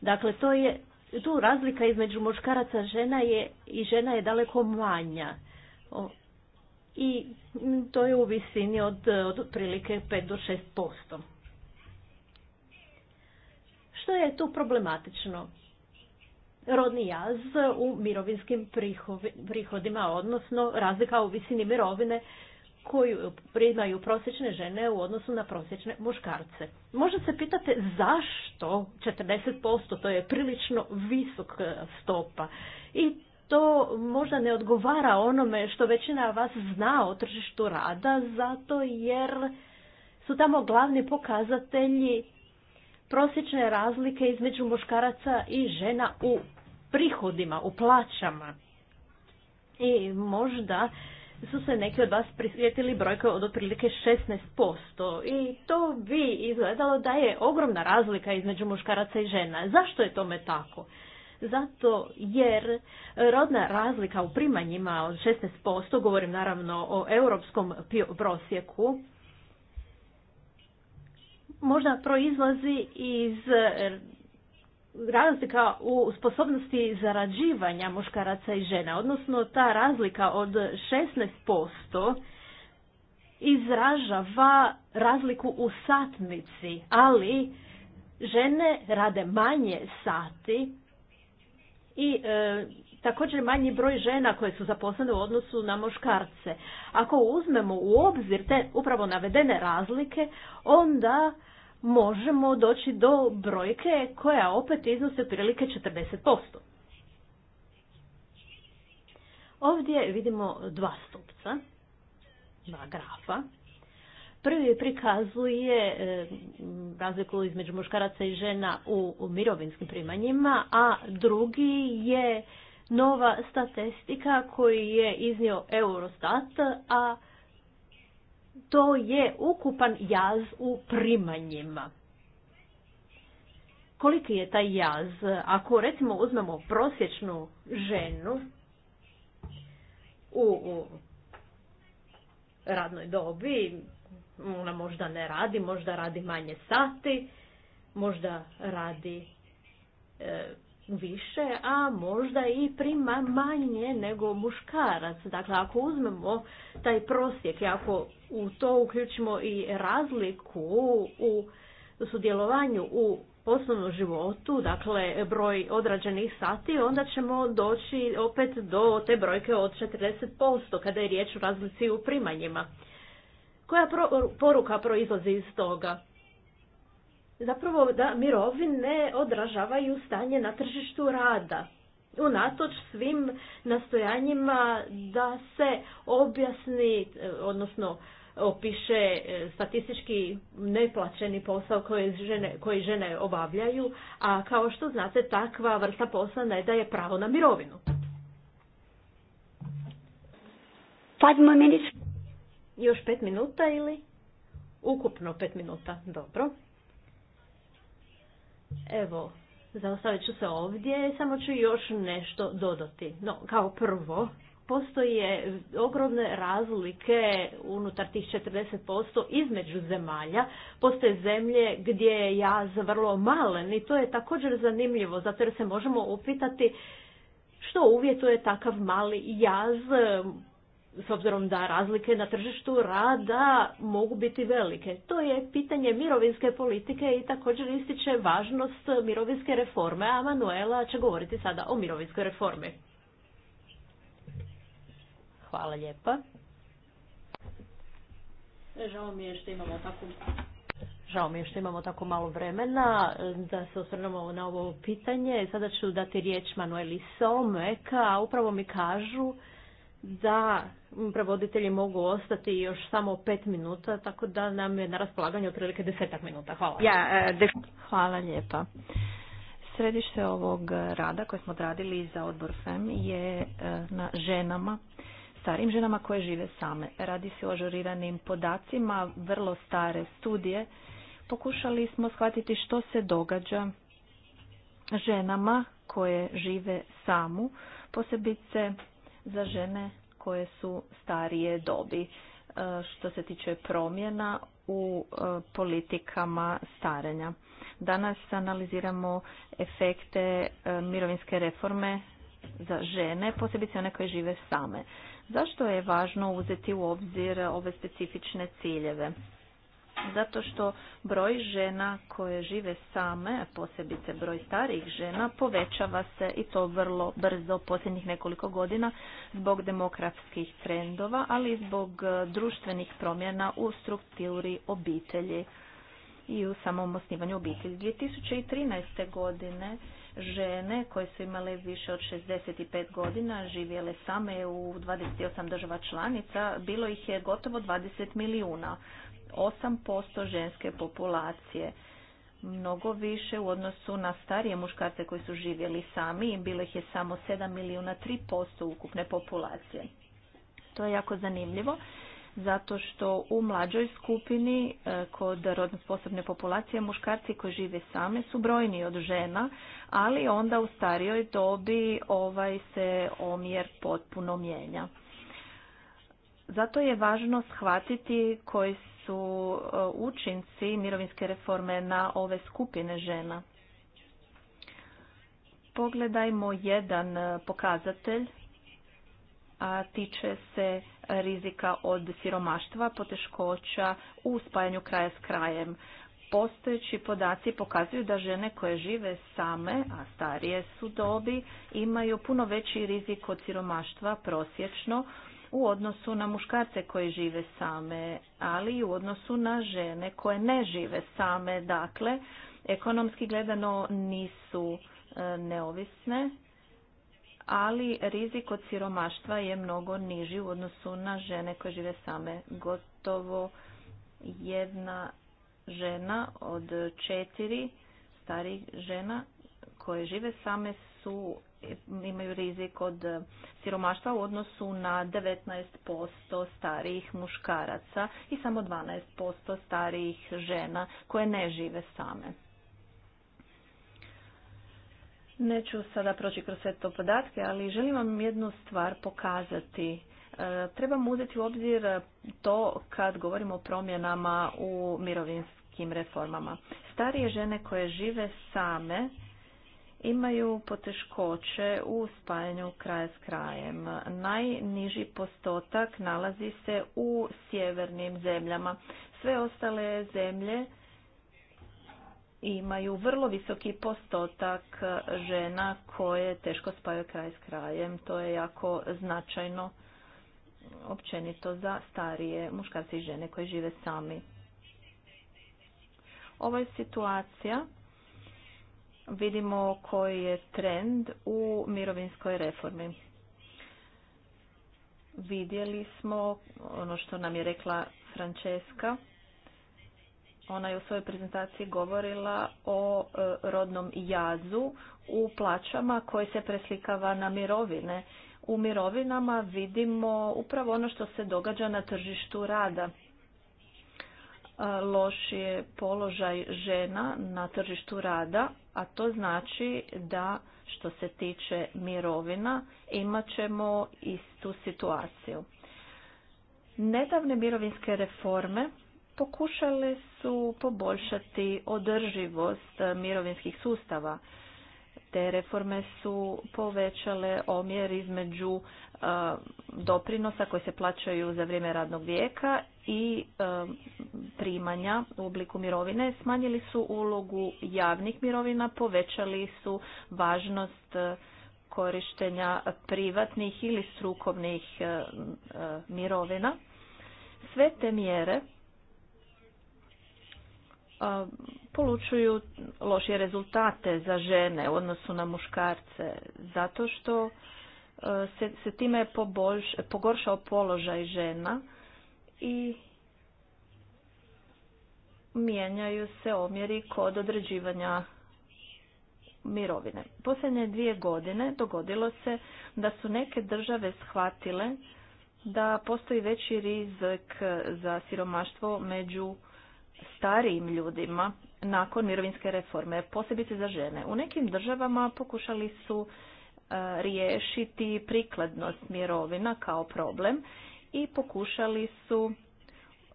Dakle, to je, tu razlika između muškaraca žena je, i žena je daleko manja i to je u visini od, otprilike 5 do 6%. Što je tu problematično? Rodni jaz u mirovinskim prihodima, odnosno razlika u visini mirovine koju primaju prosječne žene u odnosu na prosječne muškarce. Možda se pitate zašto 40%, to je prilično visok e, stopa. I to možda ne odgovara onome što većina vas zna o tržištu rada, zato jer su tamo glavni pokazatelji prosječne razlike između muškaraca i žena u prihodima, u plaćama. I možda su se neki od vas prisjetili brojke od otprilike 16%. I to bi izgledalo da je ogromna razlika između muškaraca i žena. Zašto je tome tako? zato jer rodna razlika u primanjima od 16%, govorim naravno o europskom prosjeku, možda proizlazi iz razlika u sposobnosti zarađivanja muškaraca i žena, odnosno ta razlika od 16% izražava razliku u satnici, ali žene rade manje sati i e, također manji broj žena koje su zaposlene u odnosu na muškarce. Ako uzmemo u obzir te upravo navedene razlike, onda možemo doći do brojke koja opet iznose otprilike 40%. Ovdje vidimo dva stupca, dva grafa. Prvi prikazuje e, razliku između muškaraca i žena u, mirovinskim primanjima, a drugi je nova statistika koju je iznio Eurostat, a to je ukupan jaz u primanjima. Koliki je taj jaz? Ako recimo uzmemo prosječnu ženu u radnoj dobi, ona možda ne radi, možda radi manje sati, možda radi e, više, a možda i prima manje nego muškarac. Dakle, ako uzmemo taj prosjek i ako u to uključimo i razliku u sudjelovanju u poslovnom životu, dakle broj odrađenih sati, onda ćemo doći opet do te brojke od 40% kada je riječ o razlici u primanjima. Koja poruka proizlazi iz toga? Zapravo da mirovine odražavaju stanje na tržištu rada. Unatoč svim nastojanjima da se objasni, odnosno opiše e, statistički neplaćeni posao koji žene, koji žene obavljaju, a kao što znate takva vrsta posla ne daje pravo na mirovinu. Five još pet minuta ili? Ukupno pet minuta, dobro. Evo, zaostavit ću se ovdje, samo ću još nešto dodati. No, kao prvo, postoje ogromne razlike unutar tih 40% između zemalja. Postoje zemlje gdje je jaz vrlo malen i to je također zanimljivo, zato jer se možemo upitati što uvjetuje takav mali jaz, s obzirom da razlike na tržištu rada mogu biti velike. To je pitanje mirovinske politike i također ističe važnost mirovinske reforme, a Manuela će govoriti sada o mirovinskoj reformi. Hvala lijepa. Žao mi je što imamo tako... Žao mi je što imamo tako malo vremena eh, da se osvrnemo na ovo pitanje. Sada ću dati riječ Manueli Some, a upravo mi kažu da mm, pravoditelji mogu ostati još samo pet minuta, tako da nam je na raspolaganju otprilike desetak minuta. Hvala. Ja, e, de... Hvala lijepa. Središte ovog rada koje smo odradili za odbor FEM je e, na ženama, starim ženama koje žive same. Radi se o ažuriranim podacima, vrlo stare studije. Pokušali smo shvatiti što se događa ženama koje žive samu, posebice za žene koje su starije dobi e, što se tiče promjena u e, politikama starenja. Danas analiziramo efekte e, mirovinske reforme za žene, posebice one koje žive same. Zašto je važno uzeti u obzir ove specifične ciljeve? zato što broj žena koje žive same, posebice broj starijih žena, povećava se i to vrlo brzo posljednjih nekoliko godina zbog demokratskih trendova, ali i zbog e, društvenih promjena u strukturi obitelji i u samom osnivanju obitelji. 2013. godine žene koje su imale više od 65 godina, živjele same u 28 država članica, bilo ih je gotovo 20 milijuna. 8% ženske populacije. Mnogo više u odnosu na starije muškarce koji su živjeli sami i bilo ih je samo 7 milijuna 3% ukupne populacije. To je jako zanimljivo zato što u mlađoj skupini e, kod rodno sposobne populacije muškarci koji žive same su brojni od žena, ali onda u starijoj dobi ovaj se omjer potpuno mijenja. Zato je važno shvatiti koji su e, učinci mirovinske reforme na ove skupine žena. Pogledajmo jedan e, pokazatelj, a tiče se rizika od siromaštva, poteškoća u spajanju kraja s krajem. Postojeći podaci pokazuju da žene koje žive same, a starije su dobi, imaju puno veći rizik od siromaštva prosječno u odnosu na muškarce koji žive same, ali i u odnosu na žene koje ne žive same. Dakle, ekonomski gledano nisu e, neovisne, ali rizik od siromaštva je mnogo niži u odnosu na žene koje žive same. Gotovo jedna žena od četiri starih žena koje žive same su imaju rizik od siromaštva u odnosu na 19% starijih muškaraca i samo 12% starijih žena koje ne žive same. Neću sada proći kroz sve to podatke, ali želim vam jednu stvar pokazati. E, trebamo uzeti u obzir to kad govorimo o promjenama u mirovinskim reformama. Starije žene koje žive same imaju poteškoće u spajanju kraja s krajem. Najniži postotak nalazi se u sjevernim zemljama. Sve ostale zemlje imaju vrlo visoki postotak žena koje teško spajaju kraj s krajem. To je jako značajno općenito za starije muškarce i žene koje žive sami. Ovo je situacija vidimo koji je trend u mirovinskoj reformi. Vidjeli smo ono što nam je rekla Francesca. Ona je u svojoj prezentaciji govorila o e, rodnom jazu u plaćama koje se preslikava na mirovine. U mirovinama vidimo upravo ono što se događa na tržištu rada. E, loš je položaj žena na tržištu rada, a to znači da što se tiče mirovina imat ćemo istu situaciju. Nedavne mirovinske reforme pokušale su poboljšati održivost mirovinskih sustava. Te reforme su povećale omjer između e, doprinosa koji se plaćaju za vrijeme radnog vijeka i e, primanja u obliku mirovine, smanjili su ulogu javnih mirovina, povećali su važnost e, korištenja privatnih ili strukovnih e, mirovina. Sve te mjere polučuju lošije rezultate za žene u odnosu na muškarce, zato što se, se time pogoršao položaj žena i mijenjaju se omjeri kod određivanja mirovine. Posljednje dvije godine dogodilo se da su neke države shvatile da postoji veći rizik za siromaštvo među starijim ljudima nakon mirovinske reforme, posebice za žene. U nekim državama pokušali su e, riješiti prikladnost mirovina kao problem i pokušali su e,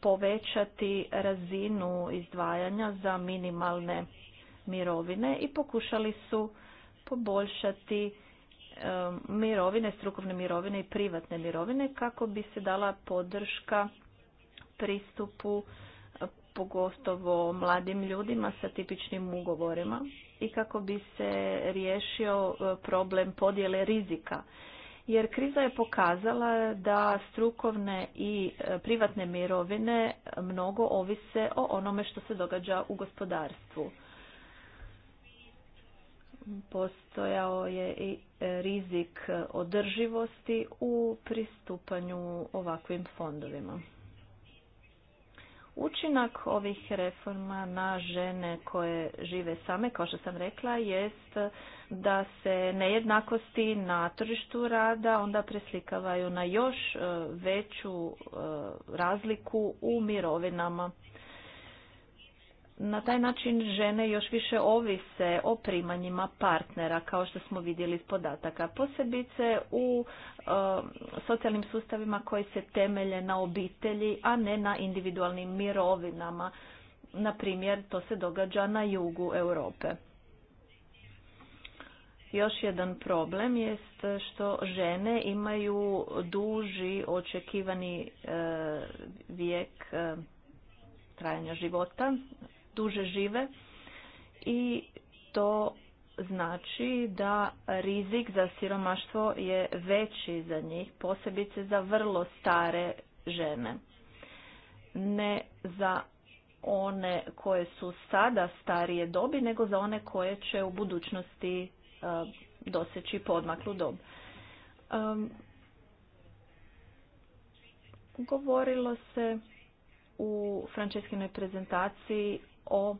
povećati razinu izdvajanja za minimalne mirovine i pokušali su poboljšati e, mirovine, strukovne mirovine i privatne mirovine kako bi se dala podrška pristupu e, pogotovo mladim ljudima sa tipičnim ugovorima i kako bi se riješio problem podjele rizika jer kriza je pokazala da strukovne i e, privatne mirovine mnogo ovise o onome što se događa u gospodarstvu. Postojao je i e, rizik održivosti u pristupanju ovakvim fondovima. Učinak ovih reforma na žene koje žive same, kao što sam rekla, jest da se nejednakosti na tržištu rada onda preslikavaju na još e, veću e, razliku u mirovinama. Na taj način žene još više ovise o primanjima partnera, kao što smo vidjeli iz podataka. Posebice u e, socijalnim sustavima koji se temelje na obitelji, a ne na individualnim mirovinama. Na primjer, to se događa na jugu Europe. Još jedan problem jest što žene imaju duži očekivani e, vijek e, trajanja života, duže žive i to znači da rizik za siromaštvo je veći za njih, posebice za vrlo stare žene. Ne za one koje su sada starije dobi, nego za one koje će u budućnosti E, doseći podmaklu dob. Govorilo se u Franceskinoj prezentaciji o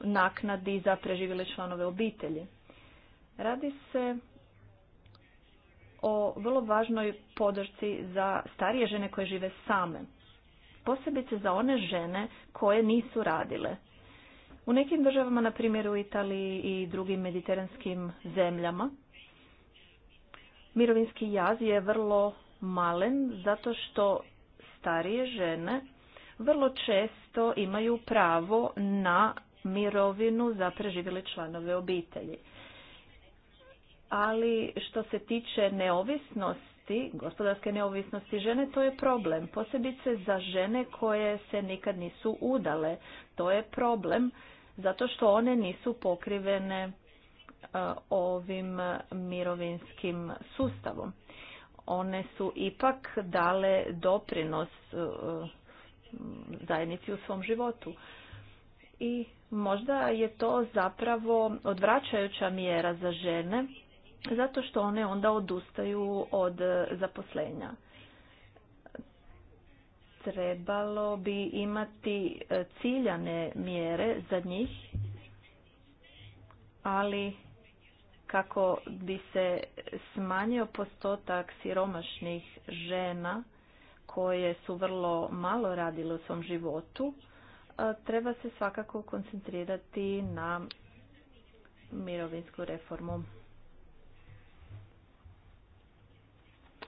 naknadi za preživjele članove obitelji. Radi se o vrlo važnoj podršci za starije žene koje žive same. Posebice za one žene koje nisu radile u nekim državama, na primjer u Italiji i drugim mediteranskim zemljama, mirovinski jaz je vrlo malen zato što starije žene vrlo često imaju pravo na mirovinu za preživjele članove obitelji. Ali što se tiče neovisnosti, gospodarske neovisnosti žene, to je problem. Posebice za žene koje se nikad nisu udale. To je problem zato što one nisu pokrivene e, ovim mirovinskim sustavom. One su ipak dale doprinos e, zajednici u svom životu. I možda je to zapravo odvraćajuća mjera za žene, zato što one onda odustaju od e, zaposlenja trebalo bi imati e, ciljane mjere za njih, ali kako bi se smanjio postotak siromašnih žena koje su vrlo malo radile u svom životu, e, treba se svakako koncentrirati na mirovinsku reformu.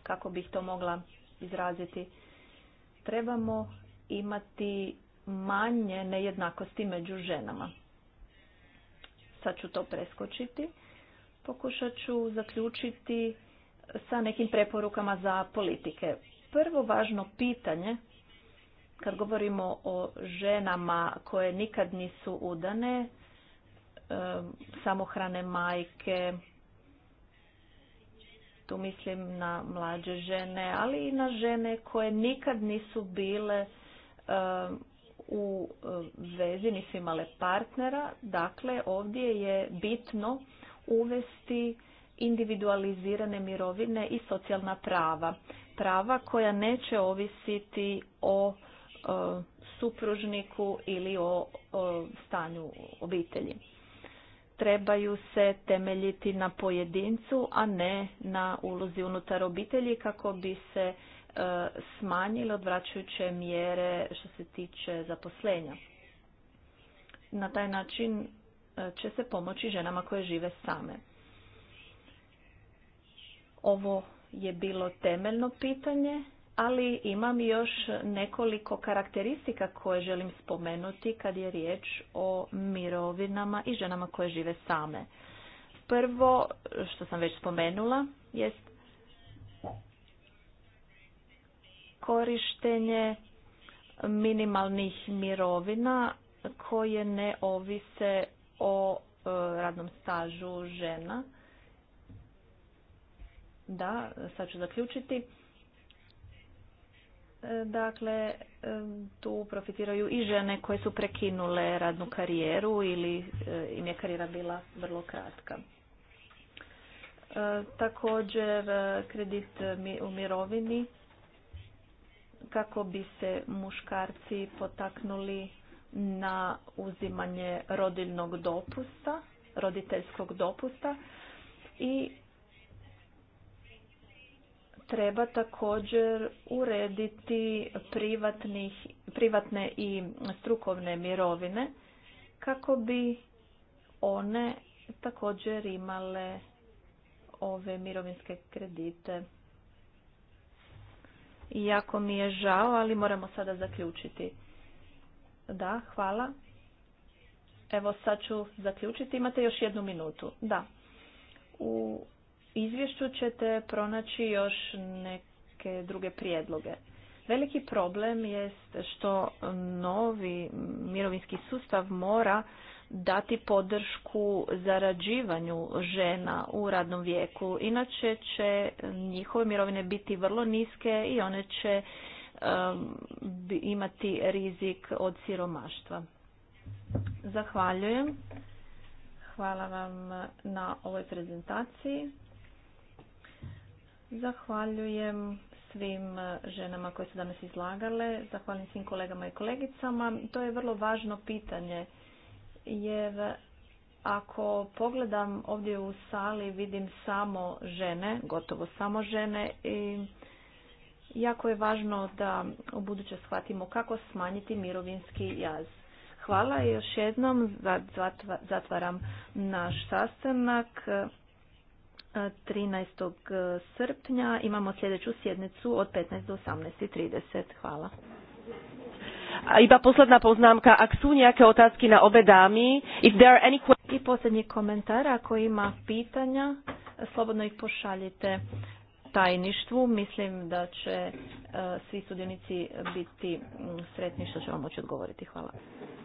Kako bih to mogla izraziti? trebamo imati manje nejednakosti među ženama. Sad ću to preskočiti. Pokušat ću zaključiti sa nekim preporukama za politike. Prvo važno pitanje kad govorimo o ženama koje nikad nisu udane, e, samohrane majke, tu mislim na mlađe žene, ali i na žene koje nikad nisu bile eh, u eh, vezi, nisu imale partnera. Dakle, ovdje je bitno uvesti individualizirane mirovine i socijalna prava. Prava koja neće ovisiti o eh, supružniku ili o stanju obitelji trebaju se temeljiti na pojedincu, a ne na ulozi unutar obitelji kako bi se e, smanjile odvraćajuće mjere što se tiče zaposlenja. Na taj način e, će se pomoći ženama koje žive same. Ovo je bilo temeljno pitanje ali imam još nekoliko karakteristika koje želim spomenuti kad je riječ o mirovinama i ženama koje žive same. Prvo, što sam već spomenula, jest korištenje minimalnih mirovina koje ne ovise o e, radnom stažu žena. Da, sad ću zaključiti. Dakle, tu profitiraju i žene koje su prekinule radnu karijeru ili eh, im je karijera bila vrlo kratka. Eh, također kredit u mirovini kako bi se muškarci potaknuli na uzimanje rodiljnog dopusta, roditeljskog dopusta i treba također urediti privatnih, privatne i strukovne mirovine kako bi one također imale ove mirovinske kredite. Iako mi je žao, ali moramo sada zaključiti. Da, hvala. Evo sad ću zaključiti. Imate još jednu minutu. Da. U izvješću ćete pronaći još neke druge prijedloge. Veliki problem jest što novi mirovinski sustav mora dati podršku zarađivanju žena u radnom vijeku. Inače će njihove mirovine biti vrlo niske i one će um, imati rizik od siromaštva. Zahvaljujem. Hvala vam na ovoj prezentaciji. Zahvaljujem svim eh, ženama koje su danas izlagale, zahvaljujem svim kolegama i kolegicama. To je vrlo važno pitanje jer ako pogledam ovdje u sali vidim samo žene, gotovo samo žene i jako je važno da u buduće shvatimo kako smanjiti mirovinski jaz. Hvala još jednom, zatvaram naš sastanak. 13. srpnja imamo sljedeću sjednicu od 15 do 18.30. Hvala. A iba posledná poznámka, ak sú nejaké otázky na obe dámy, if there are any I posljednji komentar, ako ima pitanja, slobodno ih pošaljite tajništvu. Mislim da će e, svi sudionici biti sretni što će vam moći odgovoriti. Hvala.